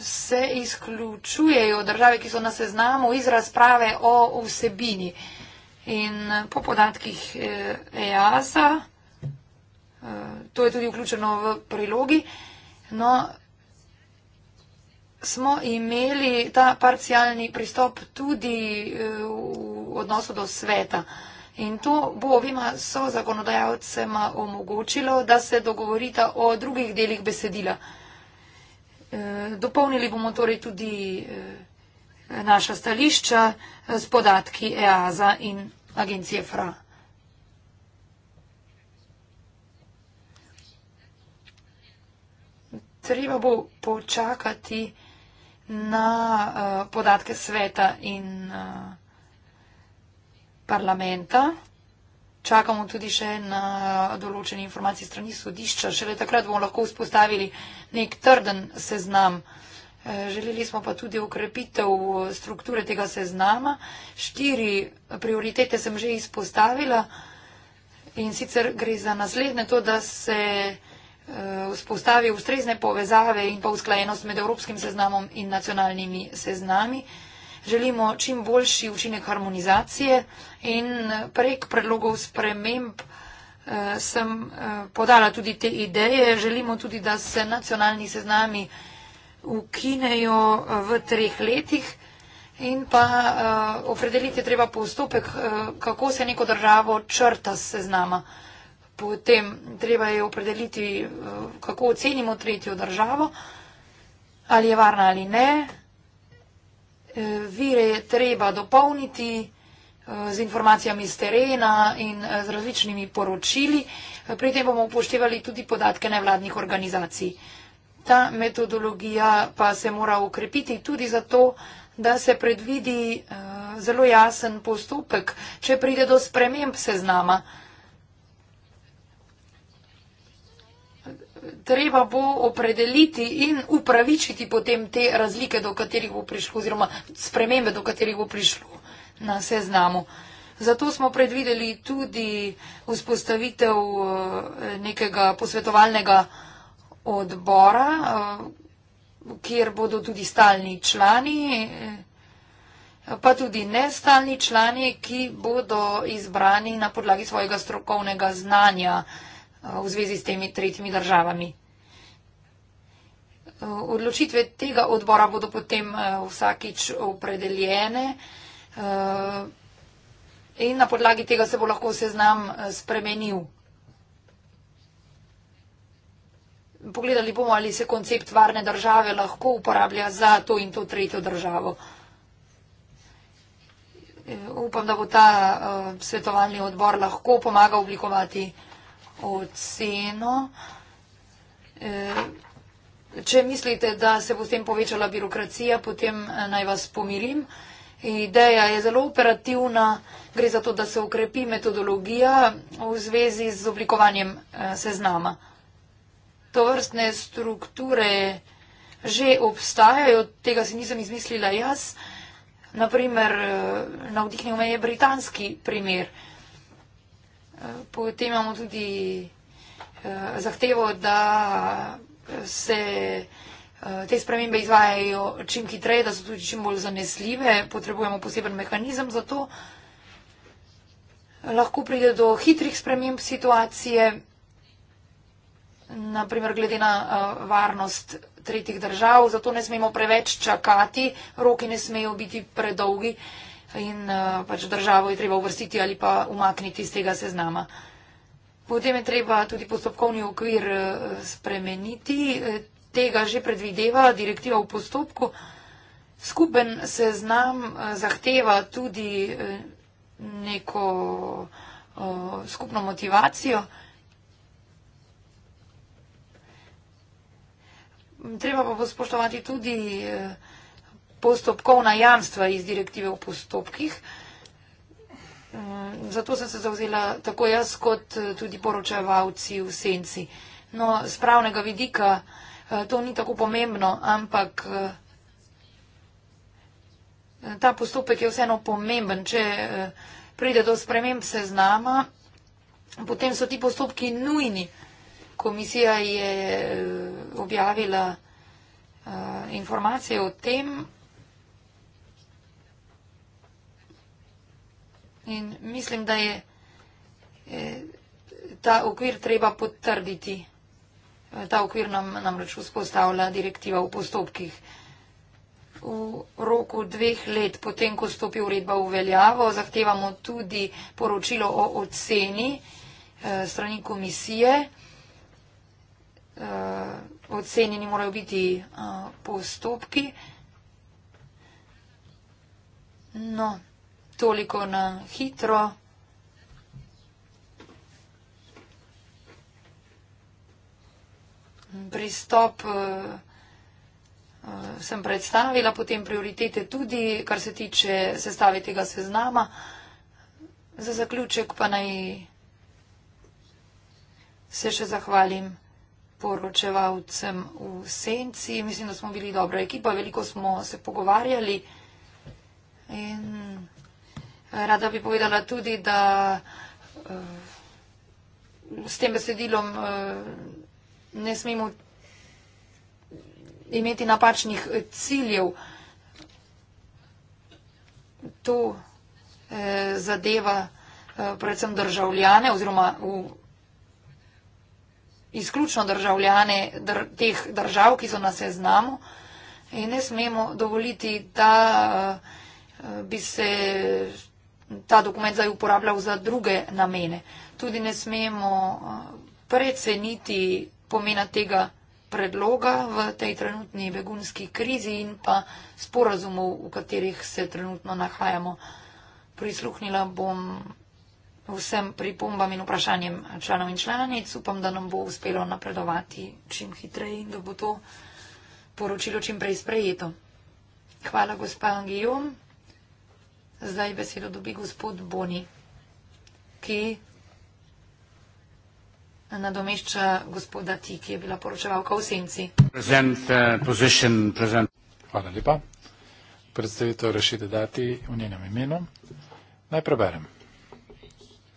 se izključujejo države, ki so na seznamu iz razprave o vsebini. In eh, po podatkih EASA, eh, e eh, to je tudi vključeno v prilogi, no, smo imeli ta parcialni pristop tudi v odnosu do sveta. In to bo ovima so zakonodajalcema omogočilo, da se dogovorita o drugih delih besedila. Eh, dopolnili bomo torej tudi eh, naša stališča eh, s podatki EASA in agencije FRA. Treba bo počakati na podatke sveta in parlamenta čakamo tudi še na določene informacije strani sodišča. Šele takrat bomo lahko vzpostavili nek trden seznam. Eh, Želeli smo pa tudi ukrepitev strukture tega seznama. Štiri prioritete sem že izpostavila in sicer gre za naslednje to, da se eh, vzpostavi ustrezne povezave in pa usklajenost med evropskim seznamom in nacionalnimi seznami želimo čim boljši učinek harmonizacije in prek predlogov sprememb eh, sem eh, podala tudi te ideje. Želimo tudi, da se nacionalni seznami ukinejo eh, v treh letih in pa opredeliti je treba postopek, kako se neko državo črta s seznama. Potem treba je opredeliti, kako ocenimo tretjo državo, ali je varna ali ne, Eh, vire je treba dopolniti eh, z informacijami z terena in eh, z različnimi poročili. Pri tem bomo upoštevali tudi podatke nevladnih organizacij. Ta metodologija pa se mora ukrepiti tudi zato, da se predvidi zelo jasen postopek, če pride do sprememb seznama. treba bo opredeliti in upravičiti potem te razlike, do katerih bo prišlo, oziroma spremembe, do katerih bo prišlo na seznamu. Zato smo predvideli tudi vzpostavitev eh, nekega posvetovalnega odbora, eh, kjer bodo tudi stalni člani, eh, pa tudi nestalni člani, ki bodo izbrani na podlagi svojega strokovnega znanja v zvezi s temi tretjimi državami. Odločitve tega odbora bodo potem eh, vsakič opredeljene eh, in na podlagi tega se bo lahko seznam eh, spremenil. Pogledali bomo, ali se koncept varne države lahko uporablja za to in to tretjo državo. Upam, da bo ta svetovalni odbor lahko pomagal oblikovati državo oceno. Eh, če mislite, da se bo s tem povečala birokracija, potem eh, naj vas pomirim. Ideja je zelo operativna, gre za to, da se ukrepi metodologija v zvezi z oblikovanjem eh, seznama. To vrstne strukture že obstajajo, tega si nisem izmislila jaz. Naprimer, navdihnil me je britanski primer. Potem imamo tudi eh, zahtevo, da se eh, te spremembe izvajajo čim hitreje, da so tudi čim bolj zanesljive. Potrebujemo poseben mehanizem za to. Lahko pride do hitrih sprememb situacije, naprimer glede na eh, varnost tretjih držav, zato ne smemo preveč čakati, roki ne smejo biti predolgi in eh, pač državo je treba uvrstiti ali pa umakniti iz tega seznama. Potem je treba tudi postopkovni okvir eh, spremeniti, eh, tega že predvideva direktiva v postopku. Skupen seznam zahteva tudi neko skupno motivacijo. Treba pa spoštovati tudi postopkovna jamstva iz direktive o postopkih. Mm, zato sem se zauzela tako jaz, kot eh, tudi poročevalci v senci. No, z pravnega vidika eh, to ni tako pomembno, ampak eh, ta postopek je vseeno pomemben. Če pride do sprememb seznama, potem so ti postopki nujni. Komisija je objavila informacije o tem, In mislim, da je eh, ta okvir treba potrditi. Eh, ta okvir nam namreč vzpostavlja direktiva v postopkih. V roku dveh let, potem ko stopi uredba v veljavo, zahtevamo tudi poročilo o oceni eh, strani komisije. Ocenjeni morajo biti postopki. No toliko na hitro. Pristop eh, eh, sem predstavila, potem prioritete tudi, kar se tiče sestave tega seznama. Za zaključek pa naj se še zahvalim poročevalcem v senci. Mislim, da smo bili dobra ekipa, veliko smo se pogovarjali. In... Rada bi povedala tudi, da eh, s tem besedilom eh, ne smemo imeti napačnih eh, ciljev. To zadeva predvsem državljane oziroma v izključno državljane dr teh držav, ki so na seznamu in ne smemo dovoliti, da uh, bi se uh, ta dokument zdaj uporabljal za druge namene. Tudi ne smemo eh, preceniti pomena tega predloga v tej trenutni begunski krizi in pa sporazumov, v katerih se trenutno nahajamo. Prisluhnila bom vsem pripombam in vprašanjem članov in članic. Upam, da nam bo uspelo napredovati čim hitreje in da bo to poročilo čim prej sprejeto. Hvala, gospa Angijom. Zdaj besedo dobi gospod Boni, ki nadomešča gospoda Ti, ki je bila poročevalka v Senci. Present, uh, position, present. Hvala lepa. Predstavitev rešite dati v njenem imenu. Naj preberem.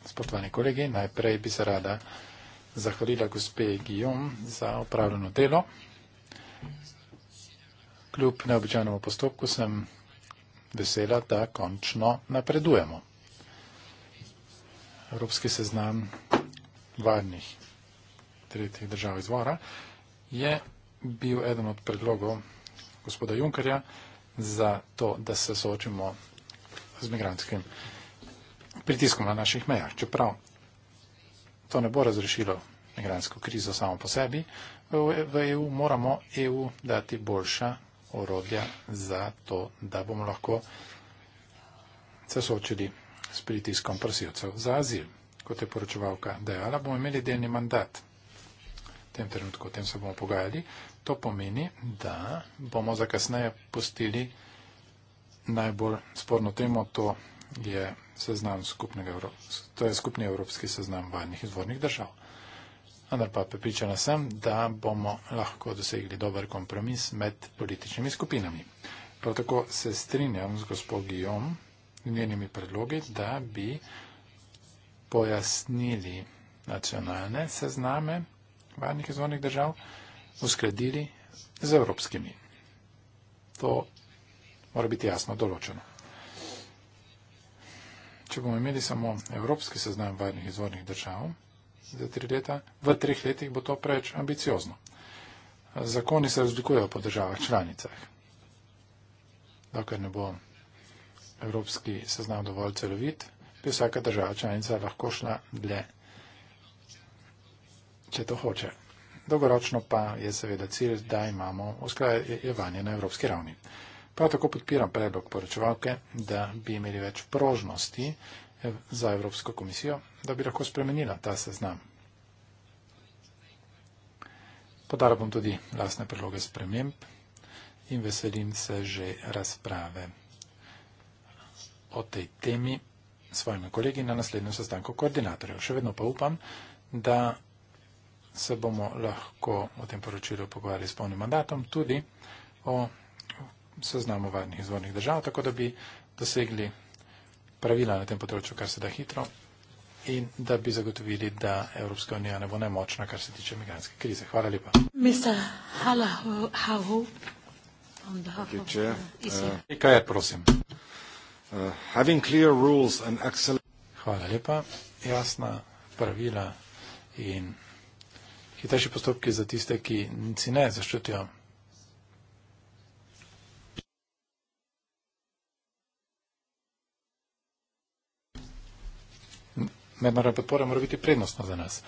Spoštovani kolegi, najprej bi se rada zahvalila gospe Guillaume za opravljeno delo. Kljub neobičajnemu postopku sem vesela, da končno napredujemo. Evropski seznam varnih tretjih držav izvora je bil eden od predlogov gospoda Junkerja za to, da se soočimo z migrantskim pritiskom na naših mejah. Čeprav to ne bo razrešilo migrantsko krizo samo po sebi, v EU e- e moramo EU dati boljša orodja za to, da bomo lahko se soočili s pritiskom prosilcev za azil. Kot je poročevalka dejala, bomo imeli delni mandat. V tem trenutku o tem se bomo pogajali. To pomeni, da bomo za kasneje postili najbolj sporno temo, to je, seznam skupnega, to je skupni evropski seznam varnih izvornih držav vendar pa prepričana sem, da bomo lahko dosegli dober kompromis med političnimi skupinami. Prav tako se strinjam z gospod Gijom in njenimi predlogi, da bi pojasnili nacionalne sezname varnih izvornih držav, uskladili z evropskimi. To mora biti jasno določeno. Če bomo imeli samo evropski seznam varnih izvornih držav, za tri leta, v treh letih bo to preveč ambiciozno. Zakoni se razlikujejo po državah članicah. Dokler ne bo evropski seznam dovolj celovit, bi vsaka država članica lahko šla dlje, če to hoče. Dolgoročno pa je seveda cilj, da imamo usklajevanje na evropski ravni. Prav tako podpiram predlog poročevalke, da bi imeli več prožnosti za Evropsko komisijo, da bi lahko spremenila ta seznam. Podala bom tudi lastne predloge sprememb in veselim se že razprave o tej temi s svojimi kolegi na naslednjem sestanku koordinatorjev. Še vedno pa upam, da se bomo lahko o tem poročilu pogovarjali s polnim mandatom, tudi o seznamu varnih izvornih držav, tako da bi dosegli pravila na tem področju, kar se da hitro, in da bi zagotovili, da Evropska unija ne bo nemočna, kar se tiče imigranske krize. Hvala lepa. E uh, Kaj je, prosim? Uh, Hvala lepa. Jasna pravila in hitrejši postopki za tiste, ki si ne zaščitijo mednarodna podpora mora biti prednostna za nas.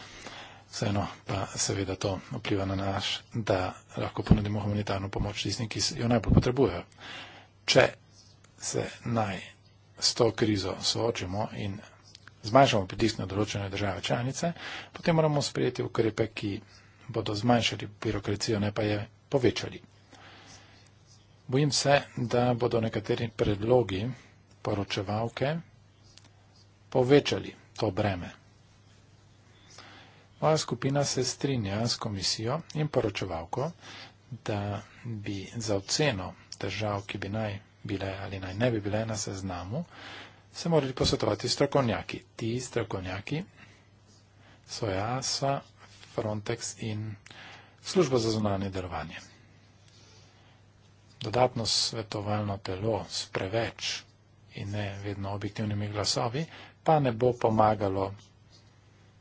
Vseeno pa seveda to vpliva na naš, da lahko ponudimo humanitarno pomoč tistim, ki jo najbolj potrebujejo. Če se naj s to krizo soočimo in zmanjšamo pritisk na določene države članice, potem moramo sprejeti ukrepe, ki bodo zmanjšali birokracijo, ne pa je povečali. Bojim se, da bodo nekateri predlogi poročevalke povečali to breme. Moja skupina se strinja s komisijo in poročevalko, da bi za oceno držav, ki bi naj bile ali naj ne bi bile na seznamu, se morali posvetovati strokovnjaki. Ti strokovnjaki so EASA, Frontex in Služba za zunanje delovanje. Dodatno svetovalno telo s preveč in ne vedno objektivnimi glasovi pa ne bo pomagalo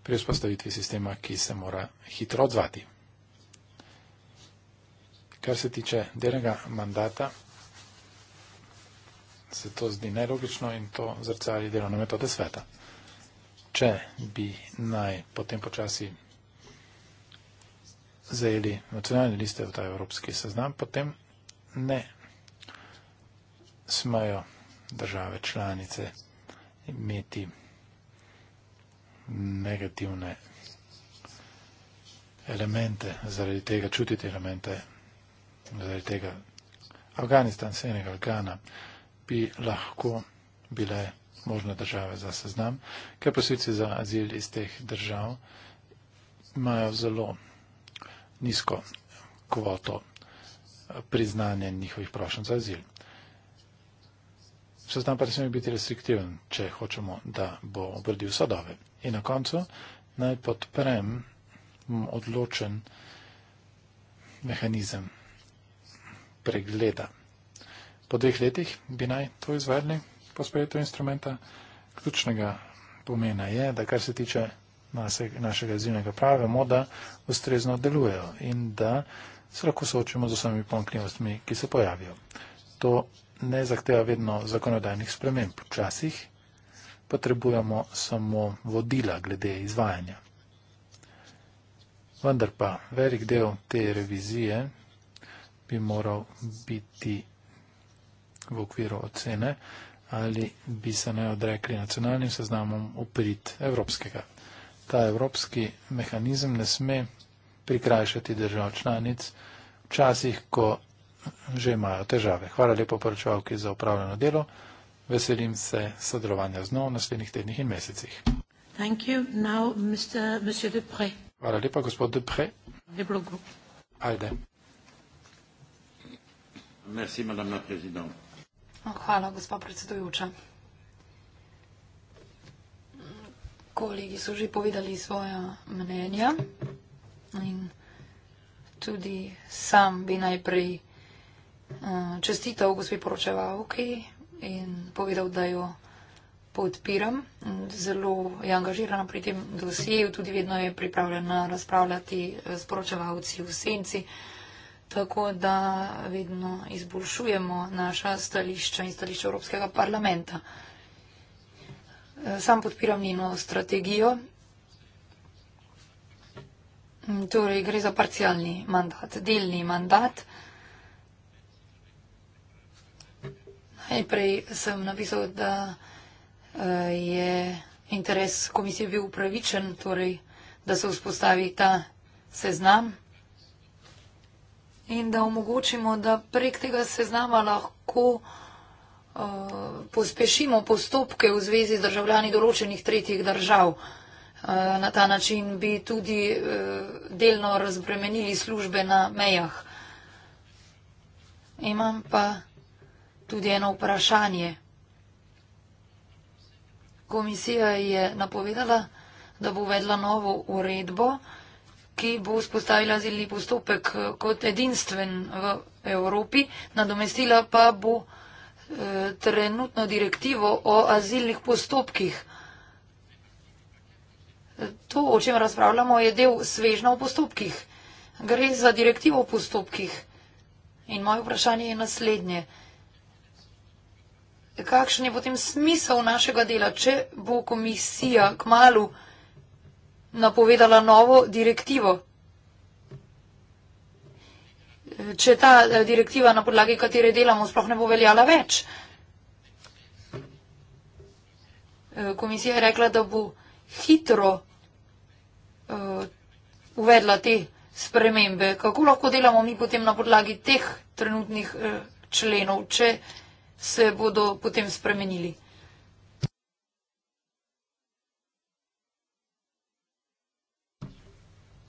pri vzpostavitvi sistema, ki se mora hitro odzvati. Kar se tiče delnega mandata, se to zdi nelogično in to zrcali delovne metode sveta. Če bi naj potem počasi zajeli nacionalne liste v ta evropski seznam, potem ne smajo države članice imeti negativne elemente, zaradi tega čutiti elemente, zaradi tega Afganistan, Senegal, Ghana bi lahko bile možne države za seznam, ker posilci za azil iz teh držav imajo zelo nizko kvoto priznanja njihovih prošenj za azil se znam pa resnično biti restriktiven, če hočemo, da bo obrdil sadove. In na koncu naj podprem odločen mehanizem pregleda. Po dveh letih bi naj to izvedli po sprejetju instrumenta. Ključnega pomena je, da kar se tiče našega zimnega prava, vemo, da ustrezno delujejo in da se lahko soočimo z vsemi pomankljivostmi, ki se pojavijo. To ne zahteva vedno zakonodajnih sprememb. Včasih potrebujemo samo vodila glede izvajanja. Vendar pa velik del te revizije bi moral biti v okviru ocene, ali bi se ne odrekli nacionalnim seznamom uprit evropskega. Ta evropski mehanizem ne sme prikrajšati držav članic, včasih, ko že imajo težave. Hvala lepo poročevalki za upravljeno delo. Veselim se sodelovanja z njo v naslednjih tednih in mesecih. Now, Mr. Hvala lepa, gospod Depre. Ajde. Merci, Hvala, gospod predsedujoča. Kolegi so že povedali svoja mnenja in tudi sam bi najprej Eh, čestital gospe poročevalki in povedal, da jo podpiram. Zelo je angažirana pri tem dosjeju, tudi vedno je pripravljena razpravljati eh, s poročevalci v senci, tako da vedno izboljšujemo naša stališča in stališča Evropskega parlamenta. Eh, sam podpiram njeno strategijo. Torej, gre za parcialni mandat, delni mandat. Uh, Ej, prej sem napisal, da uh, je interes komisije bil upravičen, torej, da se vzpostavi ta seznam in da omogočimo, da prek tega seznama lahko uh, pospešimo postopke v zvezi z državljani določenih tretjih držav. Eh, na ta način bi tudi delno razbremenili službe na mejah. Imam pa tudi eno vprašanje. Komisija je napovedala, da bo uvedla novo uredbo, ki bo vzpostavila zeljni postopek eh, kot edinstven v Evropi, nadomestila pa bo eh, trenutno direktivo o azilnih postopkih. To, o čem razpravljamo, je del svežna v postopkih. Gre za direktivo v postopkih. In moje vprašanje je naslednje kakšen je potem smisel našega dela, če bo komisija k malu napovedala novo direktivo. Če ta eh, direktiva, na podlagi katere delamo, sploh ne bo veljala več. Eh, komisija je rekla, da bo hitro uh, uvedla te spremembe. Kako lahko delamo mi potem na podlagi teh trenutnih uh, členov, če uh, se bodo potem spremenili.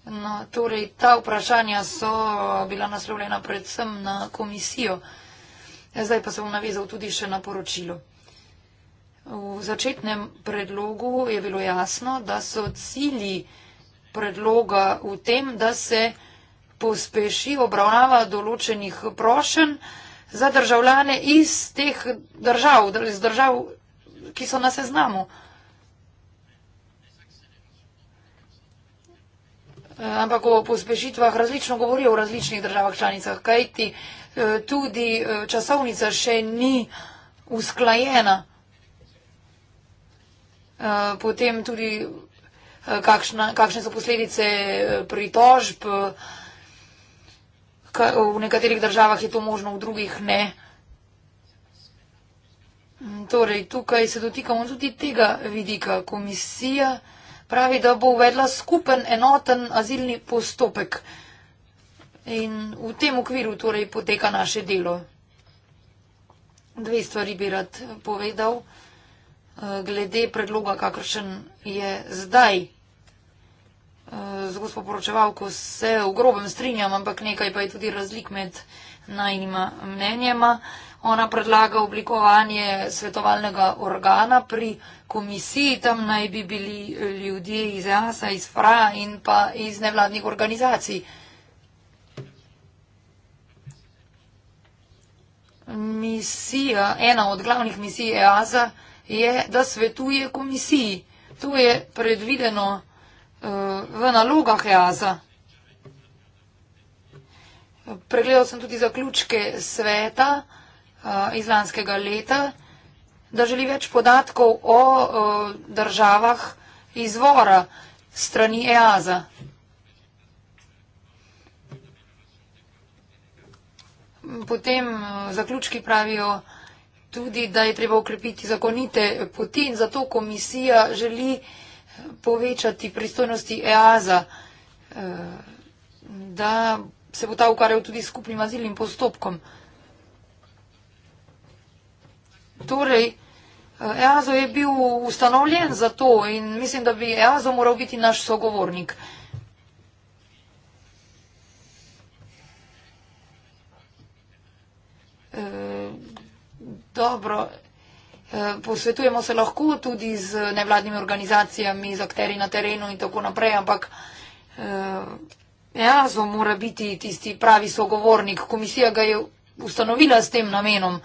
No, torej, ta vprašanja so bila naslovljena predvsem na komisijo. Zdaj pa se bom navezal tudi še na poročilo. V začetnem predlogu je bilo jasno, da so cilji predloga v tem, da se pospeši obravnava določenih prošenj, za državljane iz teh držav, iz držav, ki so na seznamu. Ampak o pospešitvah različno govorijo v različnih državah članicah, kajti eh, tudi eh, časovnica še ni usklajena. Eh, potem tudi kakšna, kakšne so posledice pritožb v nekaterih državah je to možno, v drugih ne. Torej, tukaj se dotikamo tudi tega vidika. Komisija pravi, da bo uvedla skupen enoten azilni postopek in v tem okviru torej poteka naše delo. Dve stvari bi rad povedal eh, glede predloga, kakršen je zdaj Eh, z gospo poročevalko se v grobem strinjam, ampak nekaj pa je tudi razlik med najnima mnenjema. Ona predlaga oblikovanje svetovalnega organa pri komisiji, tam naj bi bili eh, ljudje iz EASA, iz FRA in pa iz nevladnih organizacij. Misija, ena od glavnih misij EASA je, da svetuje komisiji. To je predvideno. Eh, v nalogah EASA. Pregledal sem tudi zaključke sveta eh, iz lanskega leta, da želi več podatkov o eh, državah izvora strani EASA. Potem zaključki pravijo tudi, da je treba ukrepiti zakonite poti in zato komisija želi izvora povečati pristojnosti EASA, eh, da se bo ta ukvarjal tudi s skupnim azilnim postopkom. Torej, EASO eh, e je bil ustanovljen za to in mislim, da bi EASO moral biti naš sogovornik. Eh, dobro posvetujemo se lahko tudi z nevladnimi organizacijami, z akteri na terenu in tako naprej, ampak EASO eh, ja, mora biti tisti pravi sogovornik. Komisija ga je ustanovila s tem namenom.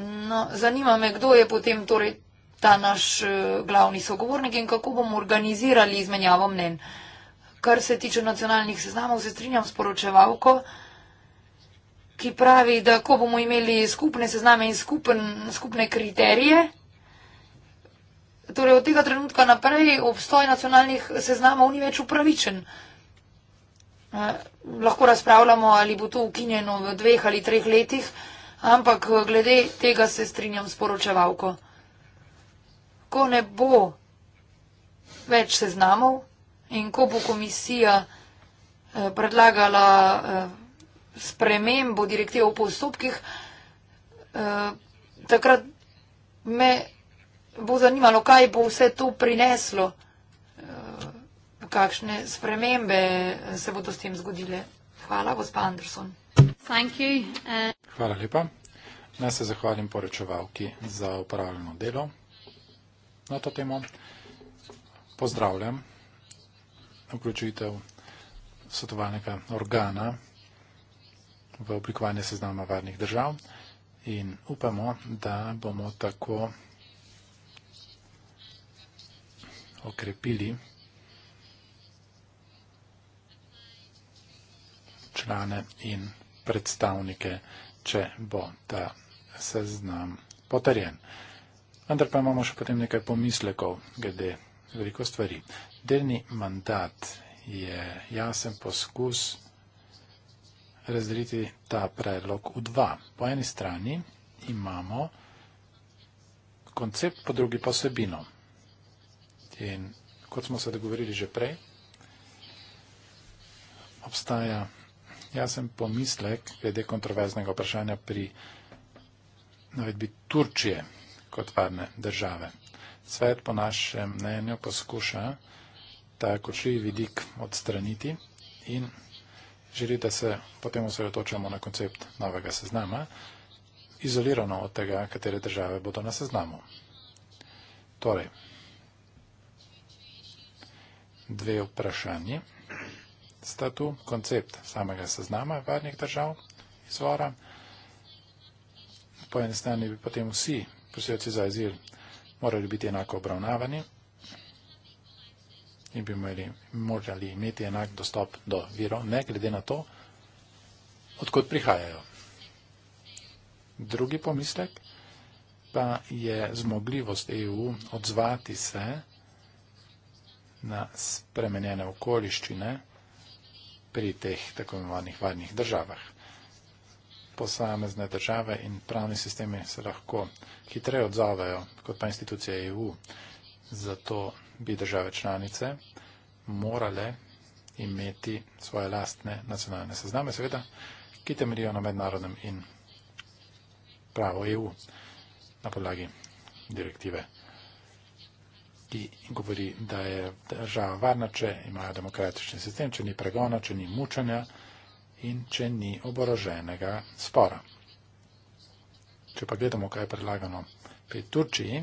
No, zanima me, kdo je potem torej ta naš eh, glavni sogovornik in kako bomo organizirali izmenjavo mnen. Kar se tiče nacionalnih seznamov, se strinjam s poročevalko ki pravi, da ko bomo imeli skupne sezname in skupen, skupne kriterije, torej od tega trenutka naprej obstoj nacionalnih seznamov ni več upravičen. Eh, lahko razpravljamo, ali bo to ukinjeno v dveh ali treh letih, ampak eh, glede tega se strinjam s poročevalko. Ko ne bo več seznamov in ko bo komisija eh, predlagala. Eh, spremembo direktive v postopkih, eh, takrat me bo zanimalo, kaj bo vse to prineslo, eh, kakšne spremembe se bodo s tem zgodile. Hvala, gospod Anderson. Eh. Hvala lepa. Naj se zahvalim poročevalki za upravljeno delo na to temo. Pozdravljam vključitev svetovalnega organa v oblikovanje seznama varnih držav in upamo, da bomo tako okrepili člane in predstavnike, če bo ta seznam potrjen. Vendar pa imamo še potem nekaj pomislekov, glede veliko stvari. Delni mandat je jasen poskus, da je vse, razdeliti ta predlog v dva. Po eni strani imamo koncept, po drugi pa vsebino. In kot smo se dogovorili že prej, obstaja jasen pomislek glede kontroverznega vprašanja pri navedbi Turčije kot varne države. Svet po našem mnenju poskuša ta kočljivi vidik odstraniti in želi, da se potem osredotočamo na koncept novega seznama, izolirano od tega, katere države bodo na seznamu. Torej, dve vprašanje sta tu koncept samega seznama varnih držav izvora. Po eni strani bi potem vsi prosilci za azil morali biti enako obravnavani, in bi imeli, morali imeti enak dostop do virov, ne glede na to, odkot prihajajo. Drugi pomislek pa je zmogljivost EU odzvati se na spremenjene okoliščine pri teh tako imenovanih varnih državah. Posamezne države in pravni sistemi se lahko hitreje odzovejo kot pa institucije EU. Zato bi države članice morale imeti svoje lastne nacionalne sezname, seveda, ki temeljijo na mednarodnem in pravo EU na podlagi direktive, ki govori, da je država varna, če imajo demokratični sistem, če ni pregona, če ni mučanja in če ni oboroženega spora. Če pa gledamo, kaj je predlagano pri Turčiji,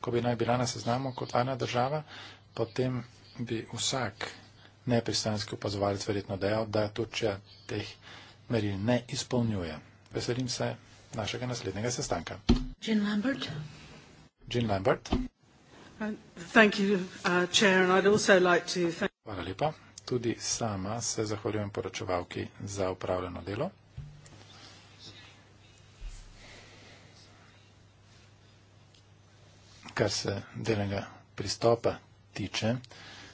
ko bi naj bila na seznamu kot ena država, potem bi vsak nepristanski opazovalec verjetno dejal, da Turčija teh meril ne izpolnjuje. Veselim se našega naslednjega sestanka. Jean Lambert. Jean Lambert. Uh, you, uh, like thank... Hvala lepa. Tudi sama se zahvaljujem poročevalki za upravljeno delo. kar se delnega pristopa tiče,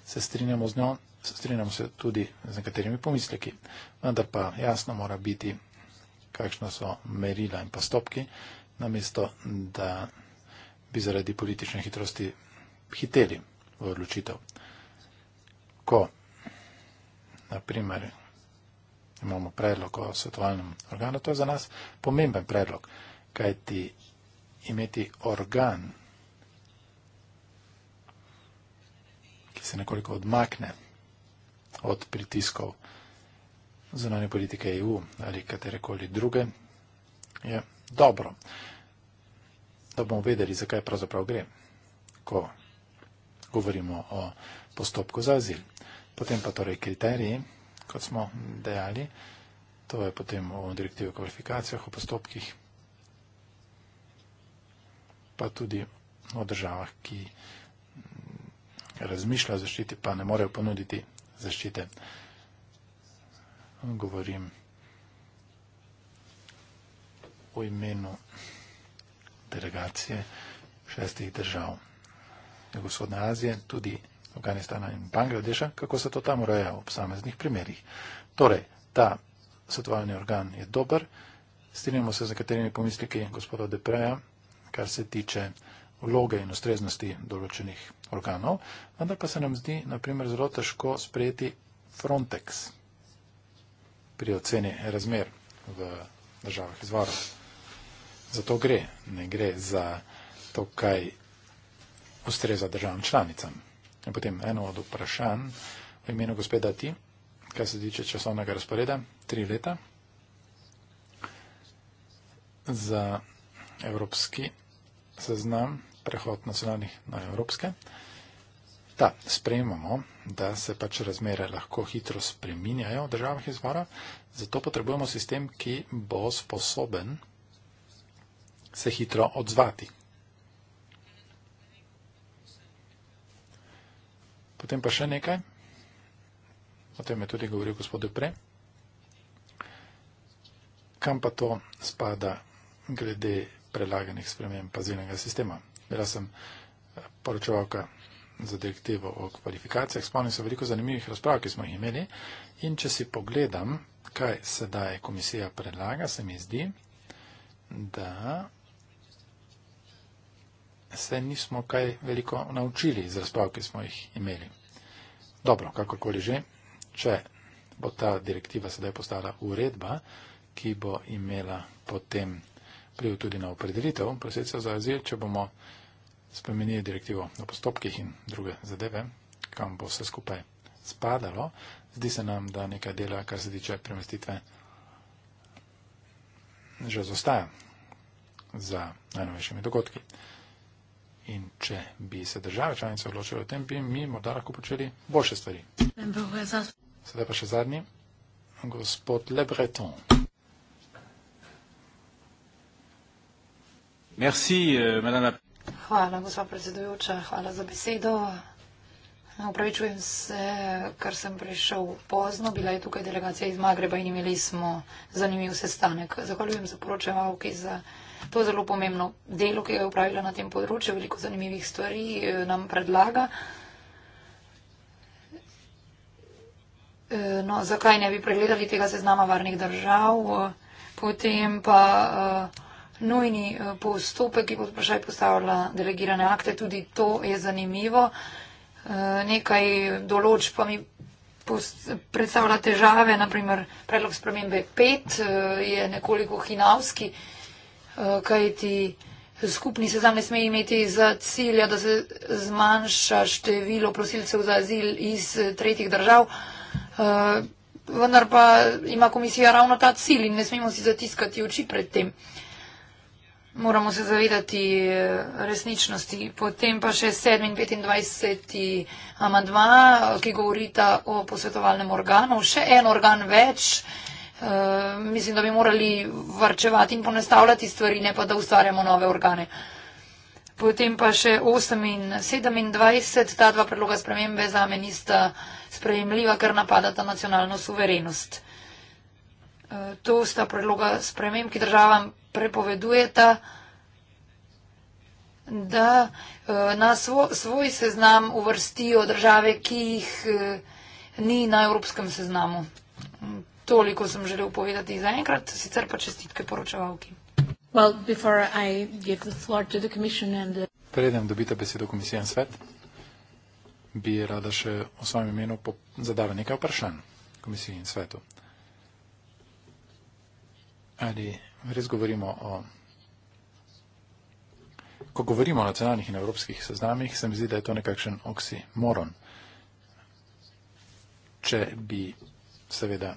se strinjamo z njo, se strinjamo se tudi z nekaterimi pomisleki, vendar pa jasno mora biti, kakšno so merila in postopki, namesto da bi zaradi politične hitrosti hiteli v odločitev. Ko, naprimer, imamo predlog o svetovalnem organu, to je za nas pomemben predlog, kajti imeti organ se nekoliko odmakne od pritiskov zunanje politike EU ali katerekoli druge, je dobro, da bomo vedeli, zakaj pravzaprav gre, ko govorimo o postopku za azil. Potem pa torej kriteriji, kot smo dejali, to je potem v direktivi o kvalifikacijah, o postopkih, pa tudi o državah, ki razmišljajo o zaščiti, pa ne morejo ponuditi zaščite. Govorim o imenu delegacije šestih držav Jugoshodne Azije, tudi Afganistana in Bangladeša, kako se to tam ureja v posameznih primerih. Torej, ta svetovalni organ je dober, strinjamo se z nekaterimi pomisliki gospoda Depreja, kar se tiče vloge in ustreznosti določenih organov, vendar pa se nam zdi naprimer zelo težko sprejeti Frontex pri oceni razmer v državah izvora. Zato gre, ne gre za to, kaj ustreza državam članicam. In potem eno od vprašanj v imenu gospeda ti, kar se tiče časovnega razporeda, tri leta za evropski seznam prehod nacionalnih na evropske. Da, sprejemamo, da se pač razmere lahko hitro spreminjajo v državah izvora, zato potrebujemo sistem, ki bo sposoben se hitro odzvati. Potem pa še nekaj, o tem je tudi govoril gospod Dupre. Kam pa to spada glede prelaganih sprememb pazilnega sistema? Bila sem eh, poročevalka za direktivo o kvalifikacijah. Spomnim se veliko zanimivih razprav, ki smo jih imeli. In če si pogledam, kaj sedaj komisija predlaga, se mi zdi, da se nismo kaj veliko naučili iz razprav, ki smo jih imeli. Dobro, kakorkoli že, če bo ta direktiva sedaj postala uredba, ki bo imela potem pliv tudi na opredelitev prosilcev za azil, če bomo spremeni direktivo o postopkih in druge zadeve, kam bo vse skupaj spadalo. Zdi se nam, da nekaj dela, kar se tiče premestitve, že zostaja za najnovejšimi dogodki. In če bi se države članice odločile o tem, bi mi morda lahko počeli boljše stvari. Sedaj pa še zadnji, gospod Le Breton. Merci, uh, madame la... Hvala, gospod predsedujoča, hvala za besedo. Upravičujem se, ker sem prišel pozno. Bila je tukaj delegacija iz Magreba in imeli smo zanimiv sestanek. Zahvaljujem za poročevalki za to zelo pomembno delo, ki ga je upravila na tem področju. Veliko zanimivih stvari eh, nam predlaga. Eh, no, zakaj ne bi pregledali tega seznama varnih držav? Potem pa. Uh, nujni eh, postopek, ki bo vprašaj postavila delegirane akte. Tudi to je zanimivo. Eh, nekaj določ pa mi predstavlja težave, naprimer predlog spremembe 5 eh, je nekoliko hinavski, kajti skupni seznam ne sme imeti za cilja, da se zmanjša število prosilcev za azil iz tretjih držav, vendar pa ima komisija ravno ta cilj in ne smemo si zatiskati oči pred tem moramo se zavedati eh, resničnosti. Potem pa še 27. Eh, amadva, eh, ki govorita o posvetovalnem organu. Še en organ več. Uh, mislim, da bi morali varčevati in ponestavljati stvari, ne pa da ustvarjamo nove organe. Potem pa še 8 in 27, ta dva predloga spremembe za me nista sprejemljiva, ker napadata nacionalno suverenost. Uh, Eh, to sta predloga sprememb, ki državam prepovedujeta, da eh, na svoj, svoj seznam uvrstijo države, ki jih eh, ni na evropskem seznamu. Mm, toliko sem želel povedati za enkrat, sicer pa čestitke poročavavki. Well, Preden dobite besedo Komisije in svet, bi rada še v svojem imenu zadala nekaj vprašanj Komisiji in svetu ali res govorimo o. Ko govorimo o nacionalnih in evropskih seznamih, se mi zdi, da je to nekakšen oksimoron. Če bi seveda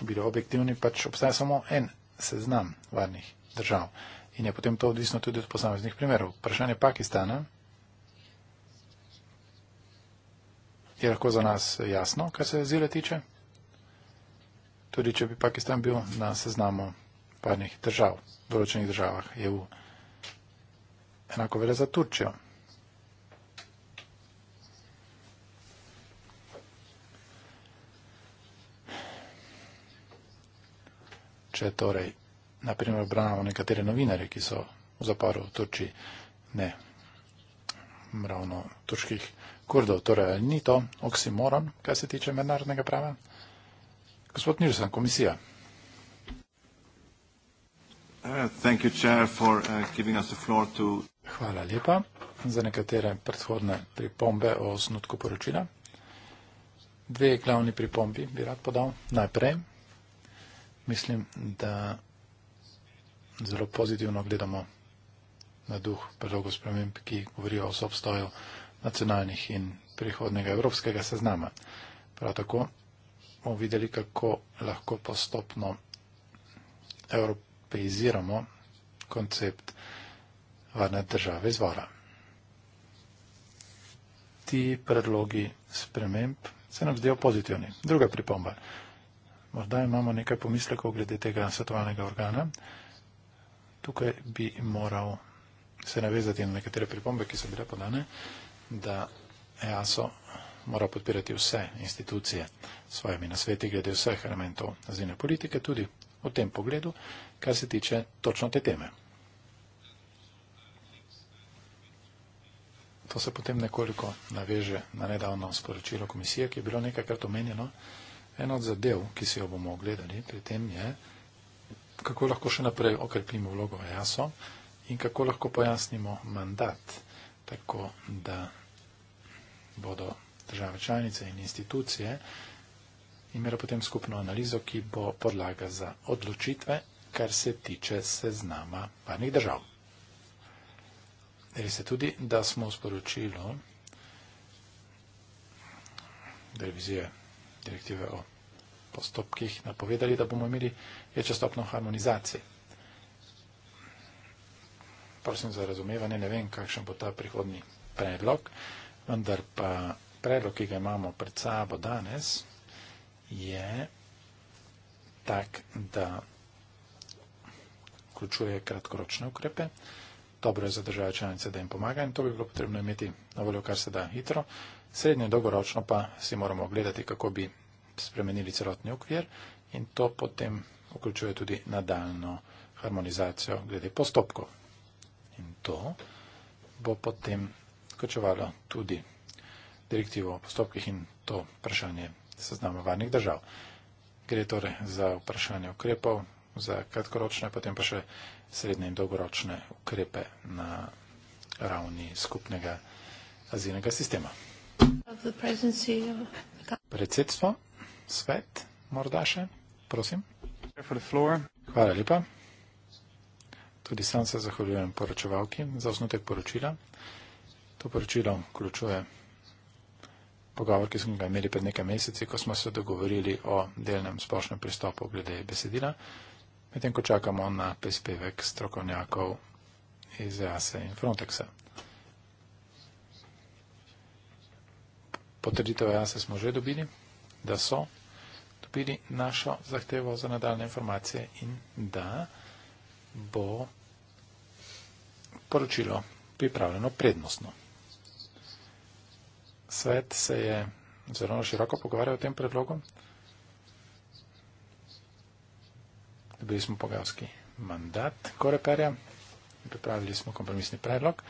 bili objektivni, pač obstaja samo en seznam varnih držav. In je potem to odvisno tudi od posameznih primerov. Vprašanje Pakistana je lahko za nas jasno, kar se zile tiče. Tudi če bi Pakistan bil na seznamu varnih držav, v določenih državah EU. Enako velja za Turčijo. Če torej, naprimer, obravnavamo nekatere novinare, ki so v zaporu v Turčiji, ne ravno turških kurdov, torej ni to oksimoron, kar se tiče mednarodnega prava. Gospod Nilsen, komisija. Uh, uh, Hvala lepa za nekatere predhodne pripombe o osnutku poročila. Dve glavni pripombi bi rad podal. Najprej, mislim, da zelo pozitivno gledamo na duh predlogov sprememb, ki govorijo o sobstoju nacionalnih in prihodnega evropskega seznama. Prav tako bomo videli, kako lahko postopno Evropa apeiziramo koncept varne države izvora. Ti predlogi sprememb se nam zdijo pozitivni. Druga pripomba. Morda imamo nekaj pomislekov glede tega svetovalnega organa. Tukaj bi moral se navezati na nekatere pripombe, ki so bile podane, da EASO mora podpirati vse institucije svojimi nasveti glede vseh elementov azilne politike, tudi v tem pogledu, kar se tiče točno te teme. To se potem nekoliko naveže na nedavno sporočilo komisije, ki je bilo nekajkrat omenjeno. En od zadev, ki si jo bomo ogledali pri tem, je, kako lahko še naprej okrepimo vlogo EASO in kako lahko pojasnimo mandat, tako da bodo države članice in institucije imela potem skupno analizo, ki bo podlaga za odločitve, kar se tiče seznama varnih držav. Res je tudi, da smo v sporočilu revizije direktive o postopkih napovedali, da bomo imeli večjo stopno harmonizacije. Prosim za razumevanje, ne vem, kakšen bo ta prihodni predlog, vendar pa predlog, ki ga imamo pred sabo danes, je tak, da vključuje kratkoročne ukrepe. Dobro je za države članice, da jim pomaga in to bi bilo potrebno imeti na voljo, kar se da hitro. Srednje in dolgoročno pa si moramo ogledati, kako bi spremenili celotni okvir in to potem vključuje tudi nadaljno harmonizacijo glede postopkov. In to bo potem vključevalo tudi direktivo o postopkih in to vprašanje seznama varnih držav. Gre torej za vprašanje ukrepov, za kratkoročne, potem pa še srednje in dolgoročne ukrepe na ravni skupnega azilnega sistema. Predsedstvo, svet, morda še, prosim. Hvala lepa. Tudi sam se zahvaljujem poročevalki za osnutek poročila. To poročilo vključuje pogovor, ki smo ga imeli pred nekaj meseci, ko smo se dogovorili o delnem splošnem pristopu glede besedila, medtem ko čakamo na prispevek strokovnjakov iz EASE in Frontexa. Potrditev EASE smo že dobili, da so dobili našo zahtevo za nadaljne informacije in da bo poročilo pripravljeno prednostno svet se je zelo široko pogovarjal o tem predlogu. Dobili smo pogajalski mandat Koreperja in pripravili smo kompromisni predlog.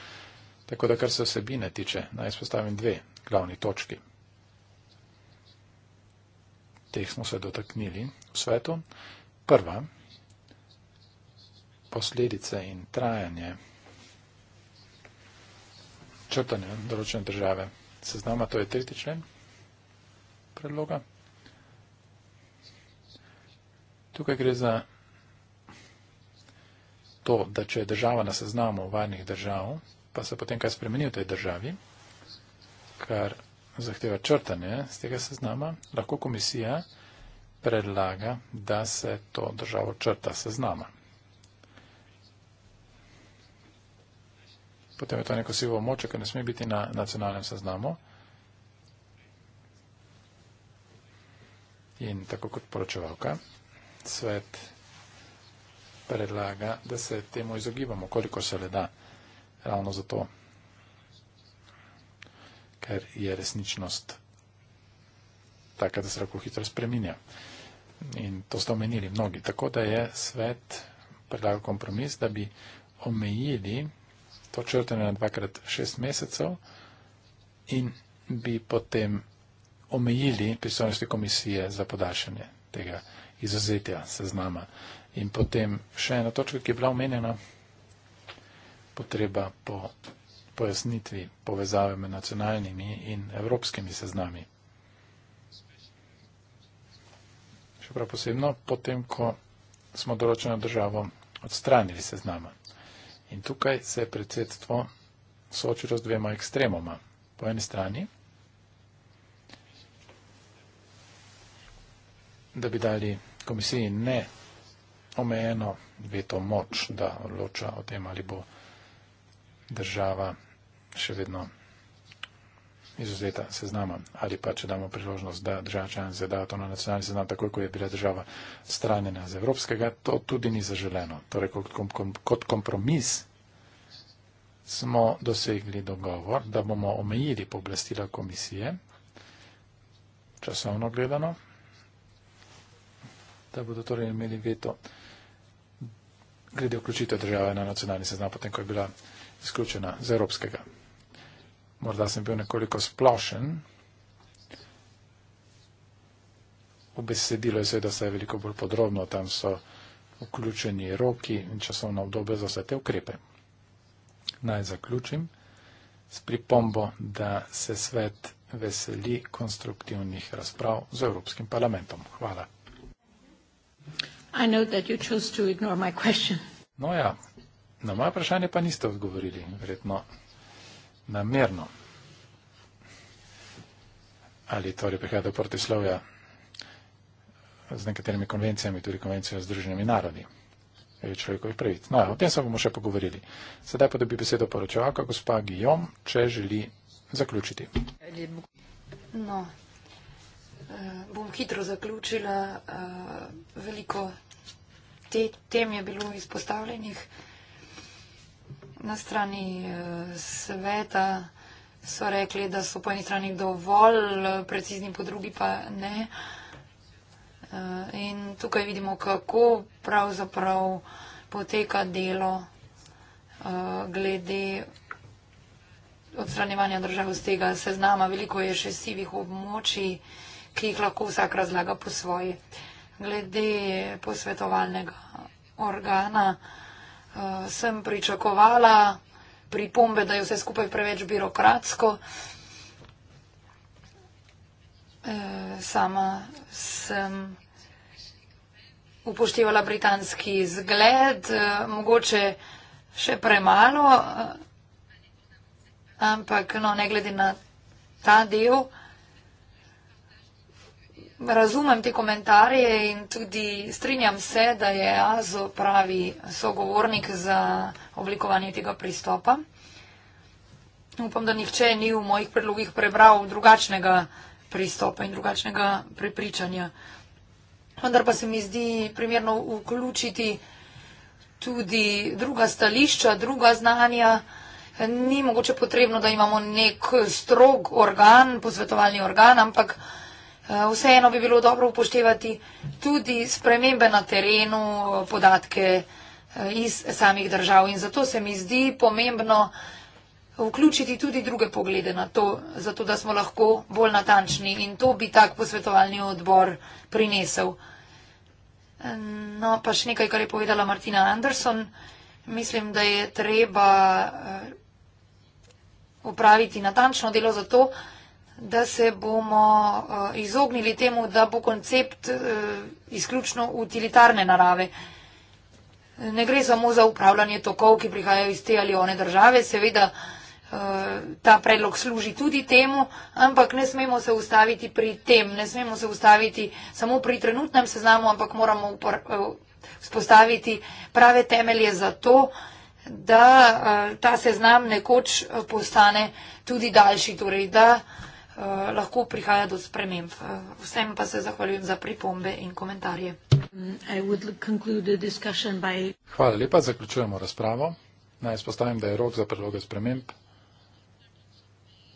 Tako da, kar se osebine tiče, naj izpostavim dve glavni točki. Teh smo se dotaknili v svetu. Prva, posledice in trajanje črtanja določene države seznama, to je tretji člen predloga. Tukaj gre za to, da če je država na seznamu varnih držav, pa se potem kaj spremeni v tej državi, kar zahteva črtanje z tega seznama, lahko komisija predlaga, da se to državo črta seznama. potem je to neko sivo moče, ki ne sme biti na nacionalnem seznamu. In tako kot poročevalka, svet predlaga, da se temu izogibamo, koliko se le da. Ravno zato, ker je resničnost taka, da se lahko hitro spreminja. In to ste omenili mnogi. Tako da je svet predlagal kompromis, da bi omejili to črtanje na dvakrat šest mesecev in bi potem omejili pristojnosti komisije za podaljšanje tega izuzetja seznama. In potem še ena točka, ki je bila omenjena, potreba po pojasnitvi povezave med nacionalnimi in evropskimi seznami. Še prav posebno, potem, ko smo določeno državo odstranili seznama. In tukaj se je predsedstvo soočilo z dvema ekstremoma. Po eni strani, da bi dali komisiji ne omejeno veto moč, da odloča o tem, ali bo država še vedno izuzeta seznama ali pa če damo priložnost, da država članica da to na nacionalni seznam, tako kot je bila država stranjena z evropskega, to tudi ni zaželeno. Torej, kot, kom, kom, kot kompromis smo dosegli dogovor, da bomo omejili pooblastila komisije, časovno gledano, da bodo torej imeli veto glede vključitev države na nacionalni seznam, potem ko je bila izključena z evropskega morda sem bil nekoliko splošen. V besedilo je seveda vse veliko bolj podrobno, tam so vključeni roki in časovna obdobja za vse te ukrepe. Naj zaključim s pripombo, da se svet veseli konstruktivnih razprav z Evropskim parlamentom. Hvala. No ja, na moje vprašanje pa niste odgovorili, verjetno namerno. Ali torej prihaja do protislovja z nekaterimi konvencijami, tudi konvencijo z združenimi narodi človekovih pravic. No, ja, o tem se bomo še pogovorili. Sedaj pa dobi besedo poročevalka, gospa Gijom, če želi zaključiti. No, eh, bom hitro zaključila. Eh, veliko te tem je bilo izpostavljenih na strani eh, sveta so rekli, da so po eni strani dovolj eh, precizni, po drugi pa ne. Eh, in tukaj vidimo, kako pravzaprav poteka delo glede odstranjevanja držav z tega seznama. Veliko je še sivih območij, ki jih lahko vsak razlaga po svoji. Glede posvetovalnega organa uh, sem pričakovala pripombe, da je vse skupaj preveč birokratsko. Eh, sama sem upoštevala britanski zgled, eh, mogoče še premalo, ampak no, ne glede na ta del. Razumem te komentarje in tudi strinjam se, da je Azo pravi sogovornik za oblikovanje tega pristopa. Upam, da nihče ni v mojih predlogih prebral drugačnega pristopa in drugačnega prepričanja. Vendar pa se mi zdi primerno vključiti tudi druga stališča, druga znanja. Ni mogoče potrebno, da imamo nek strog organ, posvetovalni organ, ampak. Eh, vseeno bi bilo dobro upoštevati tudi spremembe na terenu, podatke eh, iz samih držav in zato se mi zdi pomembno vključiti tudi druge poglede na to, zato da smo lahko bolj natančni in to bi tak posvetovalni odbor prinesel. Eh, no, pa še nekaj, kar je povedala Martina Anderson. Mislim, da je treba upraviti natančno delo za to, da da se bomo eh, izognili temu, da bo koncept eh, izključno utilitarne narave. Ne gre samo za upravljanje tokov, ki prihajajo iz te ali one države. Seveda eh, ta predlog služi tudi temu, ampak ne smemo se ustaviti pri tem. Ne smemo se ustaviti samo pri trenutnem seznamu, ampak moramo spostaviti prave temelje za to, da ta seznam nekoč postane tudi daljši. Torej, da Eh, lahko prihaja do sprememb. Eh, vsem pa se zahvaljujem za pripombe in komentarje. Mm, by... Hvala lepa, zaključujemo razpravo. Naj spostavim, da je rok za predloge sprememb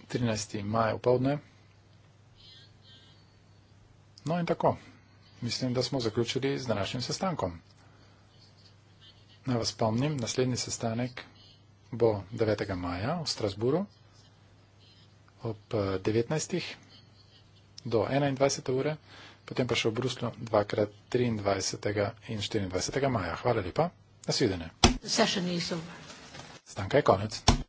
13. maja opovdne. No in tako. Mislim, da smo zaključili z današnjim sestankom. Naj vas spomnim, naslednji sestanek bo 9. maja v Strasburu ob 19. Eh, do 21. ure, potem pa še v Bruslu 2x23 in 24. maja. Hvala lepa, nasvidenje. Session is over. Stanka je konec.